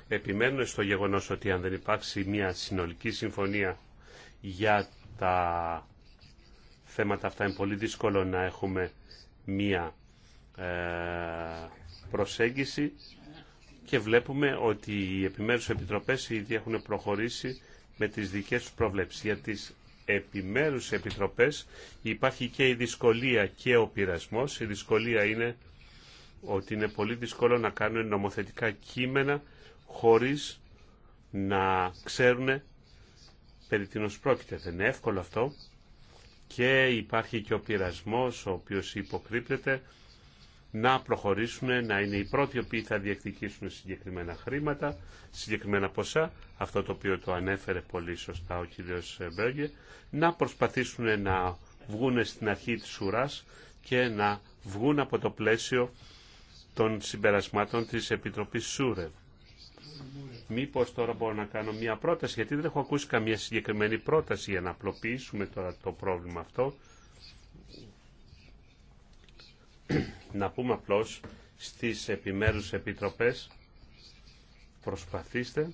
επιμένουν στο γεγονός ότι αν δεν υπάρξει μια συνολική συμφωνία για τα θέματα αυτά είναι πολύ δύσκολο να έχουμε μια ε, προσέγγιση και βλέπουμε ότι οι επιμέρους επιτροπές ήδη έχουν προχωρήσει με τις δικές τους προβλέψεις. Για τις επιμέρους επιτροπές υπάρχει και η δυσκολία και ο πειρασμός. Η δυσκολία είναι ότι είναι πολύ δύσκολο να κάνουν νομοθετικά κείμενα χωρίς να ξέρουν περί τίνος πρόκειται. Δεν είναι εύκολο αυτό και υπάρχει και ο πειρασμός ο οποίος υποκρύπτεται να προχωρήσουν, να είναι οι πρώτοι οι οποίοι θα διεκδικήσουν συγκεκριμένα χρήματα, συγκεκριμένα ποσά, αυτό το οποίο το ανέφερε πολύ σωστά ο κύριος Μπέργκε, να προσπαθήσουν να βγουν στην αρχή της ουράς και να βγουν από το πλαίσιο των συμπερασμάτων της Επιτροπής Σούρε. Μήπως τώρα μπορώ να κάνω μια πρόταση, γιατί δεν έχω ακούσει καμία συγκεκριμένη πρόταση για να απλοποιήσουμε τώρα το πρόβλημα αυτό. να πούμε απλώς στις επιμέρους επιτροπές προσπαθήστε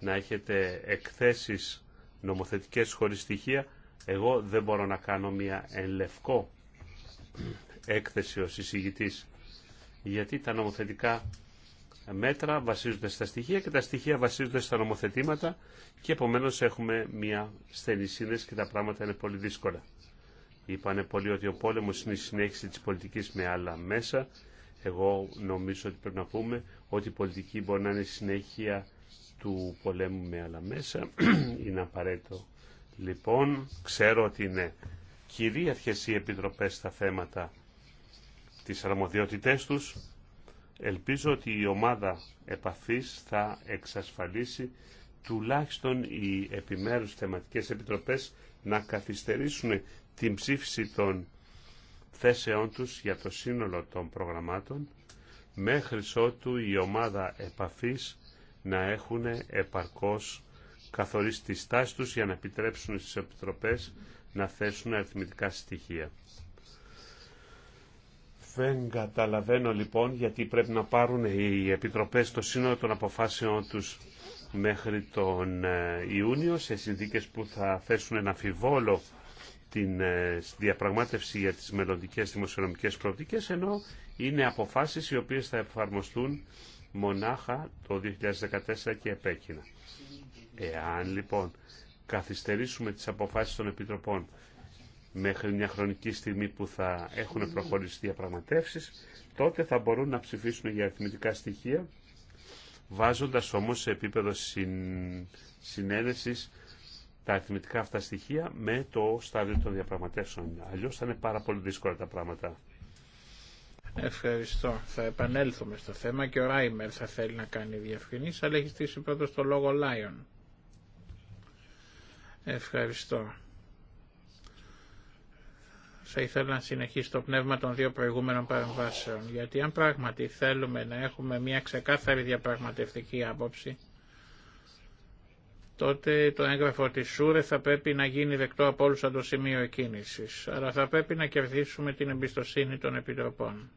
να έχετε εκθέσεις νομοθετικές χωρίς στοιχεία. Εγώ δεν μπορώ να κάνω μια ελευκό έκθεση ως συζητητής Γιατί τα νομοθετικά μέτρα βασίζονται στα στοιχεία και τα στοιχεία βασίζονται στα νομοθετήματα και επομένως έχουμε μια στενή σύνδεση και τα πράγματα είναι πολύ δύσκολα. Είπανε πολύ ότι ο πόλεμος είναι η συνέχιση της πολιτικής με άλλα μέσα. Εγώ νομίζω ότι πρέπει να πούμε ότι η πολιτική μπορεί να είναι η συνέχεια του πολέμου με άλλα μέσα. είναι απαραίτητο. Λοιπόν, ξέρω ότι είναι κυρίαρχες οι επιτροπές στα θέματα τις αρμοδιότητές τους. Ελπίζω ότι η ομάδα επαφής θα εξασφαλίσει τουλάχιστον οι επιμέρους θεματικές επιτροπές να καθυστερήσουν την ψήφιση των θέσεών τους για το σύνολο των προγραμμάτων μέχρι ότου η ομάδα επαφής να έχουν επαρκώς καθορίσει τη στάση τους για να επιτρέψουν στις επιτροπές να θέσουν αριθμητικά στοιχεία. Δεν καταλαβαίνω λοιπόν γιατί πρέπει να πάρουν οι επιτροπές το σύνολο των αποφάσεων τους μέχρι τον ε, Ιούνιο σε συνθήκες που θα θέσουν ένα αμφιβόλο την ε, διαπραγμάτευση για τις μελλοντικές δημοσιονομικές προοπτικές ενώ είναι αποφάσεις οι οποίες θα εφαρμοστούν μονάχα το 2014 και επέκεινα. Εάν λοιπόν καθυστερήσουμε τις αποφάσεις των επιτροπών μέχρι μια χρονική στιγμή που θα έχουν προχωρήσει διαπραγματεύσεις, τότε θα μπορούν να ψηφίσουν για αριθμητικά στοιχεία, βάζοντας όμως σε επίπεδο συν... τα αριθμητικά αυτά στοιχεία με το στάδιο των διαπραγματεύσεων. Αλλιώς θα είναι πάρα πολύ δύσκολα τα πράγματα. Ευχαριστώ. Θα επανέλθουμε στο θέμα και ο Ράιμερ θα θέλει να κάνει διευκρινής, αλλά έχει στήσει πρώτος το λόγο Λάιον. Ευχαριστώ θα ήθελα να συνεχίσω το πνεύμα των δύο προηγούμενων παρεμβάσεων, γιατί αν πράγματι θέλουμε να έχουμε μια ξεκάθαρη διαπραγματευτική άποψη, τότε το έγγραφο της ΣΟΥΡΕ θα πρέπει να γίνει δεκτό από όλους σαν το σημείο εκκίνησης. Αλλά θα πρέπει να κερδίσουμε την εμπιστοσύνη των επιτροπών.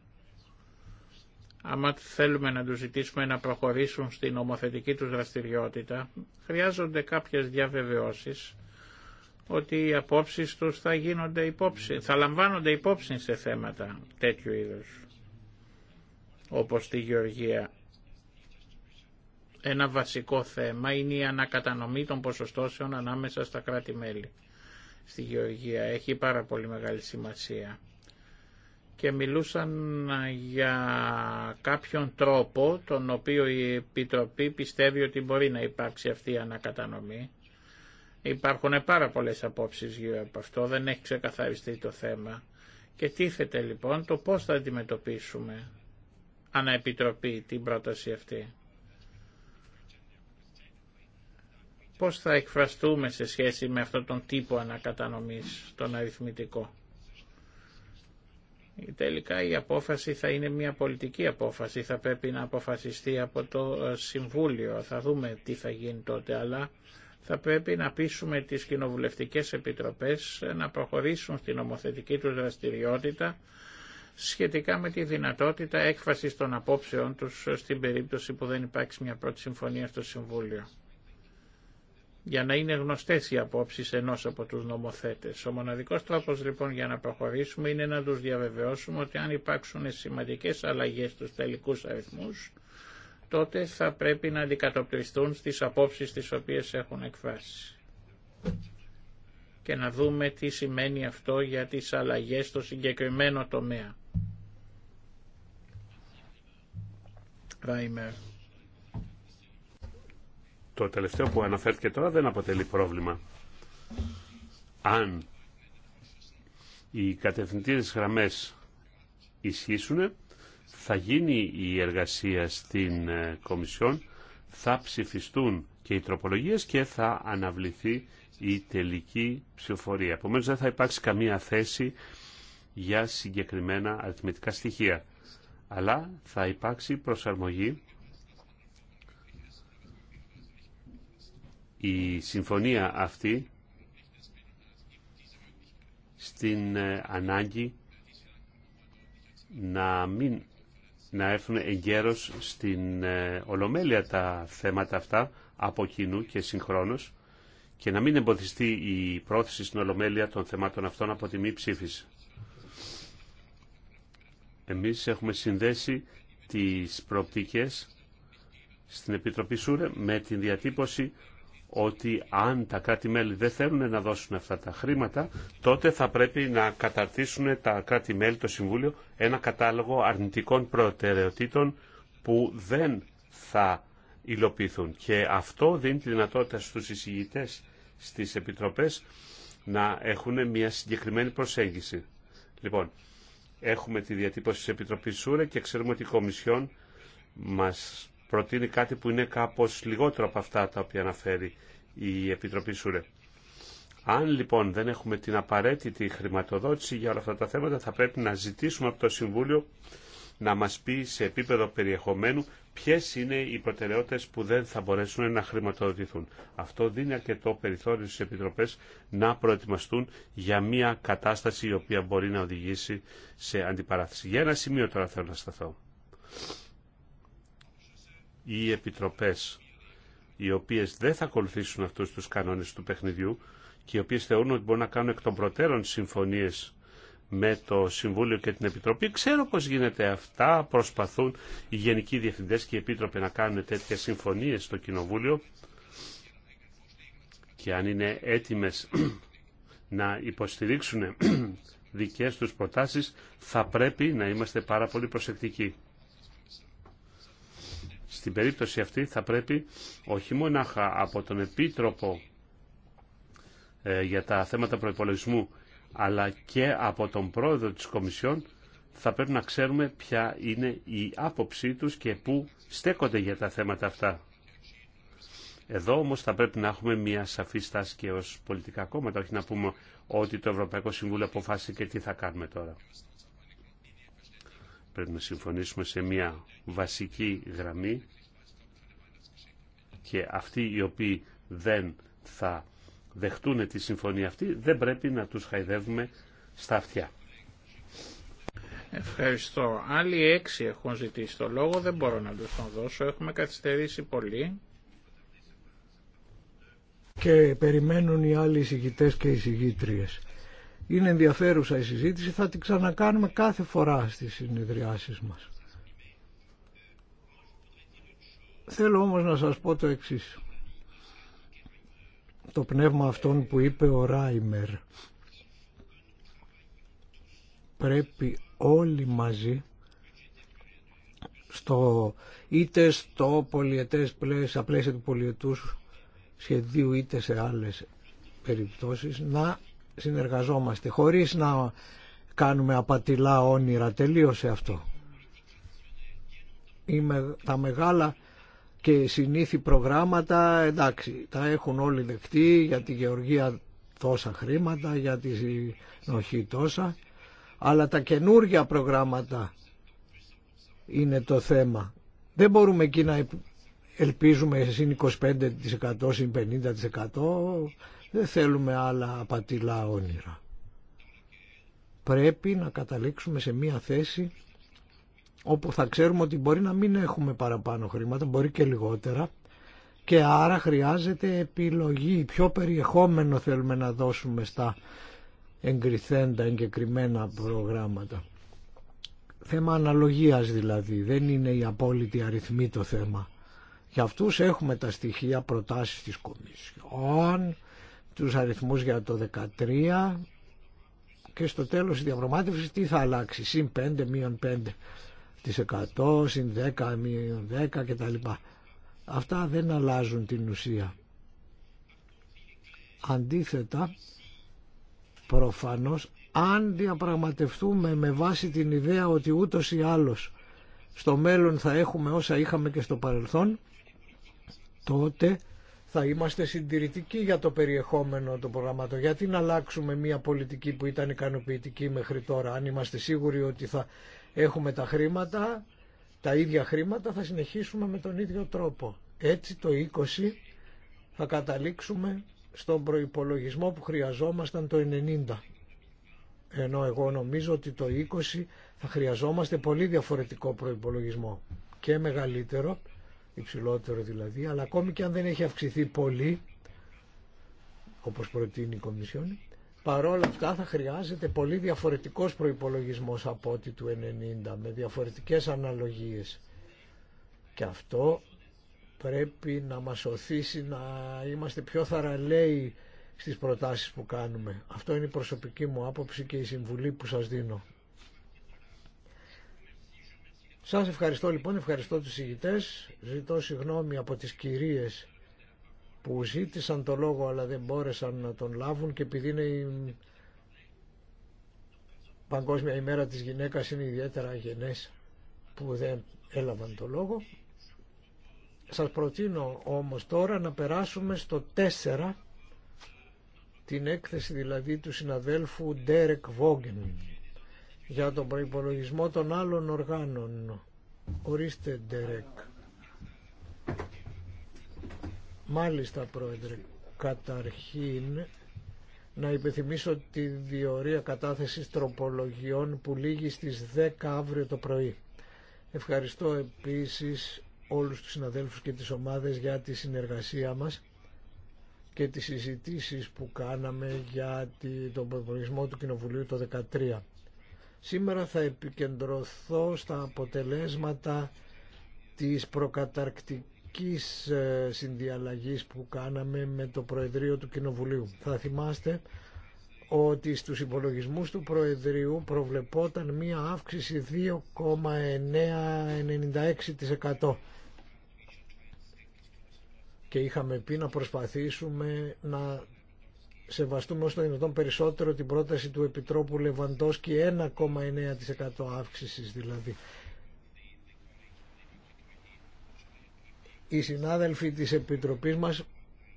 Άμα θέλουμε να τους ζητήσουμε να προχωρήσουν στην ομοθετική τους δραστηριότητα, χρειάζονται κάποιες διαβεβαιώσεις ότι οι απόψεις τους θα γίνονται υπόψη, θα λαμβάνονται υπόψη σε θέματα τέτοιου είδους, όπως τη Γεωργία. Ένα βασικό θέμα είναι η ανακατανομή των ποσοστώσεων ανάμεσα στα κράτη-μέλη. Στη Γεωργία έχει πάρα πολύ μεγάλη σημασία. Και μιλούσαν για κάποιον τρόπο τον οποίο η Επιτροπή πιστεύει ότι μπορεί να υπάρξει αυτή η ανακατανομή Υπάρχουν πάρα πολλές απόψεις γύρω από αυτό, δεν έχει ξεκαθαριστεί το θέμα. Και τίθεται λοιπόν το πώς θα αντιμετωπίσουμε αναεπιτροπή την πρόταση αυτή. Πώς θα εκφραστούμε σε σχέση με αυτόν τον τύπο ανακατανομής, τον αριθμητικό. Τελικά η απόφαση θα είναι μια πολιτική απόφαση, θα πρέπει να αποφασιστεί από το ε, Συμβούλιο. Θα δούμε τι θα γίνει τότε, αλλά θα πρέπει να πείσουμε τις κοινοβουλευτικές επιτροπές να προχωρήσουν στην ομοθετική τους δραστηριότητα σχετικά με τη δυνατότητα έκφρασης των απόψεων τους στην περίπτωση που δεν υπάρξει μια πρώτη συμφωνία στο Συμβούλιο. Για να είναι γνωστές οι απόψεις ενός από τους νομοθέτες. Ο μοναδικός τρόπος λοιπόν για να προχωρήσουμε είναι να τους διαβεβαιώσουμε ότι αν υπάρξουν σημαντικές αλλαγές στους τελικούς αριθμούς, τότε θα πρέπει να αντικατοπτριστούν στις απόψεις τις οποίες έχουν εκφράσει. Και να δούμε τι σημαίνει αυτό για τις αλλαγές στο συγκεκριμένο τομέα. Ράιμερ. Το τελευταίο που αναφέρθηκε τώρα δεν αποτελεί πρόβλημα. Αν οι κατευθυντήρες γραμμές ισχύσουν, θα γίνει η εργασία στην ε, Κομισιόν, θα ψηφιστούν και οι τροπολογίες και θα αναβληθεί η τελική ψηφοφορία. Επομένως δεν θα υπάρξει καμία θέση για συγκεκριμένα αριθμητικά στοιχεία, αλλά θα υπάρξει προσαρμογή η συμφωνία αυτή στην ε, ανάγκη να μην να έρθουν εγκαίρως στην ε, Ολομέλεια τα θέματα αυτά από κοινού και συγχρόνως και να μην εμποδιστεί η πρόθεση στην Ολομέλεια των θεμάτων αυτών από τη μη ψήφιση. Εμείς έχουμε συνδέσει τις προοπτικές στην Επιτροπή ΣΟΥΡΕ με την διατύπωση ότι αν τα κράτη-μέλη δεν θέλουν να δώσουν αυτά τα χρήματα, τότε θα πρέπει να καταρτήσουν τα κράτη-μέλη, το Συμβούλιο, ένα κατάλογο αρνητικών προτεραιοτήτων που δεν θα υλοποιηθούν. Και αυτό δίνει τη δυνατότητα στους εισηγητές στις επιτροπές να έχουν μια συγκεκριμένη προσέγγιση. Λοιπόν, έχουμε τη διατύπωση της Επιτροπής Σούρε και ξέρουμε ότι η Κομισιόν μας προτείνει κάτι που είναι κάπως λιγότερο από αυτά τα οποία αναφέρει η Επιτροπή Σούρε. Αν λοιπόν δεν έχουμε την απαραίτητη χρηματοδότηση για όλα αυτά τα θέματα, θα πρέπει να ζητήσουμε από το Συμβούλιο να μας πει σε επίπεδο περιεχομένου ποιες είναι οι προτεραιότητες που δεν θα μπορέσουν να χρηματοδοτηθούν. Αυτό δίνει αρκετό περιθώριο στις επιτροπές να προετοιμαστούν για μια κατάσταση η οποία μπορεί να οδηγήσει σε αντιπαράθεση. Για ένα σημείο τώρα θέλω να σταθώ οι επιτροπές οι οποίες δεν θα ακολουθήσουν αυτούς τους κανόνες του παιχνιδιού και οι οποίες θεωρούν ότι μπορούν να κάνουν εκ των προτέρων συμφωνίες με το Συμβούλιο και την Επιτροπή. Ξέρω πώς γίνεται αυτά, προσπαθούν οι Γενικοί Διευθυντές και οι Επίτροποι να κάνουν τέτοιες συμφωνίες στο Κοινοβούλιο και αν είναι έτοιμες να υποστηρίξουν δικές τους προτάσεις θα πρέπει να είμαστε πάρα πολύ προσεκτικοί. Στην περίπτωση αυτή θα πρέπει όχι μονάχα από τον Επίτροπο ε, για τα θέματα προϋπολογισμού αλλά και από τον πρόεδρο της Κομισιόν θα πρέπει να ξέρουμε ποια είναι η άποψή τους και πού στέκονται για τα θέματα αυτά. Εδώ όμως θα πρέπει να έχουμε μια σαφή στάση και ως πολιτικά κόμματα, όχι να πούμε ότι το Ευρωπαϊκό Συμβούλιο αποφάσισε και τι θα κάνουμε τώρα. Πρέπει να συμφωνήσουμε σε μια βασική γραμμή και αυτοί οι οποίοι δεν θα δεχτούν τη συμφωνία αυτή δεν πρέπει να τους χαϊδεύουμε στα αυτιά. Ευχαριστώ. Άλλοι έξι έχουν ζητήσει το λόγο, δεν μπορώ να τους τον δώσω. Έχουμε καθυστερήσει πολύ. Και περιμένουν οι άλλοι εισηγητές και οι εισηγήτριες. Είναι ενδιαφέρουσα η συζήτηση, θα την ξανακάνουμε κάθε φορά στις συνεδριάσεις μας. Θέλω όμως να σας πω το εξής. Το πνεύμα αυτόν που είπε ο Ράιμερ. Πρέπει όλοι μαζί στο, είτε στο πολιετές πλαίσια, πλαίσια του πολιετούς σχεδίου είτε σε άλλες περιπτώσεις να συνεργαζόμαστε χωρίς να κάνουμε απατηλά όνειρα. Τελείωσε αυτό. τα μεγάλα και συνήθι προγράμματα εντάξει τα έχουν όλοι δεχτεί για τη γεωργία τόσα χρήματα, για τη συνοχή τόσα αλλά τα καινούργια προγράμματα είναι το θέμα. Δεν μπορούμε εκεί να ελπίζουμε συν 25% συν 50% δεν θέλουμε άλλα απατηλά όνειρα. Πρέπει να καταλήξουμε σε μία θέση όπου θα ξέρουμε ότι μπορεί να μην έχουμε παραπάνω χρήματα, μπορεί και λιγότερα και άρα χρειάζεται επιλογή. πιο περιεχόμενο θέλουμε να δώσουμε στα εγκριθέντα εγκεκριμένα προγράμματα. Θέμα αναλογίας δηλαδή, δεν είναι η απόλυτη αριθμή το θέμα. Για αυτούς έχουμε τα στοιχεία προτάσεις της Κομισιόν, τους αριθμούς για το 13 και στο τέλος η διαπραγμάτευση τι θα αλλάξει, συν 5, μείον 5% συν 10, μείον 10 κτλ. Αυτά δεν αλλάζουν την ουσία. Αντίθετα, προφανώς, αν διαπραγματευτούμε με βάση την ιδέα ότι ούτως ή άλλως στο μέλλον θα έχουμε όσα είχαμε και στο παρελθόν, τότε θα είμαστε συντηρητικοί για το περιεχόμενο των προγραμμάτων. Γιατί να αλλάξουμε μια πολιτική που ήταν ικανοποιητική μέχρι τώρα. Αν είμαστε σίγουροι ότι θα έχουμε τα χρήματα, τα ίδια χρήματα θα συνεχίσουμε με τον ίδιο τρόπο. Έτσι το 20 θα καταλήξουμε στον προϋπολογισμό που χρειαζόμασταν το 90. Ενώ εγώ νομίζω ότι το 20 θα χρειαζόμαστε πολύ διαφορετικό προϋπολογισμό και μεγαλύτερο υψηλότερο δηλαδή, αλλά ακόμη και αν δεν έχει αυξηθεί πολύ, όπως προτείνει η Κομισιόν, παρόλα αυτά θα χρειάζεται πολύ διαφορετικός προϋπολογισμός από ό,τι του 90, με διαφορετικές αναλογίες. Και αυτό πρέπει να μας οθήσει να είμαστε πιο θαραλέοι στις προτάσεις που κάνουμε. Αυτό είναι η προσωπική μου άποψη και η συμβουλή που σας δίνω. Σας ευχαριστώ λοιπόν, ευχαριστώ τους ηγητές. Ζητώ συγγνώμη από τις κυρίες που ζήτησαν το λόγο αλλά δεν μπόρεσαν να τον λάβουν και επειδή είναι η Παγκόσμια ημέρα της γυναίκας είναι ιδιαίτερα γενές που δεν έλαβαν το λόγο. Σας προτείνω όμως τώρα να περάσουμε στο 4 την έκθεση δηλαδή του συναδέλφου Ντέρεκ Βόγγεν για τον προϋπολογισμό των άλλων οργάνων. Ορίστε, Ντερεκ. Μάλιστα, Πρόεδρε, καταρχήν να υπενθυμίσω τη διορία κατάθεσης τροπολογιών που λήγει στις 10 αύριο το πρωί. Ευχαριστώ επίσης όλους τους συναδέλφους και τις ομάδες για τη συνεργασία μας και τις συζητήσεις που κάναμε για τον προπολογισμό του Κοινοβουλίου το 2013. Σήμερα θα επικεντρωθώ στα αποτελέσματα της προκαταρκτικής ε, συνδιαλλαγής που κάναμε με το Προεδρείο του Κοινοβουλίου. Θα θυμάστε ότι στους υπολογισμούς του Προεδρείου προβλεπόταν μία αύξηση 2,996% και είχαμε πει να προσπαθήσουμε να σεβαστούμε όσο το δυνατόν περισσότερο την πρόταση του Επιτρόπου και 1,9% αύξησης δηλαδή. Οι συνάδελφοι της Επιτροπής μας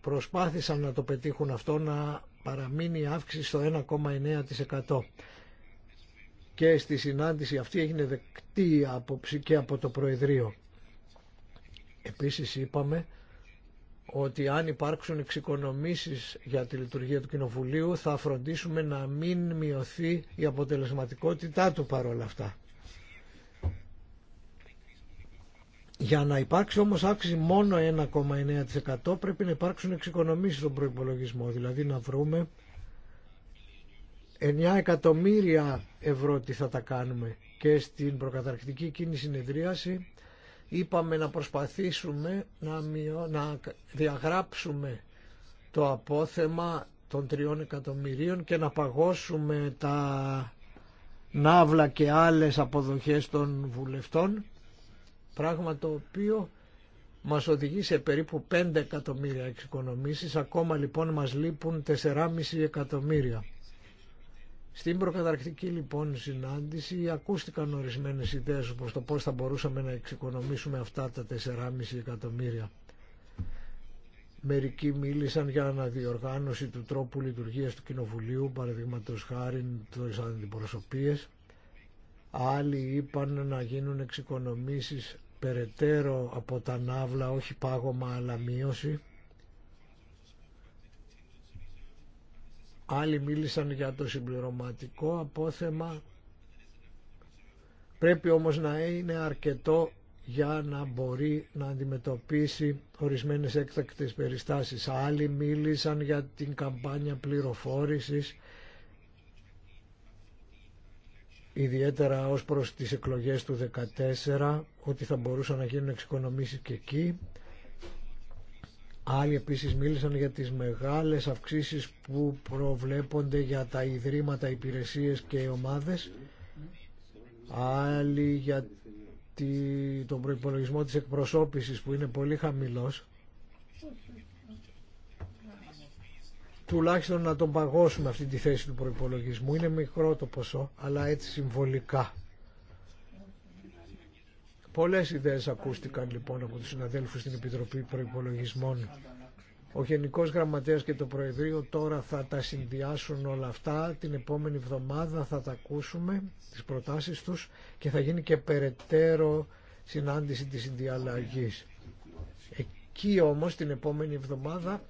προσπάθησαν να το πετύχουν αυτό να παραμείνει η αύξηση στο 1,9% και στη συνάντηση αυτή έγινε δεκτή άποψη και από το Προεδρείο. Επίσης είπαμε ότι αν υπάρξουν εξοικονομήσεις για τη λειτουργία του Κοινοβουλίου θα φροντίσουμε να μην μειωθεί η αποτελεσματικότητά του παρόλα αυτά. Για να υπάρξει όμως αύξηση μόνο 1,9% πρέπει να υπάρξουν εξοικονομήσεις στον προϋπολογισμό, δηλαδή να βρούμε 9 εκατομμύρια ευρώ τι θα τα κάνουμε και στην προκαταρκτική κοινή συνεδρίαση είπαμε να προσπαθήσουμε να, να διαγράψουμε το απόθεμα των τριών εκατομμυρίων και να παγώσουμε τα ναύλα και άλλες αποδοχές των βουλευτών πράγμα το οποίο μας οδηγεί σε περίπου 5 εκατομμύρια εξοικονομήσεις ακόμα λοιπόν μας λείπουν 4,5 εκατομμύρια στην προκαταρκτική λοιπόν συνάντηση ακούστηκαν ορισμένε ιδέες όπω το πώς θα μπορούσαμε να εξοικονομήσουμε αυτά τα 4,5 εκατομμύρια. Μερικοί μίλησαν για αναδιοργάνωση του τρόπου λειτουργίας του Κοινοβουλίου, παραδείγματο χάρη των αντιπροσωπείε. Άλλοι είπαν να γίνουν εξοικονομήσεις περαιτέρω από τα ναύλα, όχι πάγωμα αλλά μείωση. Άλλοι μίλησαν για το συμπληρωματικό απόθεμα. Πρέπει όμως να είναι αρκετό για να μπορεί να αντιμετωπίσει ορισμένες έκτακτες περιστάσεις. Άλλοι μίλησαν για την καμπάνια πληροφόρησης, ιδιαίτερα ως προς τις εκλογές του 2014, ότι θα μπορούσαν να γίνουν εξοικονομήσεις και εκεί. Άλλοι επίσης μίλησαν για τις μεγάλες αυξήσεις που προβλέπονται για τα ιδρύματα, υπηρεσίες και ομάδες. Άλλοι για τον προϋπολογισμό της εκπροσώπησης που είναι πολύ χαμηλός. Τουλάχιστον να τον παγώσουμε αυτή τη θέση του προϋπολογισμού. Είναι μικρό το ποσό, αλλά έτσι συμβολικά Πολλές ιδέες ακούστηκαν λοιπόν από τους συναδέλφους στην Επιτροπή Προϋπολογισμών. Ο Γενικός Γραμματέας και το Προεδρείο τώρα θα τα συνδυάσουν όλα αυτά. Την επόμενη εβδομάδα θα τα ακούσουμε, τις προτάσεις τους και θα γίνει και περαιτέρω συνάντηση της συνδιαλλαγής. Εκεί όμως την επόμενη εβδομάδα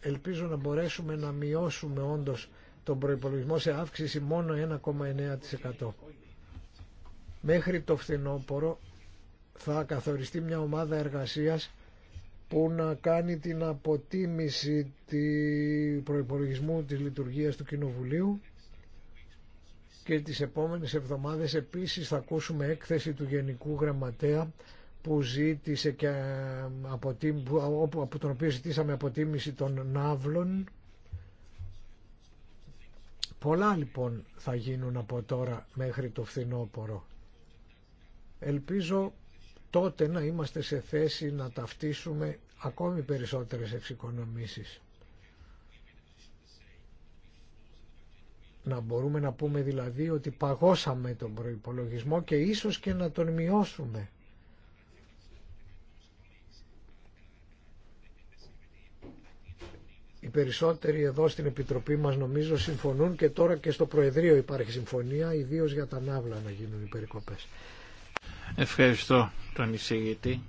ελπίζω να μπορέσουμε να μειώσουμε όντως τον προϋπολογισμό σε αύξηση μόνο 1,9%. Μέχρι το φθινόπωρο θα καθοριστεί μια ομάδα εργασίας που να κάνει την αποτίμηση του προϋπολογισμού της λειτουργίας του Κοινοβουλίου και τις επόμενες εβδομάδες επίσης θα ακούσουμε έκθεση του Γενικού Γραμματέα που ζήτησε και από, από τον οποίο ζητήσαμε αποτίμηση των ναύλων. Πολλά λοιπόν θα γίνουν από τώρα μέχρι το φθινόπωρο. Ελπίζω τότε να είμαστε σε θέση να ταυτίσουμε ακόμη περισσότερες εξοικονομήσεις. Να μπορούμε να πούμε δηλαδή ότι παγώσαμε τον προϋπολογισμό και ίσως και να τον μειώσουμε. Οι περισσότεροι εδώ στην Επιτροπή μας νομίζω συμφωνούν και τώρα και στο Προεδρείο υπάρχει συμφωνία, ιδίως για τα ναύλα να γίνουν οι περικοπές. Ευχαριστώ τον εισηγητή.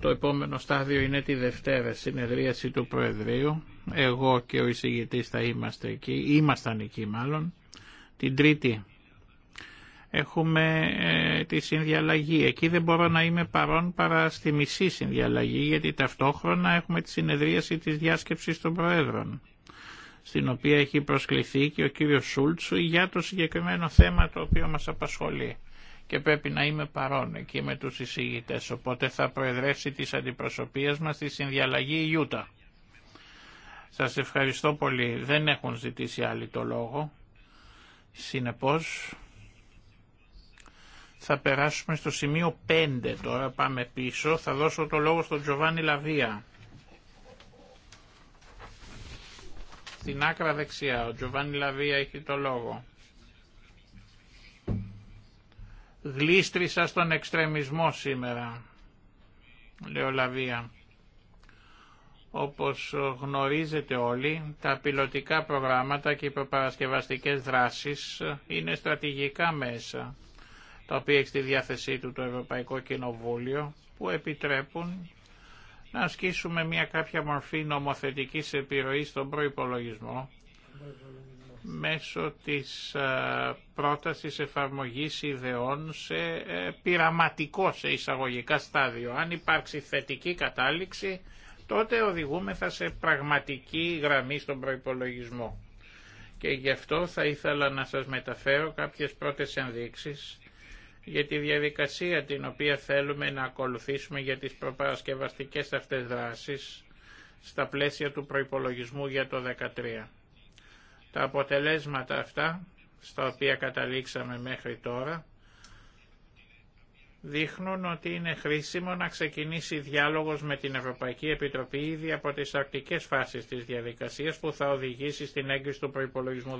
Το επόμενο στάδιο είναι τη Δευτέρα συνεδρίαση του Προεδρείου. Εγώ και ο εισηγητής θα είμαστε εκεί, ήμασταν εκεί μάλλον. Την Τρίτη έχουμε ε, τη συνδιαλλαγή. Εκεί δεν μπορώ να είμαι παρόν παρά στη μισή συνδιαλλαγή γιατί ταυτόχρονα έχουμε τη συνεδρίαση της διάσκεψης των Προέδρων στην οποία έχει προσκληθεί και ο κύριος Σούλτσου για το συγκεκριμένο θέμα το οποίο μας απασχολεί και πρέπει να είμαι παρόν εκεί με τους εισηγητές, οπότε θα προεδρεύσει τις αντιπροσωπείες μας στη συνδιαλλαγή Ιούτα. Σας ευχαριστώ πολύ. Δεν έχουν ζητήσει άλλοι το λόγο. Συνεπώς θα περάσουμε στο σημείο 5 τώρα, πάμε πίσω. Θα δώσω το λόγο στον Τζοβάνι Λαβία. Στην άκρα δεξιά, ο Τζοβάνι Λαβία έχει το λόγο. γλίστρισα στον εξτρεμισμό σήμερα, λαβία. Όπως γνωρίζετε όλοι, τα πιλωτικά προγράμματα και οι προπαρασκευαστικές δράσεις είναι στρατηγικά μέσα, τα οποία έχει στη διάθεσή του το Ευρωπαϊκό Κοινοβούλιο, που επιτρέπουν να ασκήσουμε μια κάποια μορφή νομοθετικής επιρροής στον προϋπολογισμό μέσω της πρότασης εφαρμογής ιδεών σε ε, πειραματικό σε εισαγωγικά στάδιο. Αν υπάρξει θετική κατάληξη, τότε οδηγούμεθα σε πραγματική γραμμή στον προϋπολογισμό. Και γι' αυτό θα ήθελα να σας μεταφέρω κάποιες πρώτες ενδείξεις για τη διαδικασία την οποία θέλουμε να ακολουθήσουμε για τις προπαρασκευαστικές αυτές δράσεις στα πλαίσια του προϋπολογισμού για το 2013. Τα αποτελέσματα αυτά, στα οποία καταλήξαμε μέχρι τώρα, δείχνουν ότι είναι χρήσιμο να ξεκινήσει διάλογος με την Ευρωπαϊκή Επιτροπή ήδη από τις αρκτικές φάσεις της διαδικασίας που θα οδηγήσει στην έγκριση του προϋπολογισμού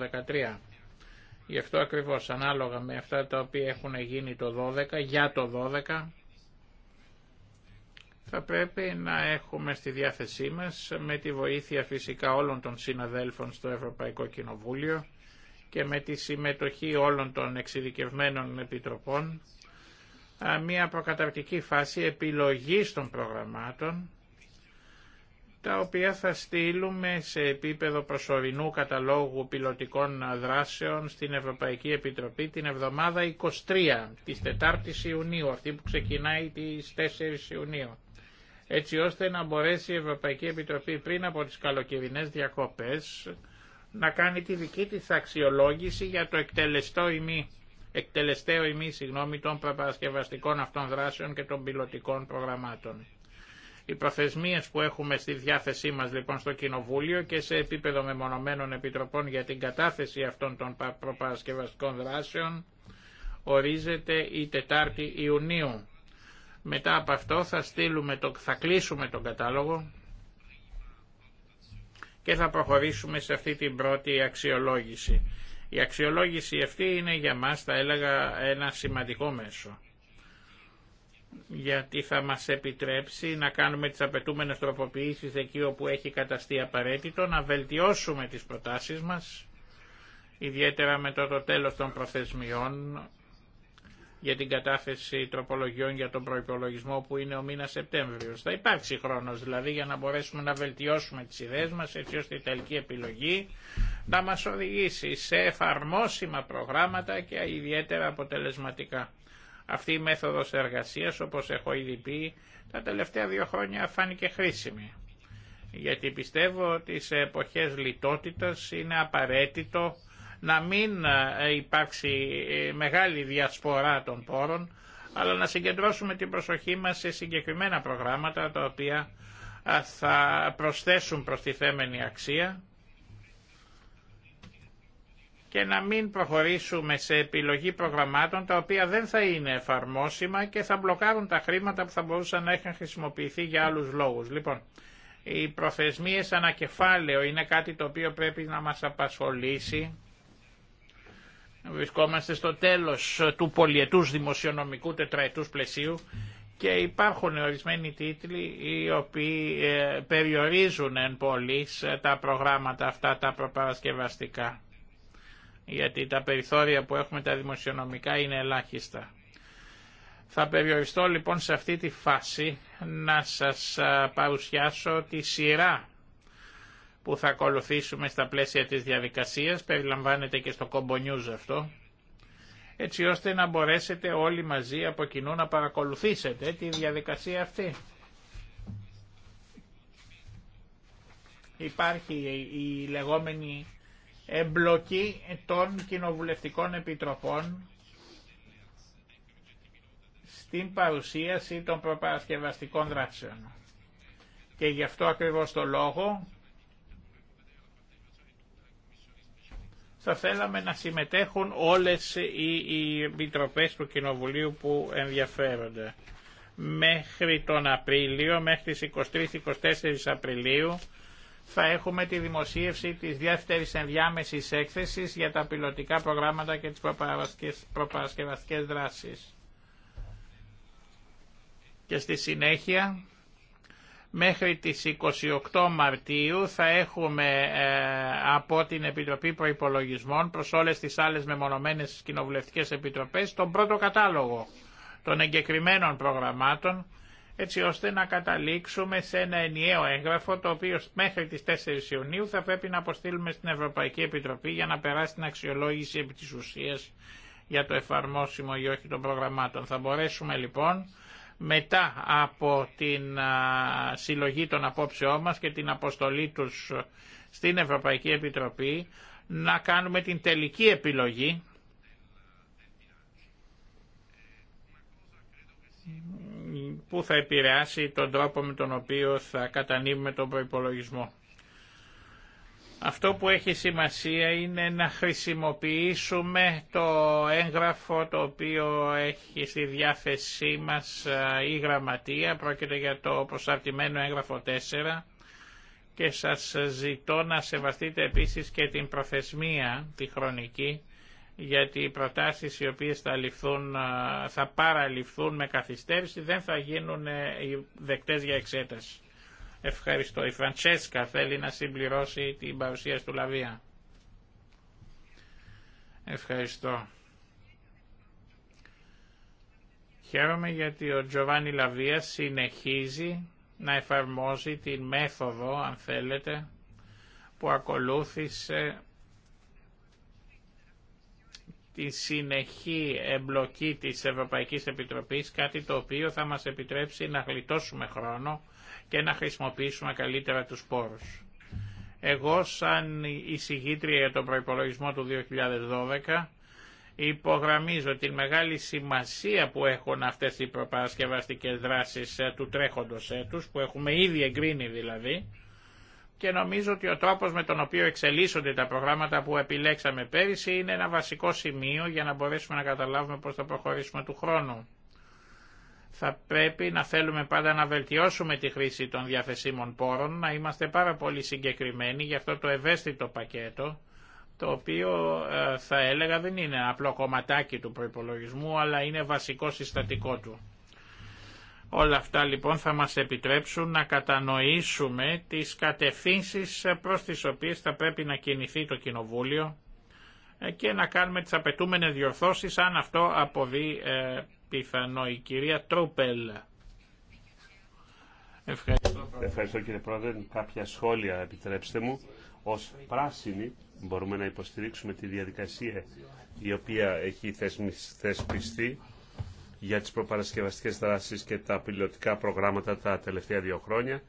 13. Γι' αυτό ακριβώς ανάλογα με αυτά τα οποία έχουν γίνει το 12, για το 12, θα πρέπει να έχουμε στη διάθεσή μας, με τη βοήθεια φυσικά όλων των συναδέλφων στο Ευρωπαϊκό Κοινοβούλιο και με τη συμμετοχή όλων των εξειδικευμένων επιτροπών, μια προκαταρκτική φάση επιλογής των προγραμμάτων, τα οποία θα στείλουμε σε επίπεδο προσωρινού καταλόγου πιλωτικών δράσεων στην Ευρωπαϊκή Επιτροπή την εβδομάδα 23 της 4ης Ιουνίου, αυτή που ξεκινάει τις 4 Ιουνίου έτσι ώστε να μπορέσει η Ευρωπαϊκή Επιτροπή πριν από τις καλοκαιρινές διακοπές να κάνει τη δική της αξιολόγηση για το εκτελεστό ημί, εκτελεστέο ημί συγγνώμη, των προπαρασκευαστικών αυτών δράσεων και των πιλωτικών προγραμμάτων. Οι προθεσμίες που έχουμε στη διάθεσή μας λοιπόν στο Κοινοβούλιο και σε επίπεδο μεμονωμένων επιτροπών για την κατάθεση αυτών των προπαρασκευαστικών δράσεων ορίζεται η 4η Ιουνίου. Μετά από αυτό θα, στείλουμε το, θα κλείσουμε τον κατάλογο και θα προχωρήσουμε σε αυτή την πρώτη αξιολόγηση. Η αξιολόγηση αυτή είναι για μας, θα έλεγα, ένα σημαντικό μέσο γιατί θα μας επιτρέψει να κάνουμε τις απαιτούμενες τροποποιήσεις εκεί όπου έχει καταστεί απαραίτητο, να βελτιώσουμε τις προτάσεις μας, ιδιαίτερα με το τέλος των προθεσμιών για την κατάθεση τροπολογιών για τον προπολογισμό που είναι ο μήνας Σεπτέμβριο. Θα υπάρξει χρόνος δηλαδή για να μπορέσουμε να βελτιώσουμε τις ιδέες μας έτσι ώστε η τελική επιλογή να μας οδηγήσει σε εφαρμόσιμα προγράμματα και ιδιαίτερα αποτελεσματικά. Αυτή η μέθοδος εργασίας όπως έχω ήδη πει τα τελευταία δύο χρόνια φάνηκε χρήσιμη. Γιατί πιστεύω ότι σε εποχές λιτότητας είναι απαραίτητο να μην ε, υπάρξει ε, μεγάλη διασπορά των πόρων, αλλά να συγκεντρώσουμε την προσοχή μας σε συγκεκριμένα προγράμματα τα οποία θα προσθέσουν προστιθέμενη αξία και να μην προχωρήσουμε σε επιλογή προγραμμάτων τα οποία δεν θα είναι εφαρμόσιμα και θα μπλοκάρουν τα χρήματα που θα μπορούσαν να έχουν χρησιμοποιηθεί για άλλους λόγους. Λοιπόν, οι προθεσμίες ανακεφάλαιο είναι κάτι το οποίο πρέπει να μας απασχολήσει Βρισκόμαστε στο τέλος του πολιετούς δημοσιονομικού τετραετούς πλαισίου και υπάρχουν ορισμένοι τίτλοι οι οποίοι ε, περιορίζουν εν ε, τα προγράμματα αυτά τα προπαρασκευαστικά γιατί τα περιθώρια που έχουμε τα δημοσιονομικά είναι ελάχιστα. Θα περιοριστώ λοιπόν σε αυτή τη φάση να σας ε, παρουσιάσω τη σειρά που θα ακολουθήσουμε στα πλαίσια της διαδικασίας, περιλαμβάνεται και στο Combo News αυτό, έτσι ώστε να μπορέσετε όλοι μαζί από κοινού να παρακολουθήσετε τη διαδικασία αυτή. Υπάρχει η λεγόμενη εμπλοκή των κοινοβουλευτικών επιτροπών στην παρουσίαση των προπαρασκευαστικών δράσεων. Και γι' αυτό ακριβώς το λόγο θα θέλαμε να συμμετέχουν όλες οι επιτροπές του Κοινοβουλίου που ενδιαφέρονται. Μέχρι τον Απρίλιο, μέχρι τις 23-24 Απριλίου, θα έχουμε τη δημοσίευση της δεύτερης ενδιάμεσης έκθεσης για τα πιλωτικά προγράμματα και τις προπαρασκευαστικές δράσεις. Και στη συνέχεια Μέχρι τις 28 Μαρτίου θα έχουμε ε, από την Επιτροπή Προϋπολογισμών προς όλες τις άλλες μεμονωμένες κοινοβουλευτικές επιτροπές τον πρώτο κατάλογο των εγκεκριμένων προγραμμάτων έτσι ώστε να καταλήξουμε σε ένα ενιαίο έγγραφο το οποίο μέχρι τις 4 Ιουνίου θα πρέπει να αποστείλουμε στην Ευρωπαϊκή Επιτροπή για να περάσει την αξιολόγηση επί της ουσίας για το εφαρμόσιμο ή όχι των προγραμμάτων. Θα μπορέσουμε λοιπόν μετά από την συλλογή των απόψεών μας και την αποστολή τους στην Ευρωπαϊκή Επιτροπή να κάνουμε την τελική επιλογή που θα επηρεάσει τον τρόπο με τον οποίο θα κατανείμουμε τον προϋπολογισμό. Αυτό που έχει σημασία είναι να χρησιμοποιήσουμε το έγγραφο το οποίο έχει στη διάθεσή μας η γραμματεία. Πρόκειται για το προσαρτημένο έγγραφο 4 και σας ζητώ να σεβαστείτε επίσης και την προθεσμία, τη χρονική, γιατί οι προτάσεις οι οποίες θα, θα παραληφθούν με καθυστέρηση δεν θα γίνουν ε, δεκτές για εξέταση. Ευχαριστώ. Η Φραντσέσκα θέλει να συμπληρώσει την παρουσία του Λαβία. Ευχαριστώ. Χαίρομαι γιατί ο Τζοβάνι Λαβία συνεχίζει να εφαρμόζει την μέθοδο, αν θέλετε, που ακολούθησε τη συνεχή εμπλοκή της Ευρωπαϊκής Επιτροπής, κάτι το οποίο θα μας επιτρέψει να γλιτώσουμε χρόνο και να χρησιμοποιήσουμε καλύτερα τους πόρους. Εγώ σαν εισηγήτρια για τον προϋπολογισμό του 2012 υπογραμμίζω την μεγάλη σημασία που έχουν αυτές οι προπαρασκευαστικές δράσεις ε, του τρέχοντος έτους, που έχουμε ήδη εγκρίνει δηλαδή, και νομίζω ότι ο τρόπος με τον οποίο εξελίσσονται τα προγράμματα που επιλέξαμε πέρυσι είναι ένα βασικό σημείο για να μπορέσουμε να καταλάβουμε πώς θα προχωρήσουμε του χρόνου θα πρέπει να θέλουμε πάντα να βελτιώσουμε τη χρήση των διαθεσίμων πόρων, να είμαστε πάρα πολύ συγκεκριμένοι για αυτό το ευαίσθητο πακέτο, το οποίο ε, θα έλεγα δεν είναι απλό κομματάκι του προϋπολογισμού, αλλά είναι βασικό συστατικό του. Όλα αυτά λοιπόν θα μας επιτρέψουν να κατανοήσουμε τις κατευθύνσεις προς τις οποίες θα πρέπει να κινηθεί το Κοινοβούλιο ε, και να κάνουμε τις απαιτούμενες διορθώσεις αν αυτό αποβεί ε, πιθανό. Η κυρία Τρούπελ. Ευχαριστώ. κύριε Πρόεδρε. Κάποια σχόλια επιτρέψτε μου. Ως πράσινη μπορούμε να υποστηρίξουμε τη διαδικασία η οποία έχει θεσπιστεί για τις προπαρασκευαστικές δράσεις και τα πιλωτικά προγράμματα τα τελευταία δύο χρόνια.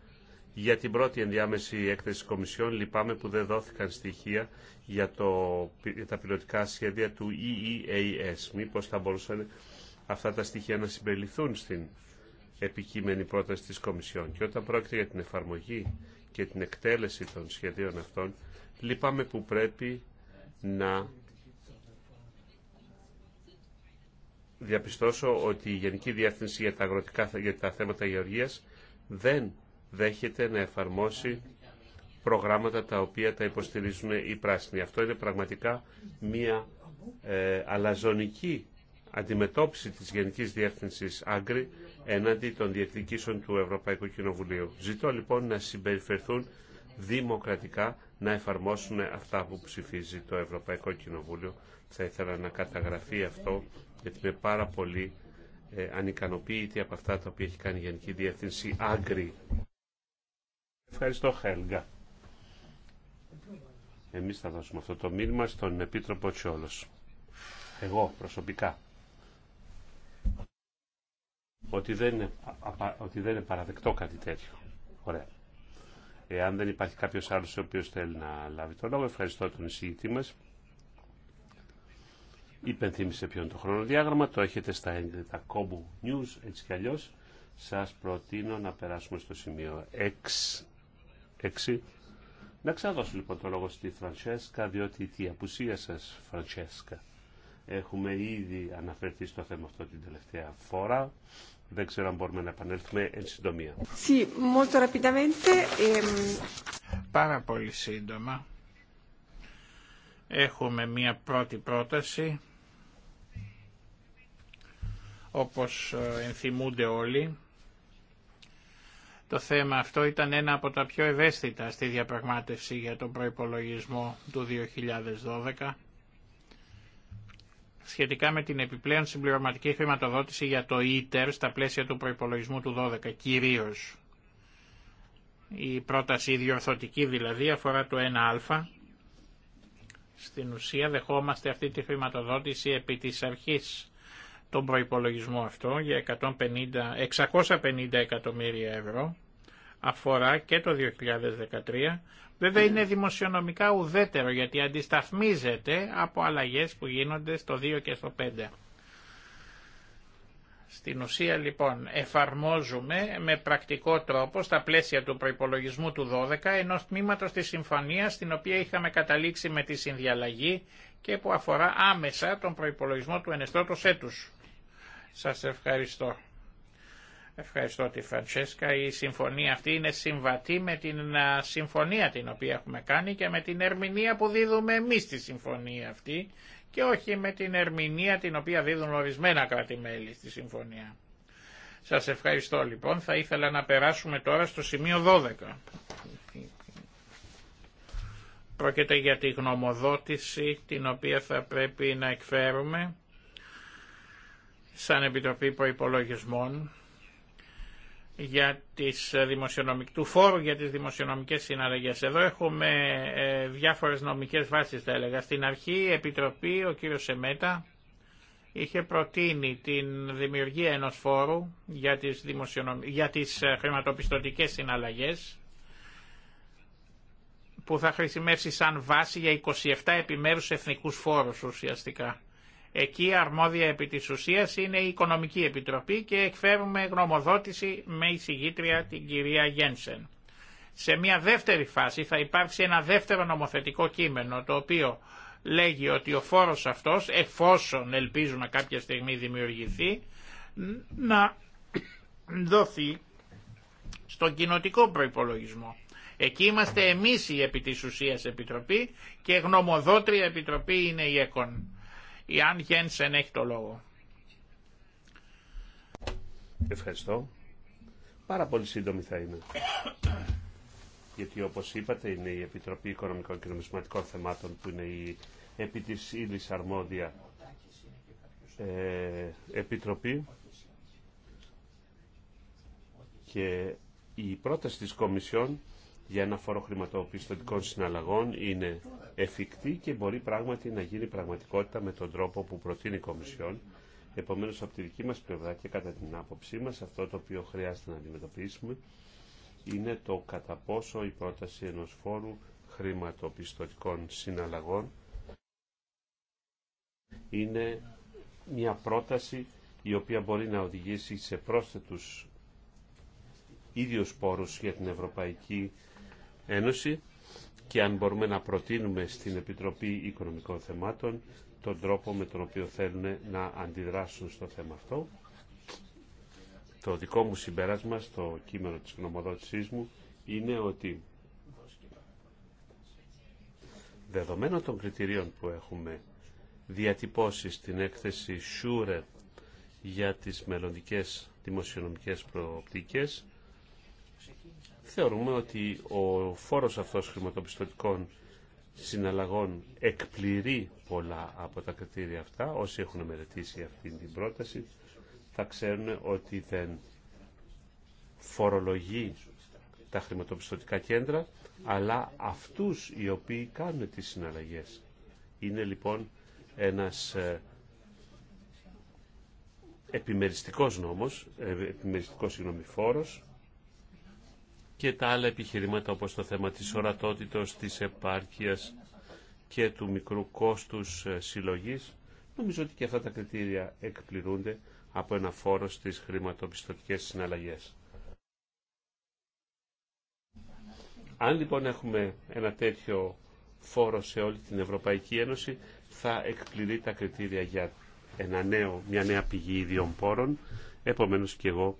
Για την πρώτη ενδιάμεση έκθεση κομισιών λυπάμαι που δεν δόθηκαν στοιχεία για, το, για τα πιλωτικά σχέδια του EEAS. Μήπως θα μπορούσαν αυτά τα στοιχεία να συμπεριληφθούν στην επικείμενη πρόταση της Κομισιόν. Και όταν πρόκειται για την εφαρμογή και την εκτέλεση των σχεδίων αυτών, λυπάμαι που πρέπει να διαπιστώσω ότι η Γενική Διεύθυνση για τα, αγροτικά, για τα θέματα γεωργίας δεν δέχεται να εφαρμόσει προγράμματα τα οποία τα υποστηρίζουν οι πράσινοι. Αυτό είναι πραγματικά μια ε, αλαζονική αντιμετώπιση της Γενικής Διεύθυνσης Άγκρη έναντι των διεκδικήσεων του Ευρωπαϊκού Κοινοβουλίου. Ζητώ λοιπόν να συμπεριφερθούν δημοκρατικά να εφαρμόσουν αυτά που ψηφίζει το Ευρωπαϊκό Κοινοβούλιο. Θα ήθελα να καταγραφεί αυτό γιατί είμαι πάρα πολύ ε, ανικανοποίητη από αυτά τα οποία έχει κάνει η Γενική Διεύθυνση Άγκρη. Ευχαριστώ Χέλγα. Εμείς θα δώσουμε αυτό το μήνυμα στον Επίτροπο Τσιόλος. Εγώ προσωπικά ότι δεν, είναι, ότι δεν είναι παραδεκτό κάτι τέτοιο. Ωραία. Εάν δεν υπάρχει κάποιο άλλο ο οποίο θέλει να λάβει το λόγο, ευχαριστώ τον εισηγητή μα. Υπενθύμησε ποιον το χρονοδιάγραμμα, το έχετε στα τα κόμπου news, έτσι κι αλλιώς. Σας προτείνω να περάσουμε στο σημείο 6. 6. Να ξαναδώσω λοιπόν το λόγο στη Φραντσέσκα, διότι η απουσία σα Φραντσέσκα, έχουμε ήδη αναφερθεί στο θέμα αυτό την τελευταία φορά. Δεν ξέρω αν μπορούμε να επανέλθουμε εν συντομία. Sì, molto rapidamente. Ehm, Πάρα πολύ σύντομα. Έχουμε μία πρώτη πρόταση. Όπως ε, ενθυμούνται όλοι, το θέμα αυτό ήταν ένα από τα πιο ευαίσθητα στη διαπραγμάτευση για τον προϋπολογισμό του 2012 σχετικά με την επιπλέον συμπληρωματική χρηματοδότηση για το ΙΤΕΡ στα πλαίσια του προϋπολογισμού του 12 κυρίως. Η πρόταση διορθωτική δηλαδή αφορά το 1α. Στην ουσία δεχόμαστε αυτή τη χρηματοδότηση επί της αρχής τον προϋπολογισμό αυτό για 150, 650 εκατομμύρια ευρώ αφορά και το 2013 Βέβαια είναι δημοσιονομικά ουδέτερο γιατί αντισταθμίζεται από αλλαγές που γίνονται στο 2 και στο 5. Στην ουσία λοιπόν εφαρμόζουμε με πρακτικό τρόπο στα πλαίσια του προϋπολογισμού του 12 ενό τμήματος της συμφωνίας στην οποία είχαμε καταλήξει με τη συνδιαλλαγή και που αφορά άμεσα τον προϋπολογισμό του ενεστώτος έτους. Σας ευχαριστώ. Ευχαριστώ τη Φραντσέσκα. Η συμφωνία αυτή είναι συμβατή με την συμφωνία την οποία έχουμε κάνει και με την ερμηνεία που δίδουμε εμείς στη συμφωνία αυτή και όχι με την ερμηνεία την οποία δίδουν ορισμένα κράτη-μέλη στη συμφωνία. Σας ευχαριστώ λοιπόν. Θα ήθελα να περάσουμε τώρα στο σημείο 12. Πρόκειται για τη γνωμοδότηση την οποία θα πρέπει να εκφέρουμε σαν Επιτροπή Προϋπολογισμών για τις ε, δημοσιονομικ... του φόρου για τις δημοσιονομικές συναλλαγές. Εδώ έχουμε ε, διάφορες νομικές βάσεις θα έλεγα. Στην αρχή η Επιτροπή, ο κύριος Σεμέτα, είχε προτείνει την δημιουργία ενός φόρου για τις, δημοσιονομ... για τις ε, χρηματοπιστωτικές συναλλαγές που θα χρησιμεύσει σαν βάση για 27 επιμέρους εθνικούς φόρους ουσιαστικά. Εκεί αρμόδια επί της ουσίας είναι η Οικονομική Επιτροπή και εκφέρουμε γνωμοδότηση με εισηγήτρια την κυρία Γένσεν. Σε μια δεύτερη φάση θα υπάρξει ένα δεύτερο νομοθετικό κείμενο το οποίο λέγει ότι ο φόρος αυτός εφόσον ελπίζουμε κάποια στιγμή δημιουργηθεί να δοθεί στον κοινοτικό προϋπολογισμό. Εκεί είμαστε εμείς η επί της ουσίας Επιτροπή και γνωμοδότρια Επιτροπή είναι η ΕΚΟΝ. Η Αν Γένσεν έχει το λόγο. Ευχαριστώ. Πάρα πολύ σύντομη θα είναι. Γιατί όπως είπατε είναι η Επιτροπή Οικονομικών και Νομισματικών Θεμάτων που είναι η επί της ύλης αρμόδια ε, Επιτροπή και η πρόταση της Κομισιόν για ένα φόρο χρηματοπιστωτικών συναλλαγών είναι εφικτή και μπορεί πράγματι να γίνει πραγματικότητα με τον τρόπο που προτείνει η Κομισιόν. Επομένως, από τη δική μας πλευρά και κατά την άποψή μας, αυτό το οποίο χρειάζεται να αντιμετωπίσουμε είναι το κατά πόσο η πρόταση ενός φόρου χρηματοπιστωτικών συναλλαγών είναι μια πρόταση η οποία μπορεί να οδηγήσει σε πρόσθετους ίδιους πόρους για την ευρωπαϊκή Ένωση και αν μπορούμε να προτείνουμε στην Επιτροπή Οικονομικών Θεμάτων τον τρόπο με τον οποίο θέλουν να αντιδράσουν στο θέμα αυτό. Το δικό μου συμπέρασμα στο κείμενο της γνωμοδότησής μου είναι ότι δεδομένων των κριτηρίων που έχουμε διατυπώσει στην έκθεση Σούρε για τις μελλοντικές δημοσιονομικές προοπτικές θεωρούμε ότι ο φόρος αυτός χρηματοπιστωτικών συναλλαγών εκπληρεί πολλά από τα κριτήρια αυτά. Όσοι έχουν μελετήσει αυτή την πρόταση θα ξέρουν ότι δεν φορολογεί τα χρηματοπιστωτικά κέντρα, αλλά αυτούς οι οποίοι κάνουν τις συναλλαγές. Είναι λοιπόν ένας ε, επιμεριστικός νόμος, ε, επιμεριστικός συγγνώμη φόρος, και τα άλλα επιχειρήματα όπως το θέμα της ορατότητος, της επάρκειας και του μικρού κόστους ε, συλλογής. Νομίζω ότι και αυτά τα κριτήρια εκπληρούνται από ένα φόρο στις χρηματοπιστωτικές συναλλαγές. Αν λοιπόν έχουμε ένα τέτοιο φόρο σε όλη την Ευρωπαϊκή Ένωση, θα εκπληρεί τα κριτήρια για ένα νέο, μια νέα πηγή ιδιών πόρων. Επομένως και εγώ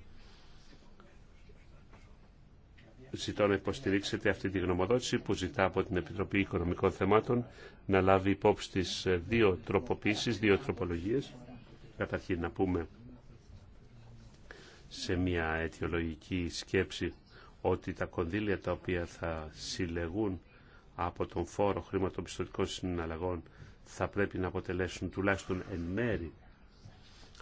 ζητώ να υποστηρίξετε αυτή τη γνωμοδότηση που ζητά από την Επιτροπή Οικονομικών Θεμάτων να λάβει υπόψη τις ε, δύο τροποποίησεις, δύο τροπολογίες. Καταρχήν να πούμε σε μια αιτιολογική σκέψη ότι τα κονδύλια τα οποία θα συλλεγούν από τον φόρο χρηματοπιστωτικών συναλλαγών θα πρέπει να αποτελέσουν τουλάχιστον εν μέρη,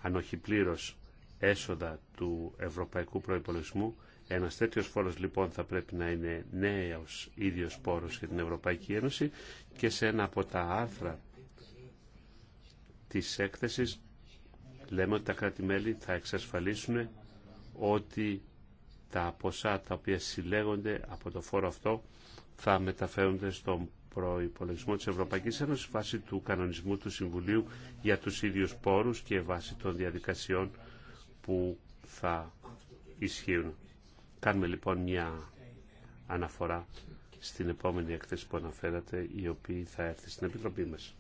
αν όχι πλήρως, έσοδα του ευρωπαϊκού προϋπολογισμού ένα τέτοιο φόρο λοιπόν θα πρέπει να είναι νέος ίδιο πόρο για την Ευρωπαϊκή Ένωση και σε ένα από τα άρθρα της έκθεσης λέμε ότι τα κράτη-μέλη θα εξασφαλίσουν ότι τα ποσά τα οποία συλλέγονται από το φόρο αυτό θα μεταφέρονται στον προϋπολογισμό της Ευρωπαϊκής Ένωσης βάσει του κανονισμού του Συμβουλίου για τους ίδιους πόρους και βάσει των διαδικασιών που θα ισχύουν. Κάνουμε λοιπόν μια αναφορά στην επόμενη εκθέση που αναφέρατε, η οποία θα έρθει στην Επιτροπή μας.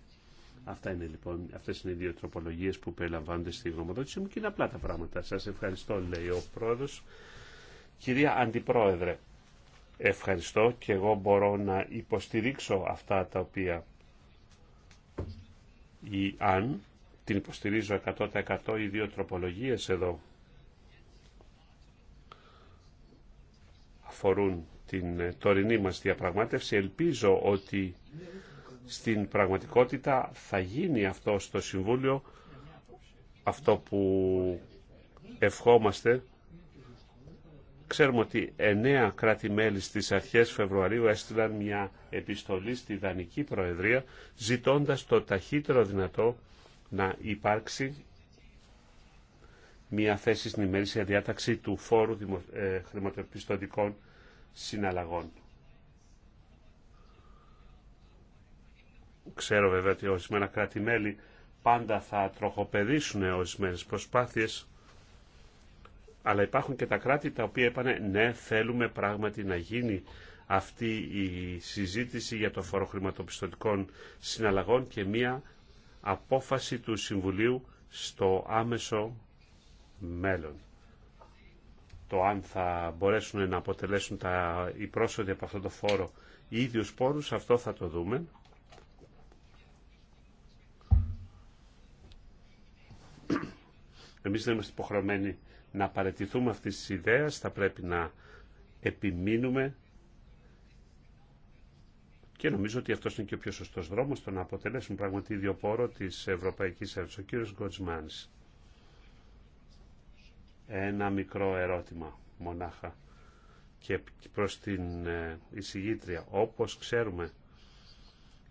Αυτά είναι λοιπόν, αυτές είναι οι δύο τροπολογίες που περιλαμβάνονται στη γνωμοδότησή μου και είναι απλά τα πράγματα. Σας ευχαριστώ, λέει ο Πρόεδρος. Κυρία Αντιπρόεδρε, ευχαριστώ και εγώ μπορώ να υποστηρίξω αυτά τα οποία η αν την υποστηρίζω 100% οι δύο τροπολογίες εδώ αφορούν την ε, τωρινή μας διαπραγμάτευση. Ελπίζω ότι στην πραγματικότητα θα γίνει αυτό στο Συμβούλιο, αυτό που ευχόμαστε. Ξέρουμε ότι εννέα κράτη-μέλη στις αρχές Φεβρουαρίου έστειλαν μια επιστολή στη Δανική Προεδρία ζητώντας το ταχύτερο δυνατό να υπάρξει μια θέση στην ημερήσια διάταξη του Φόρου ε, Χρηματοπιστωτικών συναλλαγών. Ξέρω βέβαια ότι ορισμένα κράτη-μέλη πάντα θα τροχοπεδίσουν ορισμένε προσπάθειες, αλλά υπάρχουν και τα κράτη τα οποία έπανε ναι θέλουμε πράγματι να γίνει αυτή η συζήτηση για το φοροχρηματοπιστωτικό συναλλαγών και μία απόφαση του Συμβουλίου στο άμεσο μέλλον το αν θα μπορέσουν να αποτελέσουν τα, οι πρόσοδοι από αυτό το φόρο οι ίδιους πόρους, αυτό θα το δούμε. Εμείς δεν είμαστε υποχρεωμένοι να παρετηθούμε αυτής της ιδέας, θα πρέπει να επιμείνουμε και νομίζω ότι αυτός είναι και ο πιο σωστός δρόμος, το να αποτελέσουν ίδιο πόρο της Ευρωπαϊκής Ένωσης. Ο κύριος Γκοτσμάνης ένα μικρό ερώτημα μονάχα και προς την ε, εισηγήτρια. Όπως ξέρουμε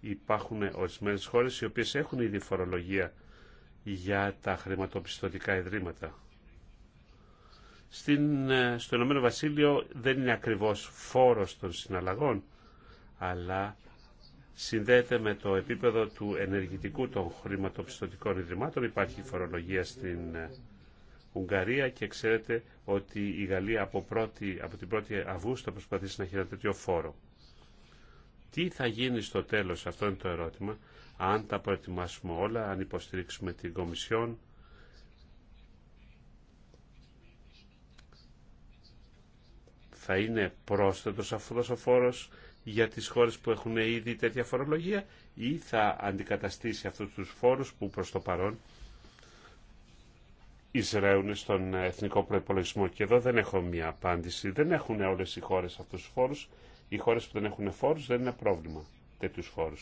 υπάρχουν ορισμένες χώρες οι οποίες έχουν ήδη φορολογία για τα χρηματοπιστωτικά ιδρύματα. Στην, ε, στο Ηνωμένο Βασίλειο δεν είναι ακριβώς φόρος των συναλλαγών, αλλά συνδέεται με το επίπεδο του ενεργητικού των χρηματοπιστωτικών ιδρυμάτων. Υπάρχει φορολογία στην ε, Ουγγαρία και ξέρετε ότι η Γαλλία από, από την 1η Αυγούστου θα προσπαθήσει να τέτοιο φόρο. Τι θα γίνει στο τέλος, αυτό είναι το ερώτημα, αν τα προετοιμάσουμε όλα, αν υποστηρίξουμε την Κομισιόν, θα είναι πρόσθετος αυτός ο φόρος για τις χώρες που έχουν ήδη τέτοια φορολογία ή θα αντικαταστήσει αυτούς τους φόρους που προς το παρόν εισραίουν στον εθνικό προπολογισμό. Και εδώ δεν έχω μια απάντηση. Δεν έχουν όλε οι χώρε αυτού του φόρου. Οι χώρε που δεν έχουν φόρου δεν είναι πρόβλημα τέτοιου φόρου.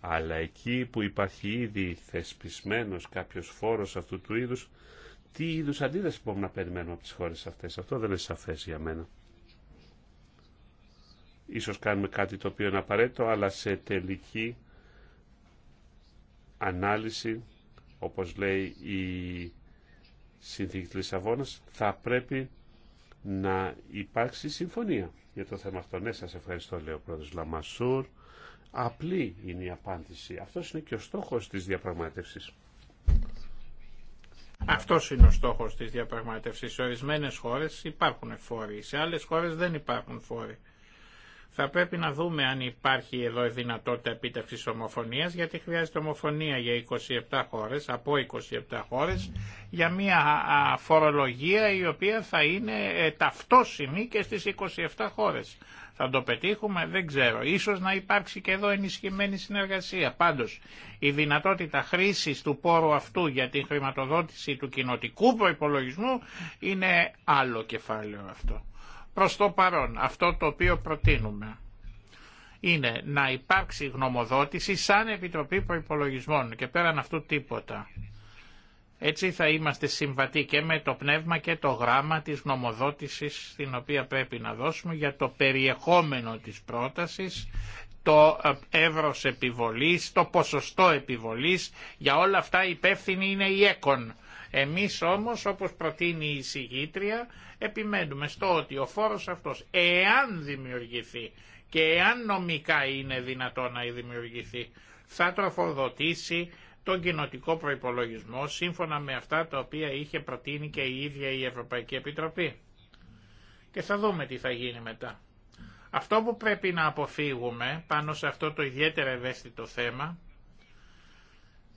Αλλά εκεί που υπάρχει ήδη θεσπισμένο κάποιο φόρο αυτού του είδου, τι είδου αντίδραση μπορούμε να περιμένουμε από τι χώρε αυτέ. Αυτό δεν είναι σαφέ για μένα. Ίσως κάνουμε κάτι το οποίο είναι απαραίτητο, αλλά σε τελική ανάλυση, όπως λέει η συνθήκη του Λισαβόνα θα πρέπει να υπάρξει συμφωνία για το θέμα αυτό. Ναι, σα ευχαριστώ, λέει ο πρόεδρο Λαμασούρ. Απλή είναι η απάντηση. Αυτός είναι και ο στόχος της διαπραγματεύση. Αυτός είναι ο στόχος της διαπραγμάτευση. Σε ορισμένες χώρες υπάρχουν φόροι, σε άλλες χώρες δεν υπάρχουν φόροι. Θα πρέπει να δούμε αν υπάρχει εδώ η δυνατότητα επίτευξης ομοφωνίας, γιατί χρειάζεται ομοφωνία για 27 χώρες, από 27 χώρες, για μια φορολογία η οποία θα είναι ε, ταυτόσιμη και στις 27 χώρες. Θα το πετύχουμε, δεν ξέρω. Ίσως να υπάρξει και εδώ ενισχυμένη συνεργασία. Πάντως, η δυνατότητα χρήσης του πόρου αυτού για την χρηματοδότηση του κοινοτικού προϋπολογισμού είναι άλλο κεφάλαιο αυτό. Προς το παρόν, αυτό το οποίο προτείνουμε είναι να υπάρξει γνωμοδότηση σαν Επιτροπή Προϋπολογισμών και πέραν αυτού τίποτα. Έτσι θα είμαστε συμβατοί και με το πνεύμα και το γράμμα της γνωμοδότησης την οποία πρέπει να δώσουμε για το περιεχόμενο της πρότασης, το ε, εύρος επιβολής, το ποσοστό επιβολής, για όλα αυτά υπεύθυνη είναι η ΕΚΟΝ. Εμείς όμως, όπως προτείνει η συγγήτρια, επιμένουμε στο ότι ο φόρος αυτός εάν δημιουργηθεί και εάν νομικά είναι δυνατό να δημιουργηθεί θα τροφοδοτήσει τον κοινοτικό προϋπολογισμό σύμφωνα με αυτά τα οποία είχε προτείνει και η ίδια η Ευρωπαϊκή Επιτροπή. Και θα δούμε τι θα γίνει μετά. Αυτό που πρέπει να αποφύγουμε πάνω σε αυτό το ιδιαίτερα ευαίσθητο θέμα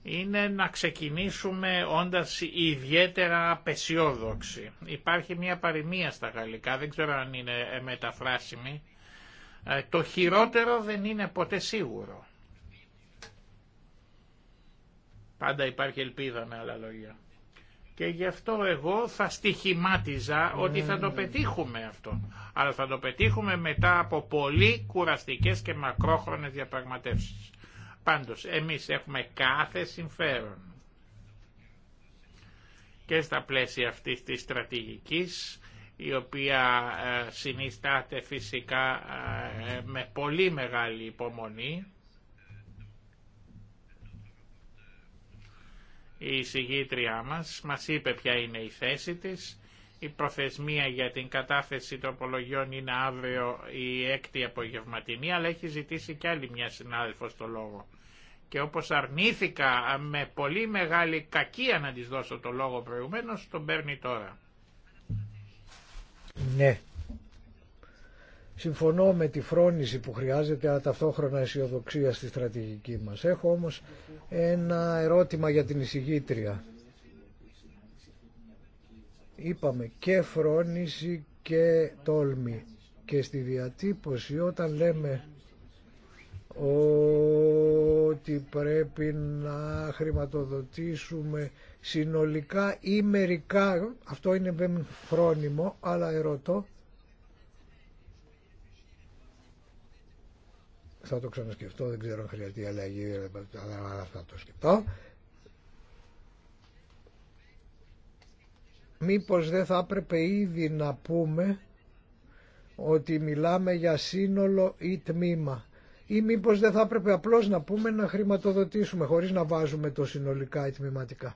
είναι να ξεκινήσουμε όντας ιδιαίτερα απεσιόδοξοι. Υπάρχει μια παροιμία στα γαλλικά, δεν ξέρω αν είναι μεταφράσιμη. Ε, το χειρότερο δεν είναι ποτέ σίγουρο. Πάντα υπάρχει ελπίδα με άλλα λόγια. Και γι' αυτό εγώ θα στοιχημάτιζα ότι θα το ε. πετύχουμε αυτό. Αλλά θα το πετύχουμε μετά από πολύ κουραστικές και μακρόχρονες διαπραγματεύσεις. Πάντως, εμείς έχουμε κάθε συμφέρον και στα πλαίσια αυτής της στρατηγικής, η οποία ε, συνιστάται φυσικά ε, με πολύ μεγάλη υπομονή, η εισηγήτριά μας μας είπε ποια είναι η θέση της. Η προθεσμία για την κατάθεση τροπολογιών είναι αύριο η έκτη απογευματινή, αλλά έχει ζητήσει και άλλη μια συνάδελφος το λόγο και όπως αρνήθηκα με πολύ μεγάλη κακία να της δώσω το λόγο προηγουμένως, τον παίρνει τώρα. Ναι. Συμφωνώ με τη φρόνηση που χρειάζεται, αλλά ταυτόχρονα αισιοδοξία στη στρατηγική μας. Έχω όμως ένα ερώτημα για την εισηγήτρια. Είπαμε και φρόνηση και τόλμη. Και στη διατύπωση όταν λέμε ότι πρέπει να χρηματοδοτήσουμε συνολικά ή μερικά, αυτό είναι φρόνιμο, αλλά ερωτώ, θα το ξανασκεφτώ, δεν ξέρω αν χρειαστεί αλλαγή, αλλά θα το σκεφτώ. Μήπως δεν θα έπρεπε ήδη να πούμε ότι μιλάμε για σύνολο ή τμήμα ή μήπως δεν θα έπρεπε απλώς να πούμε να χρηματοδοτήσουμε χωρίς να βάζουμε το συνολικά ή τμηματικά.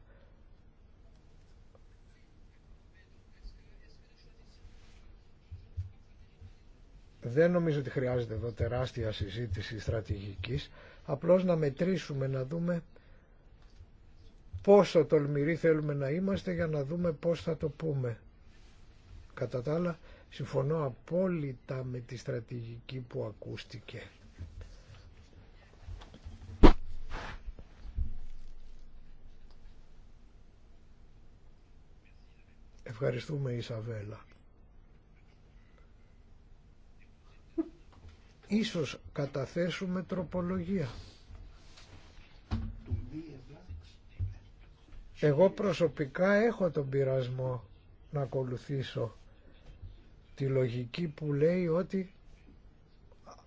Δεν νομίζω ότι χρειάζεται εδώ τεράστια συζήτηση στρατηγικής, απλώς να μετρήσουμε, να δούμε πόσο τολμηροί θέλουμε να είμαστε για να δούμε πώς θα το πούμε. Κατά τα άλλα, συμφωνώ απόλυτα με τη στρατηγική που ακούστηκε. Ευχαριστούμε Ισαβέλα. Ίσως καταθέσουμε τροπολογία. Εγώ προσωπικά έχω τον πειρασμό να ακολουθήσω τη λογική που λέει ότι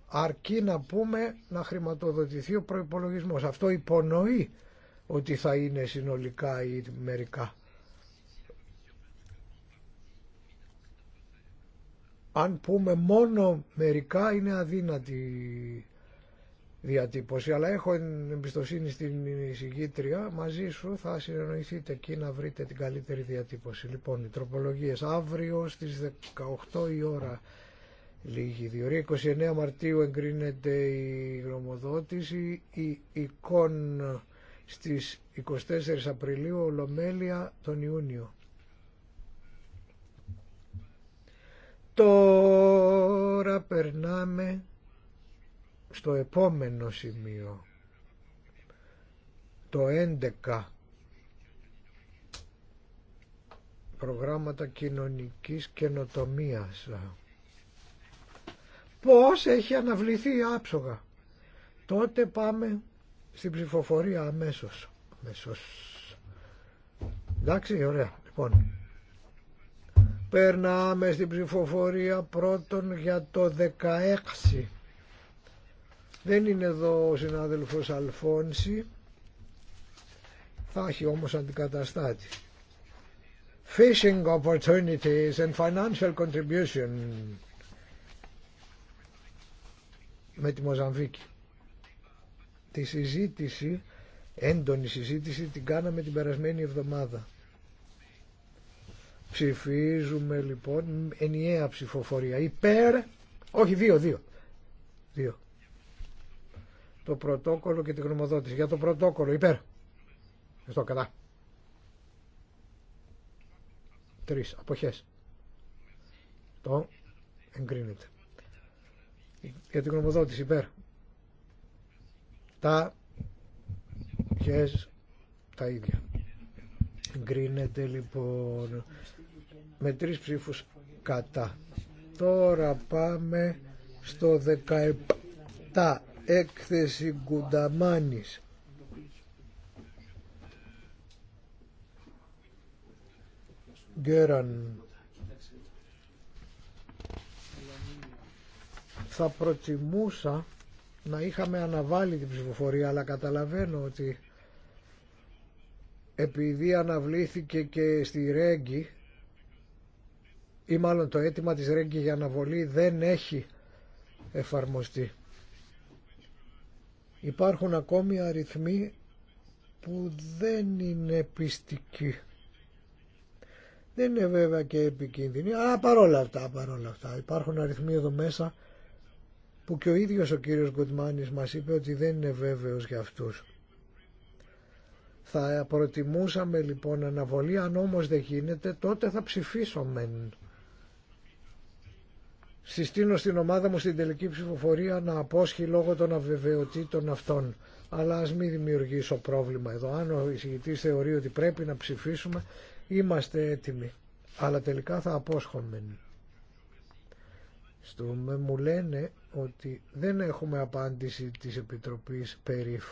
αρκεί να πούμε να χρηματοδοτηθεί ο προϋπολογισμός. Αυτό υπονοεί ότι θα είναι συνολικά ή μερικά. αν πούμε μόνο μερικά είναι αδύνατη διατύπωση αλλά έχω εμπιστοσύνη στην εισηγήτρια μαζί σου θα συνεννοηθείτε εκεί να βρείτε την καλύτερη διατύπωση λοιπόν οι τροπολογίες αύριο στις 18 η ώρα λίγη διωρή, 29 Μαρτίου εγκρίνεται η γνωμοδότηση η εικόν στις 24 Απριλίου Ολομέλεια τον Ιούνιο Τώρα περνάμε στο επόμενο σημείο. Το 11. Προγράμματα κοινωνικής καινοτομίας. Πώς έχει αναβληθεί άψογα. Τότε πάμε στην ψηφοφορία αμέσως. αμέσως. Εντάξει, ωραία. Λοιπόν, Περνάμε στην ψηφοφορία πρώτον για το 16. Δεν είναι εδώ ο συνάδελφος Αλφόνση. Θα έχει όμως αντικαταστάτη. Fishing opportunities and financial contribution με τη Μοζαμβίκη. Τη συζήτηση, έντονη συζήτηση, την κάναμε την περασμένη εβδομάδα. Ψηφίζουμε λοιπόν ενιαία ψηφοφορία. Υπέρ, όχι δύο, δύο. δύο. Το πρωτόκολλο και την γνωμοδότηση. Για το πρωτόκολλο, υπέρ. Ευχαριστώ, κατά. Τρεις, αποχές. Το εγκρίνεται. Για την γνωμοδότηση, υπέρ. Τα χές τα ίδια. Εγκρίνεται λοιπόν με τρεις ψήφους κατά. Τώρα πάμε στο 17 έκθεση Κουνταμάνης. Γκέραν. Θα προτιμούσα να είχαμε αναβάλει την ψηφοφορία αλλά καταλαβαίνω ότι επειδή αναβλήθηκε και στη Ρέγγι ή μάλλον το αίτημα της Ρέγκη για αναβολή δεν έχει εφαρμοστεί. Υπάρχουν ακόμη αριθμοί που δεν είναι πιστικοί. Δεν είναι βέβαια και επικίνδυνοι, αλλά παρόλα αυτά, παρόλα αυτά υπάρχουν αριθμοί εδώ μέσα που και ο ίδιος ο κύριος Γκουτμάνης μας είπε ότι δεν είναι βέβαιος για αυτούς. Θα προτιμούσαμε λοιπόν αναβολή, αν όμως δεν γίνεται τότε θα ψηφίσω συστήνω στην ομάδα μου στην τελική ψηφοφορία να απόσχει λόγω των αβεβαιωτήτων αυτών. Αλλά ας μην δημιουργήσω πρόβλημα εδώ. Αν ο εισηγητής θεωρεί ότι πρέπει να ψηφίσουμε, είμαστε έτοιμοι. Αλλά τελικά θα απόσχομαι. Στο μου λένε ότι δεν έχουμε απάντηση της Επιτροπής Περίφ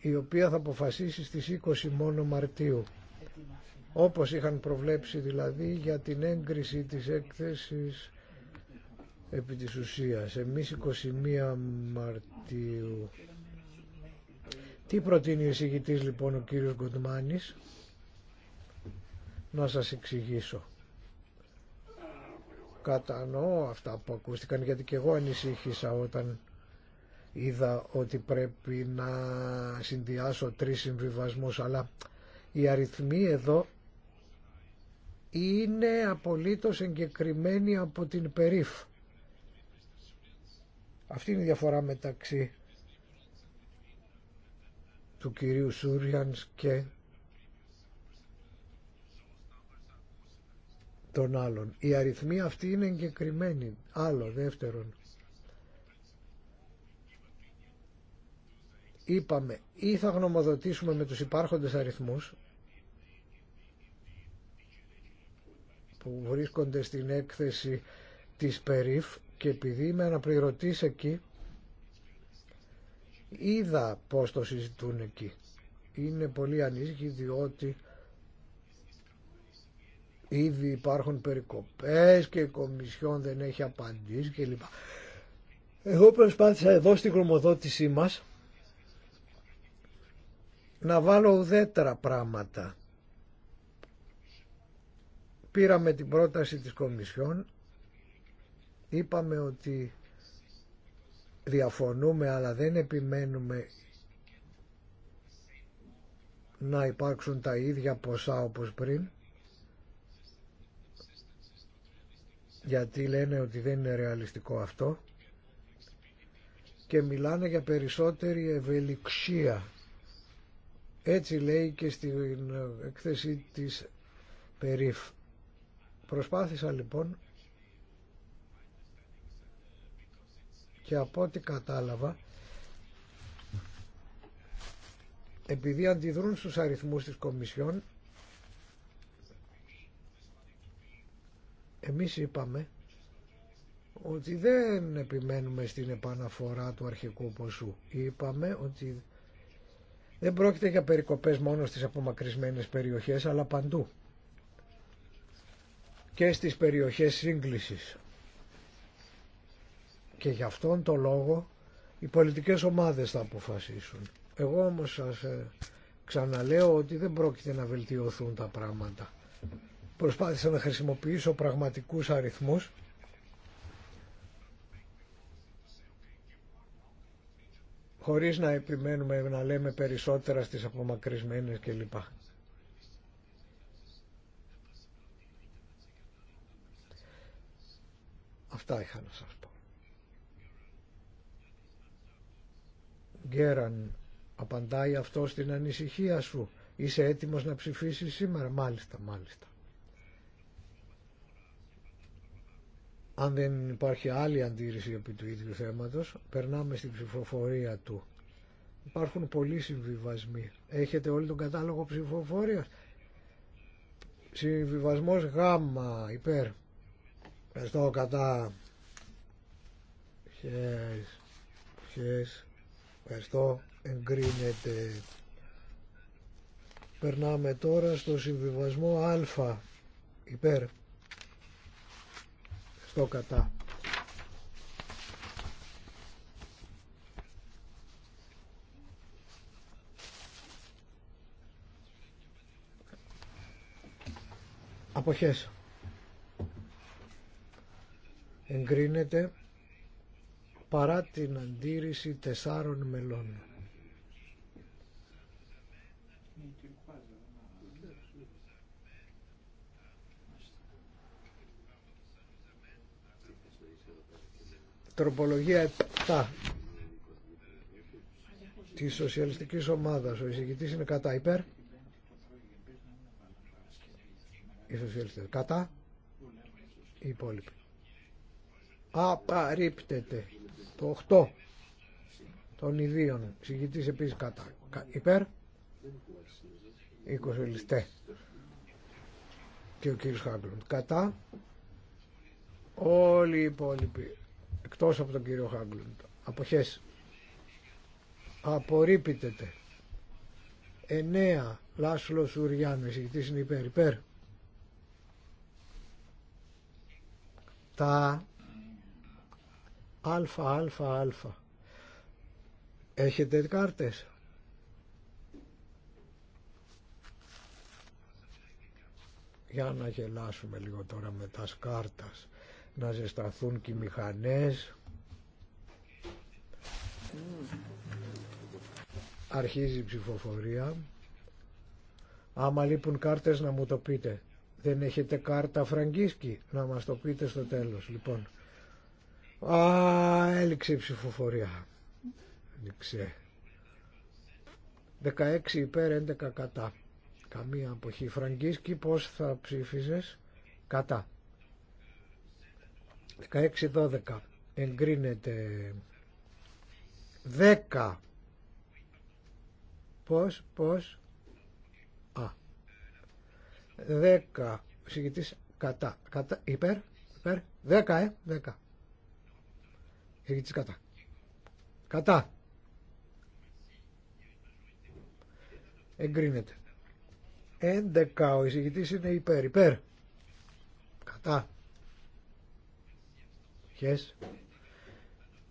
η οποία θα αποφασίσει στις 20 μόνο Μαρτίου όπως είχαν προβλέψει δηλαδή για την έγκριση της έκθεσης επί της ουσίας. Εμείς 21 Μαρτίου. Τι προτείνει ο εισηγητής λοιπόν ο κύριος Γκοντμάνης. Να σας εξηγήσω. Κατανοώ αυτά που ακούστηκαν γιατί και εγώ ανησύχησα όταν είδα ότι πρέπει να συνδυάσω τρεις συμβιβασμούς αλλά η αριθμοί εδώ είναι απολύτως εγκεκριμένη από την περίφ. Αυτή είναι η διαφορά μεταξύ του κυρίου Σούριανς και των άλλων. Η αριθμή αυτή είναι εγκεκριμένη. Άλλο, δεύτερον. Είπαμε, ή θα γνωμοδοτήσουμε με τους υπάρχοντες αριθμούς, που βρίσκονται στην έκθεση της ΠΕΡΙΦ και επειδή είμαι αναπληρωτής εκεί είδα πως το συζητούν εκεί. Είναι πολύ ανήσυχοι διότι ήδη υπάρχουν περικοπές και η Κομισιόν δεν έχει απαντήσει κλπ. Εγώ προσπάθησα εδώ στην κρομοδότησή μας να βάλω ουδέτερα πράγματα Πήραμε την πρόταση της Κομισιόν, είπαμε ότι διαφωνούμε αλλά δεν επιμένουμε να υπάρξουν τα ίδια ποσά όπως πριν γιατί λένε ότι δεν είναι ρεαλιστικό αυτό και μιλάνε για περισσότερη ευελιξία. Έτσι λέει και στην έκθεση της Περίφ. Προσπάθησα λοιπόν και από ό,τι κατάλαβα επειδή αντιδρούν στους αριθμούς της Κομισιόν εμείς είπαμε ότι δεν επιμένουμε στην επαναφορά του αρχικού ποσού. Είπαμε ότι δεν πρόκειται για περικοπές μόνο στις απομακρυσμένες περιοχές αλλά παντού και στις περιοχές σύγκλησης. Και γι' αυτόν τον λόγο οι πολιτικές ομάδες θα αποφασίσουν. Εγώ όμως σας ε, ξαναλέω ότι δεν πρόκειται να βελτιωθούν τα πράγματα. Προσπάθησα να χρησιμοποιήσω πραγματικούς αριθμούς χωρίς να επιμένουμε να λέμε περισσότερα στις απομακρυσμένες κλπ. Αυτά είχα να σας πω. Γκέραν, απαντάει αυτό στην ανησυχία σου. Είσαι έτοιμος να ψηφίσεις σήμερα. Μάλιστα, μάλιστα. Αν δεν υπάρχει άλλη αντίρρηση επί του ίδιου θέματος, περνάμε στην ψηφοφορία του. Υπάρχουν πολλοί συμβιβασμοί. Έχετε όλοι τον κατάλογο ψηφοφορίας. Συμβιβασμός γάμα υπέρ. Ευχαριστώ κατά χες, χες. Ευχαριστώ εγκρίνεται. Περνάμε τώρα στο συμβιβασμό α υπέρ. Ευχαριστώ κατά. Αποχές εγκρίνεται παρά την αντίρρηση τεσσάρων μελών. Τροπολογία 7 της σοσιαλιστικής ομάδας. Ο εισηγητής είναι κατά υπέρ. Η κατά. Οι υπόλοιποι απαρρίπτεται. Το 8 των ιδίων. Ψυχητής επίσης κατά. Υπέρ. 20 ληστέ. Και ο κύριος Χάγκλουντ. Κατά. Όλοι οι υπόλοιποι. Εκτός από τον κύριο Χάγκλουντ. Αποχές. Απορρίπτεται. 9. Λάσλο Σουριάνου. Εισηγητής είναι υπέρ. Υπέρ. Τα ΑΛΦΑ Έχετε κάρτες. Για να γελάσουμε λίγο τώρα με τα σκάρτας. Να ζεσταθούν και οι μηχανές. Αρχίζει η ψηφοφορία. Άμα λείπουν κάρτες να μου το πείτε. Δεν έχετε κάρτα Φραγκίσκη να μας το πείτε στο τέλος. Λοιπόν, Α, έληξε η ψηφοφορία. Έληξε. 16 υπέρ, 11 κατά. Καμία αποχή. Φραγκίσκη, πώς θα ψήφιζες. Κατά. 16-12. Εγκρίνεται. 10. Πώς, πώς. Α. 10. Συγητής κατά. κατά. Υπέρ, υπέρ. 10, ε. 10 τις κατά. Κατά. Εγκρίνεται. 11. Ο εισηγητής είναι υπέρ. Υπέρ. Κατά. χέ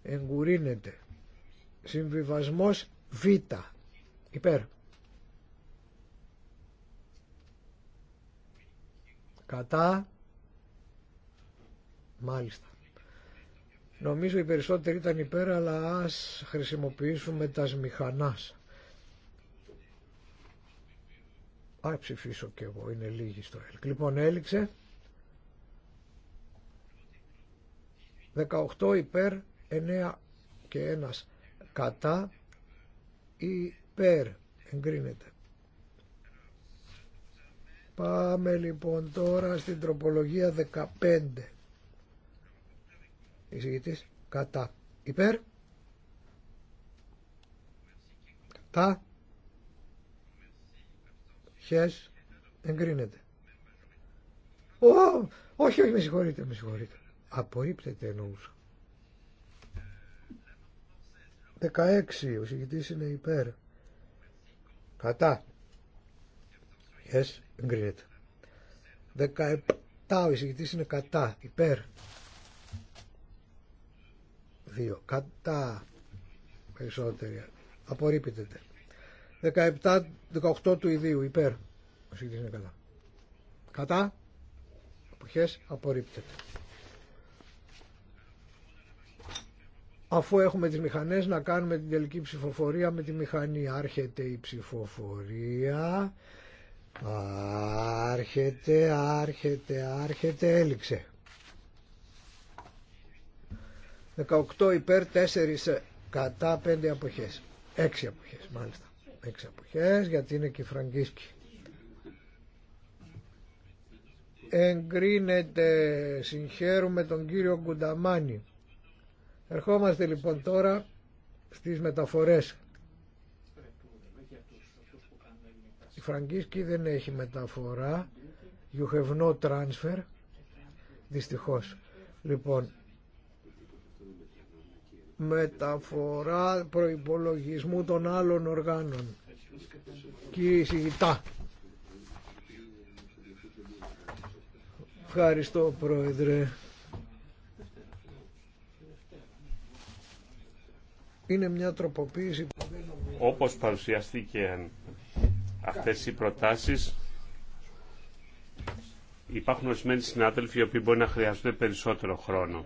Εγκουρίνεται. Συμβιβασμός Β. Υπέρ. Κατά. Μάλιστα. Νομίζω οι περισσότεροι ήταν υπέρ, αλλά ας χρησιμοποιήσουμε τα σμηχανάς. Α, ψηφίσω κι εγώ, είναι λίγοι στο ΕΛΚ. Λοιπόν, έληξε. 18 υπέρ, 9 και 1 κατά, υπέρ, εγκρίνεται. Πάμε λοιπόν τώρα στην τροπολογία 15 εισηγητής κατά υπέρ κατά χες εγκρίνεται Ό! όχι, όχι, με συγχωρείτε, με συγχωρείτε. Απορρίπτεται εννοούσα. 16. Ο συγκητής είναι υπέρ. Κατά. Yes, εγκρίνεται. 17. Ο συγκητής είναι κατά. Υπέρ δύο Κατά περισσότεροι. Απορρίπτεται. 17, 18 του ιδίου υπέρ. Συγκρίνεται καλά. Κατά. Αποχέ. απορρίπτεται. Αφού έχουμε τις μηχανές να κάνουμε την τελική ψηφοφορία με τη μηχανή. Άρχεται η ψηφοφορία. Άρχεται, άρχεται, άρχεται, έληξε. 18 υπέρ, 4 κατά, 5 αποχές. 6 αποχές μάλιστα. 6 αποχές γιατί είναι και η Φραγκίσκη. Εγκρίνεται, συγχαίρουμε τον κύριο Κουνταμάνη. Ερχόμαστε λοιπόν τώρα στις μεταφορές. Η Φραγκίσκη δεν έχει μεταφορά. You have no transfer. Δυστυχώς. Λοιπόν, μεταφορά προϋπολογισμού των άλλων οργάνων. Κύριε Σιγητά. Ευχαριστώ Πρόεδρε. Είναι μια τροποποίηση. Όπως παρουσιαστήκε αυτές οι προτάσεις, υπάρχουν ορισμένοι συνάδελφοι οι οποίοι μπορεί να χρειάζονται περισσότερο χρόνο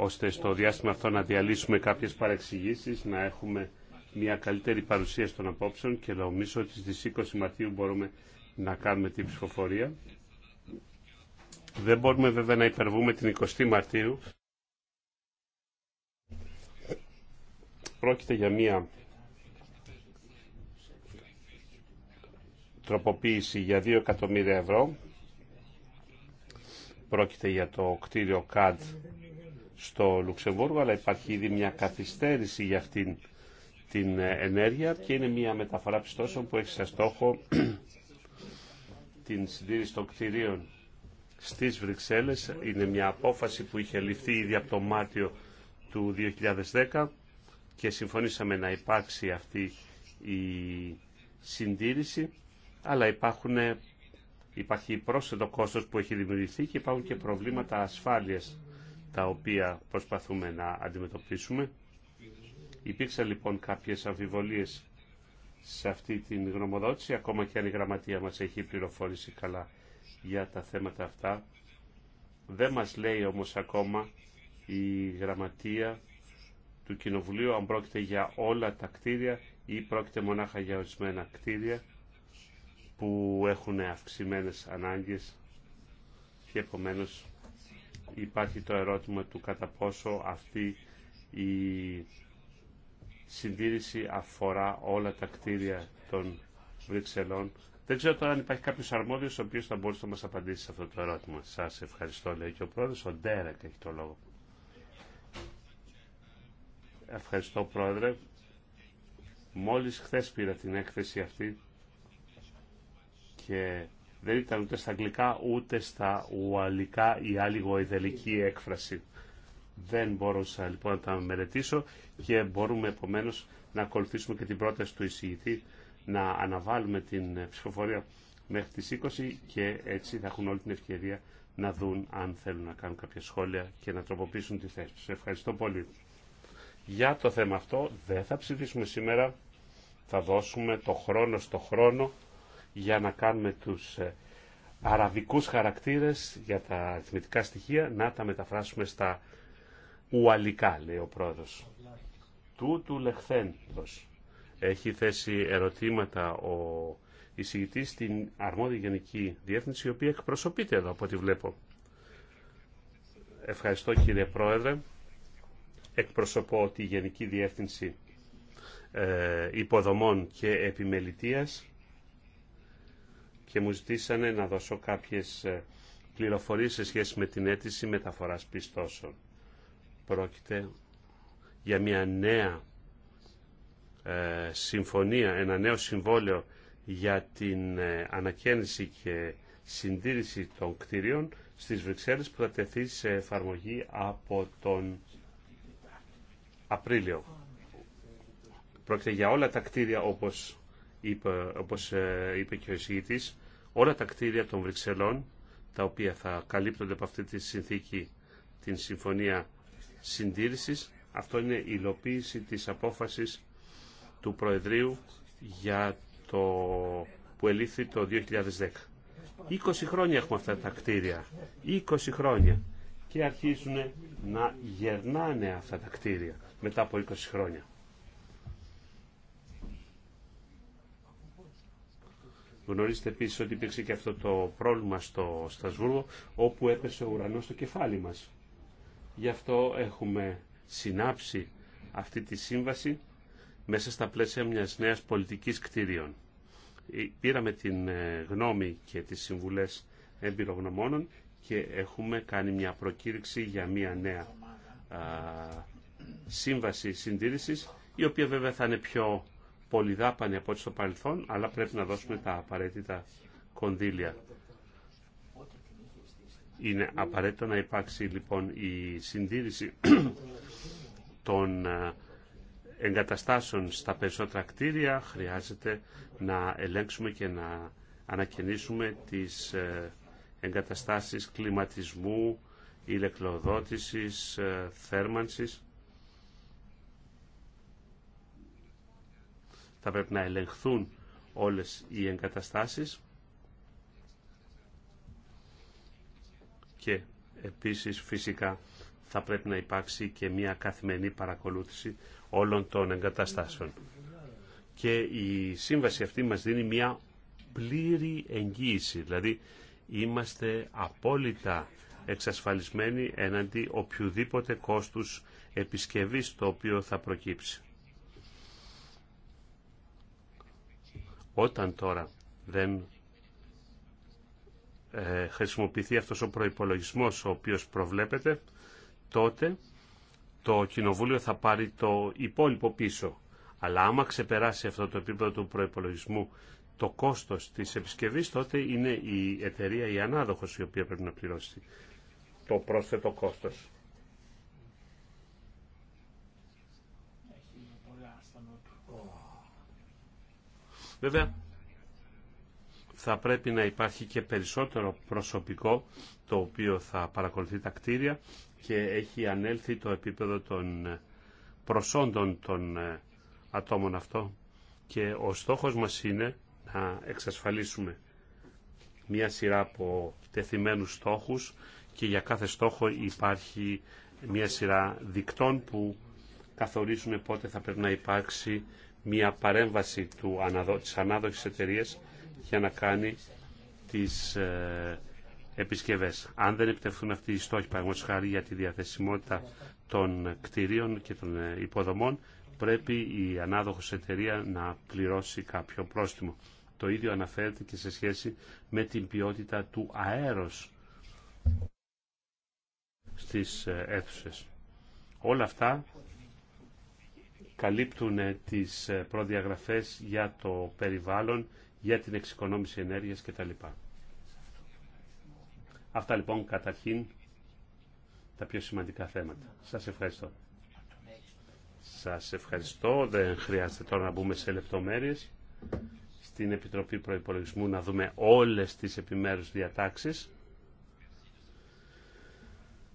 ώστε στο διάστημα αυτό να διαλύσουμε κάποιες παρεξηγήσεις, να έχουμε μια καλύτερη παρουσία στον απόψεων και νομίζω ότι στις 20 Μαρτίου μπορούμε να κάνουμε την ψηφοφορία. Δεν μπορούμε βέβαια να υπερβούμε την 20 Μαρτίου. Πρόκειται για μια τροποποίηση για 2 εκατομμύρια ευρώ. Πρόκειται για το κτίριο CAD στο Λουξεμβούργο, αλλά υπάρχει ήδη μια καθυστέρηση για αυτήν την ε, ενέργεια και είναι μια μεταφορά πιστώσεων που έχει σε στόχο την συντήρηση των κτηρίων στις Βρυξέλλες. Είναι μια απόφαση που είχε ληφθεί ήδη από το Μάρτιο του 2010 και συμφωνήσαμε να υπάρξει αυτή η συντήρηση, αλλά υπάρχουν, ε, υπάρχει πρόσθετο κόστος που έχει δημιουργηθεί και υπάρχουν και προβλήματα ασφάλειας τα οποία προσπαθούμε να αντιμετωπίσουμε. Υπήρξαν λοιπόν κάποιες αμφιβολίες σε αυτή την γνωμοδότηση, ακόμα και αν η γραμματεία μας έχει πληροφόρηση καλά για τα θέματα αυτά. Δεν μας λέει όμως ακόμα η γραμματεία του Κοινοβουλίου αν πρόκειται για όλα τα κτίρια ή πρόκειται μονάχα για ορισμένα κτίρια που έχουν αυξημένες ανάγκες και επομένως υπάρχει το ερώτημα του κατά πόσο αυτή η συντήρηση αφορά όλα τα κτίρια των Βρυξελών. Δεν ξέρω τώρα αν υπάρχει κάποιος αρμόδιος ο οποίος θα μπορούσε να μας απαντήσει σε αυτό το ερώτημα. Σας ευχαριστώ, λέει και ο πρόεδρος, Ο Ντέρεκ έχει το λόγο. Ευχαριστώ, πρόεδρε. Μόλις χθες πήρα την έκθεση αυτή και δεν ήταν ούτε στα αγγλικά ούτε στα ουαλικά η άλλη γοηδελική έκφραση. Δεν μπορούσα λοιπόν να τα μελετήσω και μπορούμε επομένω να ακολουθήσουμε και την πρόταση του εισηγητή να αναβάλουμε την ψηφοφορία μέχρι τις 20 και έτσι θα έχουν όλη την ευκαιρία να δουν αν θέλουν να κάνουν κάποια σχόλια και να τροποποιήσουν τη θέση τους. Ευχαριστώ πολύ. Για το θέμα αυτό δεν θα ψηφίσουμε σήμερα. Θα δώσουμε το χρόνο στο χρόνο για να κάνουμε τους ε, αραβικούς χαρακτήρες για τα αριθμητικά στοιχεία να τα μεταφράσουμε στα ουαλικά, λέει ο πρόεδρος. Τούτου λεχθέντος. Έχει θέσει ερωτήματα ο εισηγητή στην αρμόδια γενική διεύθυνση, η οποία εκπροσωπείται εδώ από ό,τι βλέπω. Ευχαριστώ κύριε Πρόεδρε. Εκπροσωπώ τη Γενική Διεύθυνση ε, Υποδομών και Επιμελητίας και μου ζητήσανε να δώσω κάποιες ε, πληροφορίες σε σχέση με την αίτηση μεταφοράς πιστώσεων. Πρόκειται για μια νέα ε, συμφωνία, ένα νέο συμβόλαιο για την ε, ανακαίνιση και συντήρηση των κτίριων στις Βρυξέλλες που θα τεθεί σε εφαρμογή από τον Απρίλιο. Πρόκειται για όλα τα κτίρια όπως είπε, όπως είπε και ο εισηγητής όλα τα κτίρια των Βρυξελών, τα οποία θα καλύπτονται από αυτή τη συνθήκη, την Συμφωνία Συντήρησης. Αυτό είναι η υλοποίηση της απόφασης του Προεδρείου για το που ελήφθη το 2010. 20 χρόνια έχουμε αυτά τα κτίρια. 20 χρόνια. Και αρχίζουν να γερνάνε αυτά τα κτίρια μετά από 20 χρόνια. Γνωρίζετε επίση ότι υπήρξε και αυτό το πρόβλημα στο Στασβούργο, όπου έπεσε ο ουρανός στο κεφάλι μας. Γι' αυτό έχουμε συνάψει αυτή τη σύμβαση μέσα στα πλαίσια μιας νέας πολιτικής κτίριων. Ε, πήραμε την ε, γνώμη και τις συμβουλές εμπειρογνωμόνων και έχουμε κάνει μια προκήρυξη για μια νέα α, σύμβαση συντήρησης, η οποία βέβαια θα είναι πιο πολυδάπανη από ό,τι στο παρελθόν, αλλά πρέπει να δώσουμε τα απαραίτητα κονδύλια. Είναι απαραίτητο να υπάρξει λοιπόν η συντήρηση των ε, εγκαταστάσεων στα περισσότερα κτίρια. Χρειάζεται να ελέγξουμε και να ανακαινήσουμε τις ε, εγκαταστάσεις κλιματισμού, ηλεκτροδότησης, ε, θέρμανσης. θα πρέπει να ελεγχθούν όλες οι εγκαταστάσεις και επίσης φυσικά θα πρέπει να υπάρξει και μια καθημερινή παρακολούθηση όλων των εγκαταστάσεων. Και η σύμβαση αυτή μας δίνει μια πλήρη εγγύηση, δηλαδή είμαστε απόλυτα εξασφαλισμένοι έναντι οποιοδήποτε κόστους επισκευής το οποίο θα προκύψει. Όταν τώρα δεν ε, χρησιμοποιηθεί αυτός ο προϋπολογισμός ο οποίος προβλέπεται, τότε το Κοινοβούλιο θα πάρει το υπόλοιπο πίσω. Αλλά άμα ξεπεράσει αυτό το επίπεδο του προϋπολογισμού το κόστος της επισκευής, τότε είναι η εταιρεία, η ανάδοχος η οποία πρέπει να πληρώσει το πρόσθετο κόστος. Βέβαια, θα πρέπει να υπάρχει και περισσότερο προσωπικό το οποίο θα παρακολουθεί τα κτίρια και έχει ανέλθει το επίπεδο των προσόντων των ε, ατόμων αυτό και ο στόχος μας είναι να εξασφαλίσουμε μία σειρά από τεθειμένους στόχους και για κάθε στόχο υπάρχει μία σειρά δικτών που καθορίζουν πότε θα πρέπει να υπάρξει μια παρέμβαση του αναδο, της ανάδοχης εταιρεία για να κάνει τις ε, επισκευές. Αν δεν επιτευχθούν αυτοί οι στόχοι, παραγωγός χάρη για τη διαθεσιμότητα των κτηρίων και των ε, υποδομών, πρέπει η ανάδοχος εταιρεία να πληρώσει κάποιο πρόστιμο. Το ίδιο αναφέρεται και σε σχέση με την ποιότητα του αέρος στις ε, αίθουσες. Όλα αυτά καλύπτουν τις ε, προδιαγραφές για το περιβάλλον, για την εξοικονόμηση ενέργειας κτλ. Αυτά λοιπόν καταρχήν τα πιο σημαντικά θέματα. Σας ευχαριστώ. Σας ευχαριστώ. Δεν χρειάζεται τώρα να μπούμε σε λεπτομέρειες. Στην Επιτροπή Προϋπολογισμού να δούμε όλες τις επιμέρους διατάξεις.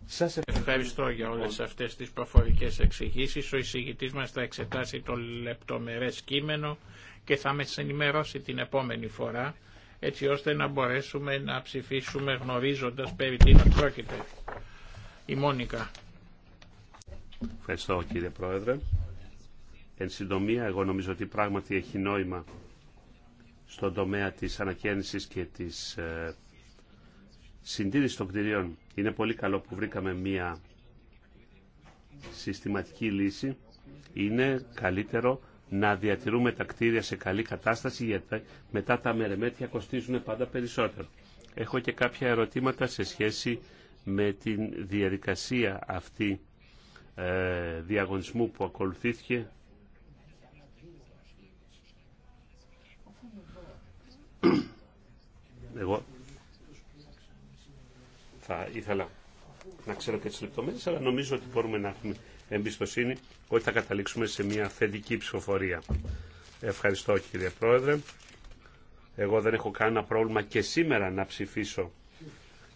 Σας ευχαριστώ για όλες αυτές τις προφορικές εξηγήσεις. Ο εισηγητής μας θα εξετάσει το λεπτομερές κείμενο και θα με συνημερώσει την επόμενη φορά έτσι ώστε να μπορέσουμε να ψηφίσουμε γνωρίζοντας περί τίνος πρόκειται. Η Μόνικα. Ευχαριστώ κύριε Πρόεδρε. Εν συντομία, εγώ νομίζω ότι πράγματι έχει νόημα στον τομέα της ανακαίνησης και της ε, συντήρηση των κτηρίων είναι πολύ καλό που βρήκαμε μία συστηματική λύση. Είναι καλύτερο να διατηρούμε τα κτίρια σε καλή κατάσταση γιατί μετά τα μερεμέτια κοστίζουν πάντα περισσότερο. Έχω και κάποια ερωτήματα σε σχέση με την διαδικασία αυτή ε, διαγωνισμού που ακολουθήθηκε. θα ήθελα να ξέρω και τις λεπτομέρειε, αλλά νομίζω ότι μπορούμε να έχουμε εμπιστοσύνη ότι θα καταλήξουμε σε μια θετική ψηφοφορία. Ευχαριστώ κύριε Πρόεδρε. Εγώ δεν έχω κανένα πρόβλημα και σήμερα να ψηφίσω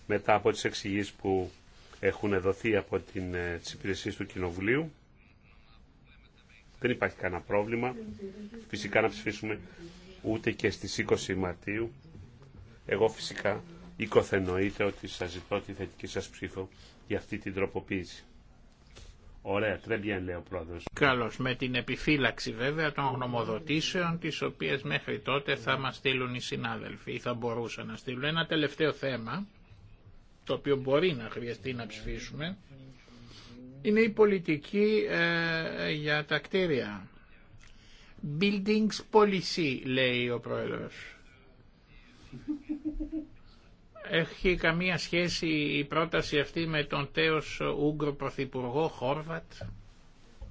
μετά από τις εξηγήσεις που έχουν δοθεί από την, ε, τις του Κοινοβουλίου. Δεν υπάρχει κανένα πρόβλημα. Φυσικά να ψηφίσουμε ούτε και στις 20 Μαρτίου. Εγώ φυσικά οικοθενοείτε ότι σας ζητώ τη θετική σας ψήφο για αυτή την τροποποίηση. Ωραία, τρέμπιαν λέει ο πρόεδρο. Καλώς, με την επιφύλαξη βέβαια των γνωμοδοτήσεων, τις οποίες μέχρι τότε θα μας στείλουν οι συνάδελφοι ή θα μπορούσαν να στείλουν. Ένα τελευταίο θέμα, το οποίο μπορεί να χρειαστεί να ψηφίσουμε, είναι η πολιτική ε, για τα κτίρια. Buildings policy, λέει ο πρόεδρο έχει καμία σχέση η πρόταση αυτή με τον τέος Ούγκρο Πρωθυπουργό Χόρβατ.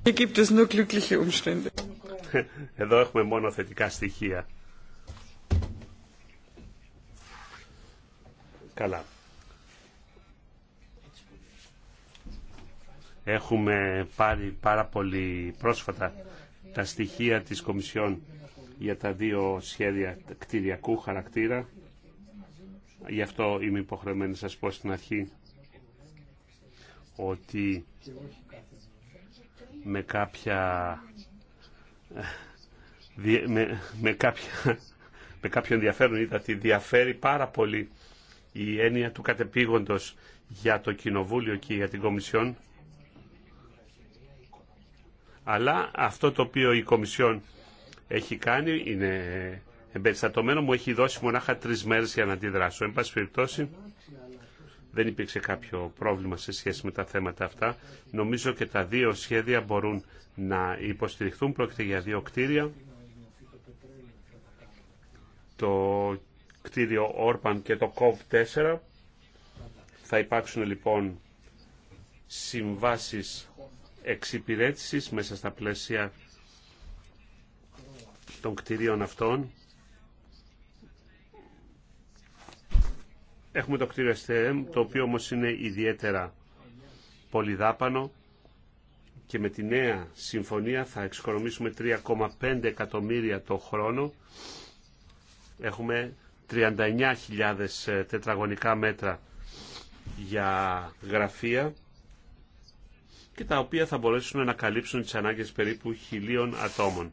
Εδώ έχουμε μόνο θετικά στοιχεία. Καλά. Έχουμε πάρει πάρα πολύ πρόσφατα τα στοιχεία της Κομισιόν για τα δύο σχέδια κτηριακού χαρακτήρα Γι' αυτό είμαι υποχρεωμένη να σας πω στην αρχή ότι με κάποια με, κάποια, με κάποιο ενδιαφέρον είδα ότι διαφέρει πάρα πολύ η έννοια του κατεπήγοντος για το Κοινοβούλιο και για την Κομισιόν αλλά αυτό το οποίο η Κομισιόν έχει κάνει είναι εμπεριστατωμένο μου έχει δώσει μονάχα τρει μέρε για να αντιδράσω. Εν πάση περιπτώσει, δεν υπήρξε κάποιο πρόβλημα σε σχέση με τα θέματα αυτά. Νομίζω και τα δύο σχέδια μπορούν να υποστηριχθούν. Πρόκειται για δύο κτίρια. Το κτίριο Όρπαν και το COV4. Θα υπάρξουν λοιπόν συμβάσεις εξυπηρέτησης μέσα στα πλαίσια των κτηρίων αυτών Έχουμε το κτίριο STM, το οποίο όμως είναι ιδιαίτερα πολυδάπανο και με τη νέα συμφωνία θα εξοικονομήσουμε 3,5 εκατομμύρια το χρόνο. Έχουμε 39.000 ε, τετραγωνικά μέτρα για γραφεία και τα οποία θα μπορέσουν να καλύψουν τις ανάγκες περίπου χιλίων ατόμων.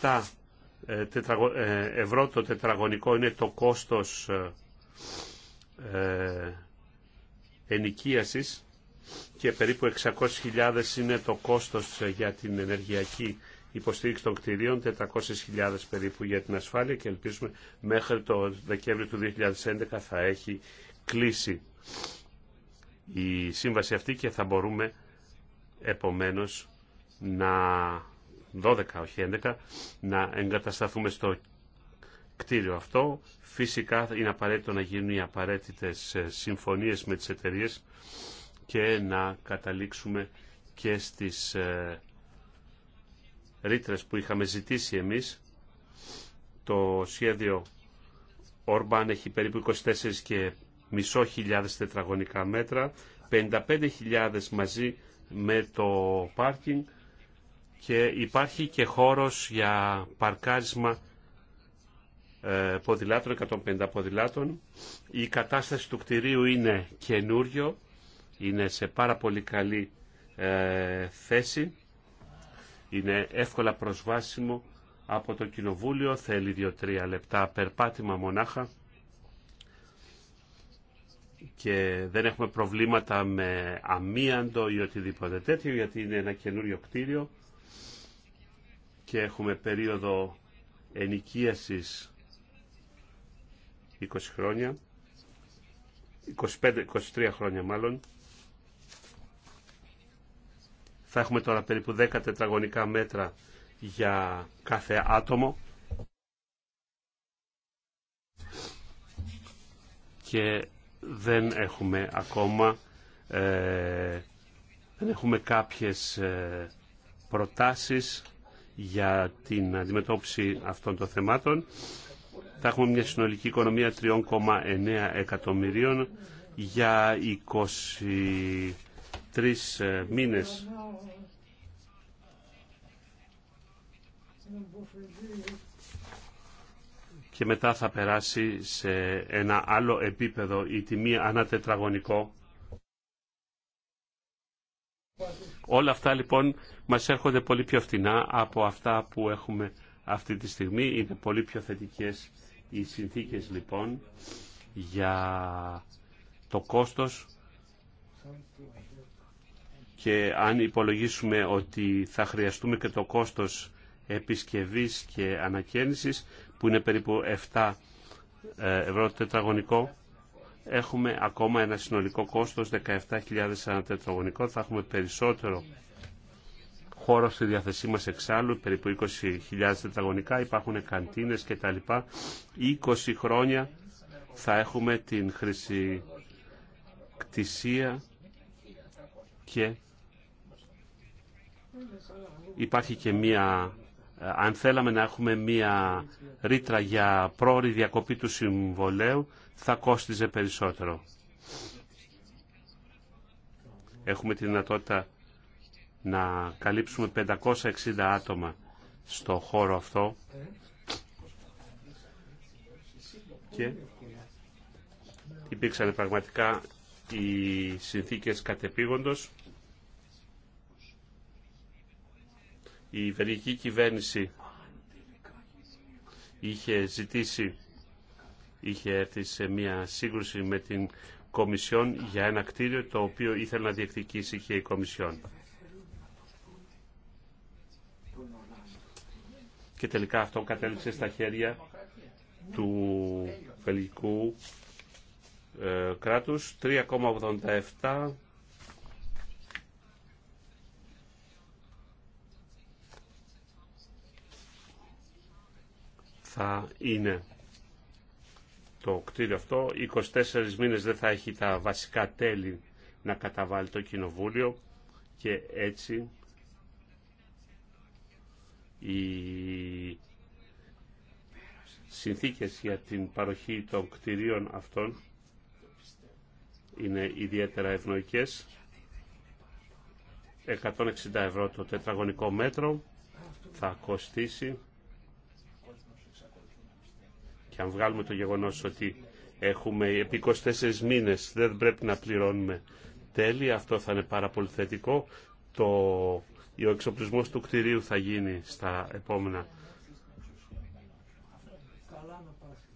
307 ε, ευρώ το τετραγωνικό είναι το κόστος ε, ε, ενοικίασης και περίπου 600.000 είναι το κόστος για την ενεργειακή υποστήριξη των κτηρίων, 400.000 περίπου για την ασφάλεια και ελπίζουμε μέχρι το Δεκέμβριο του 2011 θα έχει κλείσει η σύμβαση αυτή και θα μπορούμε επομένως να 12 όχι 11, να εγκατασταθούμε στο κτίριο αυτό. Φυσικά είναι απαραίτητο να γίνουν οι απαραίτητες ε, συμφωνίες με τις εταιρείες και να καταλήξουμε και στις ε, ρήτρες που είχαμε ζητήσει εμείς. Το σχέδιο Orban έχει περίπου 24 και μισό χιλιάδες τετραγωνικά μέτρα, 55.000 μαζί με το πάρκινγκ και υπάρχει και χώρος για παρκάρισμα ε, ποδηλάτων, 150 ποδηλάτων. Η κατάσταση του κτηρίου είναι καινούριο, είναι σε πάρα πολύ καλή ε, θέση, είναι εύκολα προσβάσιμο από το κοινοβούλιο, θέλει 2-3 λεπτά περπάτημα μονάχα και δεν έχουμε προβλήματα με αμίαντο ή οτιδήποτε τέτοιο γιατί είναι ένα καινούριο κτίριο και έχουμε περίοδο ενοικίασης 20 χρόνια, 25, 23 χρόνια μάλλον. Θα έχουμε τώρα περίπου 10 τετραγωνικά μέτρα για κάθε άτομο. Και δεν έχουμε ακόμα ε, δεν έχουμε κάποιες ε, προτάσεις για την αντιμετώπιση αυτών των θεμάτων. Θα έχουμε μια συνολική οικονομία 3,9 εκατομμυρίων για 23 ε, μήνες. Και μετά θα περάσει σε ένα άλλο επίπεδο η τιμή ανά τετραγωνικό Όλα αυτά λοιπόν μας έρχονται πολύ πιο φτηνά από αυτά που έχουμε αυτή τη στιγμή. Είναι πολύ πιο θετικές οι συνθήκες λοιπόν για το κόστος και αν υπολογίσουμε ότι θα χρειαστούμε και το κόστος επισκευής και ανακαίνησης που είναι περίπου 7 ευρώ τετραγωνικό έχουμε ακόμα ένα συνολικό κόστος 17.000 ανά τετραγωνικό. Θα έχουμε περισσότερο χώρο στη διάθεσή μας εξάλλου, περίπου 20.000 τετραγωνικά. Υπάρχουν καντίνες κτλ. 20 χρόνια θα έχουμε την χρήση κτησία και υπάρχει και μία αν θέλαμε να έχουμε μία ρήτρα για πρόορη διακοπή του συμβολέου, θα κόστιζε περισσότερο. Έχουμε τη δυνατότητα να καλύψουμε 560 άτομα στο χώρο αυτό και υπήρξαν πραγματικά οι συνθήκες κατεπήγοντος. Η βελγική κυβέρνηση είχε ζητήσει είχε έρθει σε μια σύγκρουση με την Κομισιόν για ένα κτίριο το οποίο ήθελε να διεκδικήσει και η Κομισιόν. Και τελικά αυτό κατέληξε στα χέρια του βελγικού ε, κράτους 3,87 θα είναι το κτίριο αυτό. 24 μήνες δεν θα έχει τα βασικά τέλη να καταβάλει το Κοινοβούλιο και έτσι οι συνθήκες για την παροχή των κτιρίων αυτών είναι ιδιαίτερα ευνοϊκές. 160 ευρώ το τετραγωνικό μέτρο θα κοστίσει και αν βγάλουμε το γεγονός ότι έχουμε επί 24 μήνες δεν πρέπει να πληρώνουμε τέλη, αυτό θα είναι πάρα πολύ θετικό. Το, ο εξοπλισμός του κτηρίου θα γίνει στα επόμενα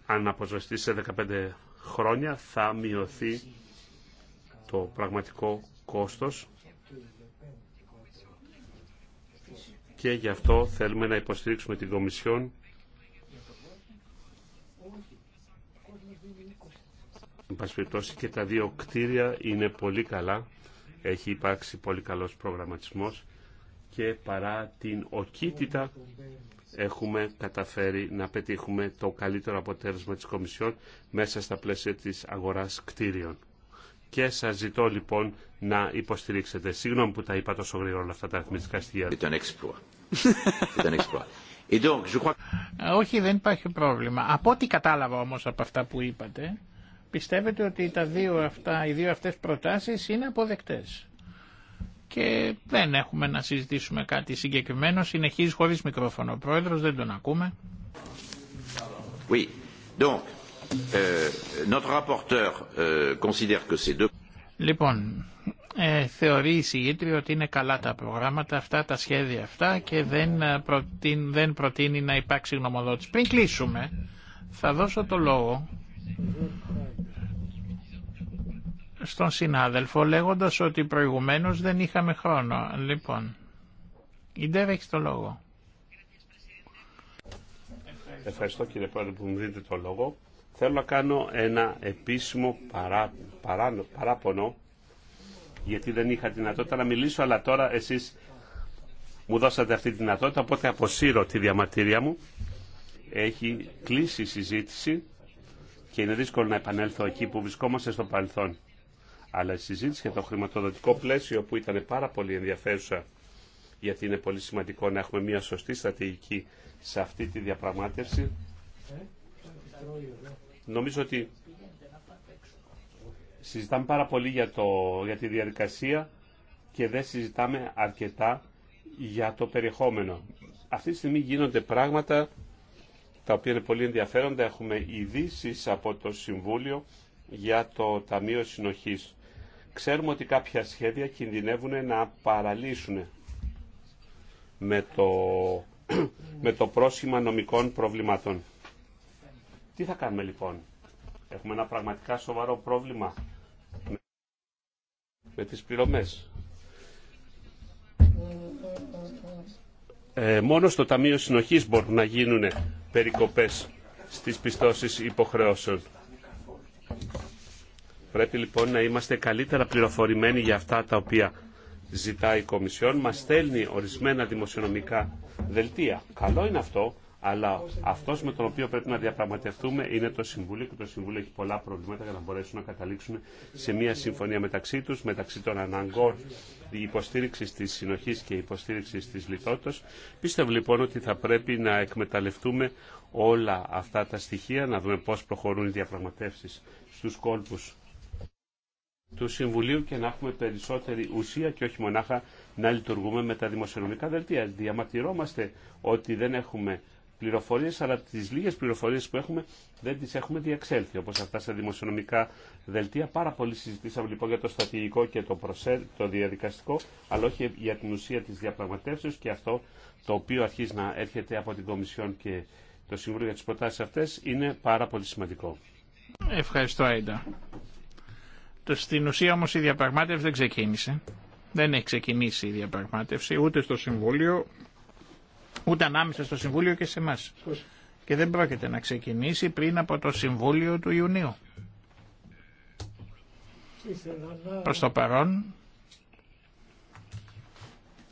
αν αποσβεστεί σε 15 χρόνια θα μειωθεί το πραγματικό κόστος και γι' αυτό θέλουμε να υποστηρίξουμε την Κομισιόν περιπτώσει και τα δύο κτίρια είναι πολύ καλά. Έχει υπάρξει πολύ καλός προγραμματισμός και παρά την οκίτητα έχουμε καταφέρει να πετύχουμε το καλύτερο αποτέλεσμα της Κομισιόν μέσα στα πλαίσια της αγοράς κτίριων. Και σας ζητώ λοιπόν να υποστηρίξετε. Συγγνώμη που τα είπα τόσο γρήγορα όλα αυτά τα αριθμιστικά στοιχεία. Ε, όχι, δεν υπάρχει πρόβλημα. Από ό,τι κατάλαβα όμως από αυτά που είπατε, Πιστεύετε ότι τα δύο αυτά, οι δύο αυτές προτάσεις είναι αποδεκτές. Και δεν έχουμε να συζητήσουμε κάτι συγκεκριμένο. Συνεχίζει χωρίς μικρόφωνο ο πρόεδρος, δεν τον ακούμε. Λοιπόν, ε, θεωρεί η συγγήτρια ότι είναι καλά τα προγράμματα αυτά, τα σχέδια αυτά και δεν, ε, δεν προτείνει να υπάρξει γνωμοδότηση. Πριν κλείσουμε, θα δώσω το λόγο στον συνάδελφο λέγοντας ότι προηγουμένως δεν είχαμε χρόνο. Λοιπόν, η Ντεβ έχει το λόγο. Ευχαριστώ κύριε Πρόεδρε που μου δίνετε το λόγο. Θέλω να κάνω ένα επίσημο παράπονο γιατί δεν είχα δυνατότητα να μιλήσω αλλά τώρα εσείς μου δώσατε αυτή τη δυνατότητα οπότε αποσύρω τη διαμαρτυρία μου. Έχει κλείσει η συζήτηση και είναι δύσκολο να επανέλθω εκεί που βρισκόμαστε στο παρελθόν. Αλλά η συζήτηση για το χρηματοδοτικό πλαίσιο που ήταν πάρα πολύ ενδιαφέρουσα γιατί είναι πολύ σημαντικό να έχουμε μια σωστή στρατηγική σε αυτή τη διαπραγμάτευση. Νομίζω ότι συζητάμε πάρα πολύ για, το, για τη διαδικασία και δεν συζητάμε αρκετά για το περιεχόμενο. Αυτή τη στιγμή γίνονται πράγματα τα οποία είναι πολύ ενδιαφέροντα. Έχουμε ειδήσει από το Συμβούλιο για το Ταμείο Συνοχής. Ξέρουμε ότι κάποια σχέδια κινδυνεύουν να παραλύσουν με το, με το πρόσχημα νομικών προβλημάτων. Τι θα κάνουμε λοιπόν. Έχουμε ένα πραγματικά σοβαρό πρόβλημα με τις πληρωμές. Ε, μόνο στο Ταμείο Συνοχής μπορούν να γίνουν περικοπές στις πιστώσεις υποχρεώσεων. Πρέπει λοιπόν να είμαστε καλύτερα πληροφορημένοι για αυτά τα οποία ζητάει η Κομισιόν. Μας στέλνει ορισμένα δημοσιονομικά δελτία. Καλό είναι αυτό, αλλά αυτό με τον οποίο πρέπει να διαπραγματευτούμε είναι το Συμβούλιο και το Συμβούλιο έχει πολλά προβλήματα για να μπορέσουν να καταλήξουν σε μια συμφωνία μεταξύ του, μεταξύ των αναγκών υποστήριξη τη συνοχή και υποστήριξη τη λιτότητα. Πιστεύω λοιπόν ότι θα πρέπει να εκμεταλλευτούμε όλα αυτά τα στοιχεία, να δούμε πώ προχωρούν οι διαπραγματεύσει στου κόλπου του Συμβουλίου και να έχουμε περισσότερη ουσία και όχι μονάχα να λειτουργούμε με τα δημοσιονομικά δελτία. Διαμαρτυρόμαστε ότι δεν έχουμε πληροφορίες, αλλά τις λίγες πληροφορίες που έχουμε δεν τις έχουμε διαξέλθει, όπως αυτά σε δημοσιονομικά δελτία. Πάρα πολύ συζητήσαμε λοιπόν για το στρατηγικό και το, προσε... το διαδικαστικό, αλλά όχι για την ουσία της διαπραγματεύσεως και αυτό το οποίο αρχίζει να έρχεται από την Κομισιόν και το Συμβούλιο για τις προτάσεις αυτές είναι πάρα πολύ σημαντικό. Ευχαριστώ, Άιντα. Στην ουσία όμως η διαπραγμάτευση δεν ξεκίνησε. Δεν έχει ξεκινήσει η διαπραγμάτευση ούτε στο Συμβούλιο ούτε ανάμεσα στο Συμβούλιο και σε εμά. Και δεν πρόκειται να ξεκινήσει πριν από το Συμβούλιο του Ιουνίου. Προς το παρόν,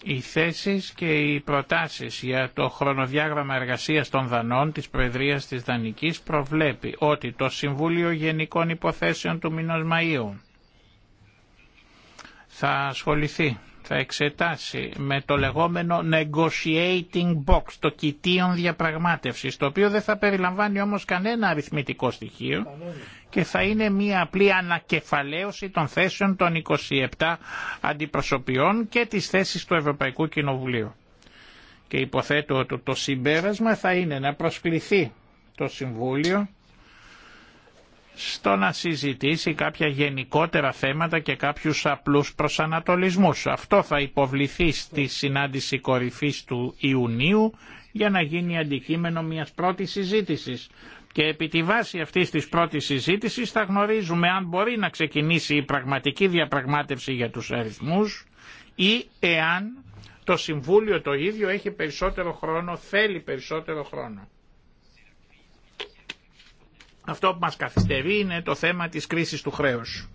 οι θέσεις και οι προτάσεις για το χρονοδιάγραμμα εργασίας των Δανών της Προεδρίας της Δανικής προβλέπει ότι το Συμβούλιο Γενικών Υποθέσεων του μηνός Μαΐου θα ασχοληθεί θα εξετάσει με το λεγόμενο negotiating box, το κοιτίον διαπραγμάτευσης, το οποίο δεν θα περιλαμβάνει όμως κανένα αριθμητικό στοιχείο και θα είναι μια απλή ανακεφαλαίωση των θέσεων των 27 αντιπροσωπιών και της θέσης του Ευρωπαϊκού Κοινοβουλίου. Και υποθέτω ότι το συμπέρασμα θα είναι να προσκληθεί το Συμβούλιο στο να συζητήσει κάποια γενικότερα θέματα και κάποιους απλούς προσανατολισμούς. Αυτό θα υποβληθεί στη συνάντηση κορυφής του Ιουνίου για να γίνει αντικείμενο μιας πρώτης συζήτησης. Και επί τη βάση αυτής της πρώτης συζήτησης θα γνωρίζουμε αν μπορεί να ξεκινήσει η πραγματική διαπραγμάτευση για τους αριθμούς ή εάν το Συμβούλιο το ίδιο έχει περισσότερο χρόνο, θέλει περισσότερο χρόνο. Αυτό που μας καθυστερεί είναι το θέμα της κρίσης του χρέους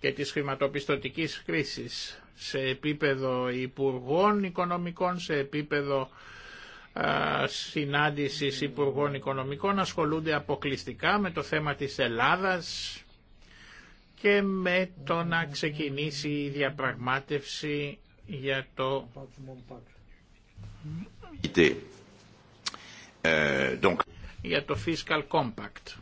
και της χρηματοπιστωτικής κρίσης σε επίπεδο Υπουργών Οικονομικών, σε επίπεδο συνάντησης Υπουργών Οικονομικών ασχολούνται αποκλειστικά με το θέμα της Ελλάδας και με το να ξεκινήσει η διαπραγμάτευση για το για το Fiscal Compact.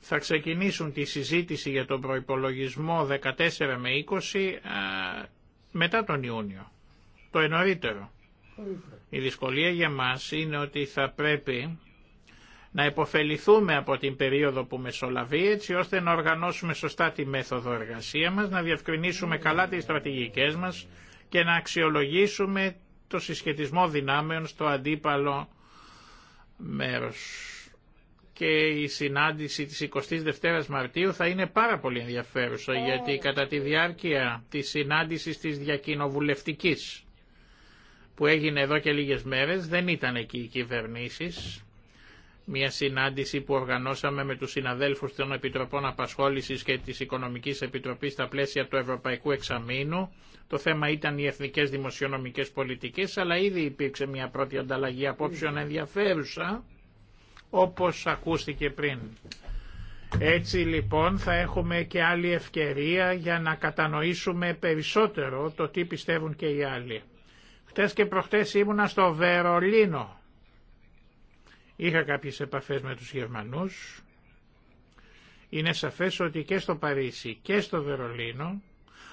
Θα ξεκινήσουν τη συζήτηση για τον προϋπολογισμό 14 με 20 μετά τον Ιούνιο, το ενωρίτερο. Η δυσκολία για μας είναι ότι θα πρέπει να υποφεληθούμε από την περίοδο που μεσολαβεί έτσι ώστε να οργανώσουμε σωστά τη μέθοδο εργασία μας, να διευκρινίσουμε καλά τις στρατηγικές μας και να αξιολογήσουμε το συσχετισμό δυνάμεων στο αντίπαλο μέρος. Και η συνάντηση της 22ης Μαρτίου θα είναι πάρα πολύ ενδιαφέρουσα γιατί κατά τη διάρκεια της συνάντησης της διακοινοβουλευτικής που έγινε εδώ και λίγες μέρες δεν ήταν εκεί οι κυβερνήσεις μια συνάντηση που οργανώσαμε με τους συναδέλφους των Επιτροπών Απασχόλησης και της Οικονομικής Επιτροπής στα πλαίσια του Ευρωπαϊκού Εξαμήνου το θέμα ήταν οι εθνικές δημοσιονομικές πολιτικές, αλλά ήδη υπήρξε μια πρώτη ανταλλαγή απόψεων ενδιαφέρουσα, όπως ακούστηκε πριν. Έτσι λοιπόν θα έχουμε και άλλη ευκαιρία για να κατανοήσουμε περισσότερο το τι πιστεύουν και οι άλλοι. Χτες και προχτές ήμουνα στο Βερολίνο. Είχα κάποιες επαφές με τους Γερμανούς. Είναι σαφές ότι και στο Παρίσι και στο Βερολίνο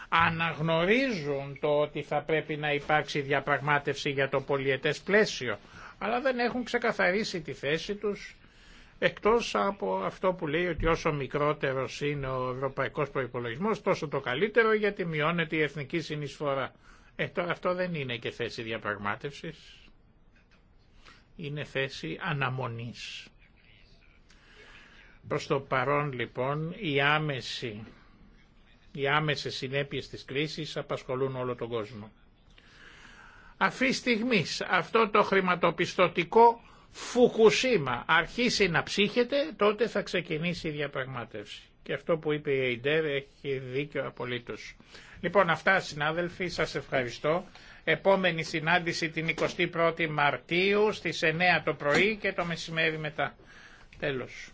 αναγνωρίζουν το ότι θα πρέπει να υπάρξει διαπραγμάτευση για το πολιετές πλαίσιο, αλλά δεν έχουν ξεκαθαρίσει τη θέση τους εκτός από αυτό που λέει ότι όσο μικρότερος είναι ο ευρωπαϊκός προϋπολογισμός τόσο το καλύτερο γιατί μειώνεται η εθνική συνεισφορά. Ε, τώρα αυτό δεν είναι και θέση διαπραγμάτευσης, είναι θέση αναμονής. Προς το παρόν λοιπόν η άμεση οι άμεσες συνέπειες της κρίσης απασχολούν όλο τον κόσμο. Αυτή στιγμή αυτό το χρηματοπιστωτικό Φουκουσίμα αρχίσει να ψύχεται, τότε θα ξεκινήσει η διαπραγμάτευση. Και αυτό που είπε η Ειντερ έχει δίκιο απολύτως. Λοιπόν, αυτά συνάδελφοι, σας ευχαριστώ. Επόμενη συνάντηση την 21η Μαρτίου στις 9 το πρωί και το μεσημέρι μετά. Τέλος.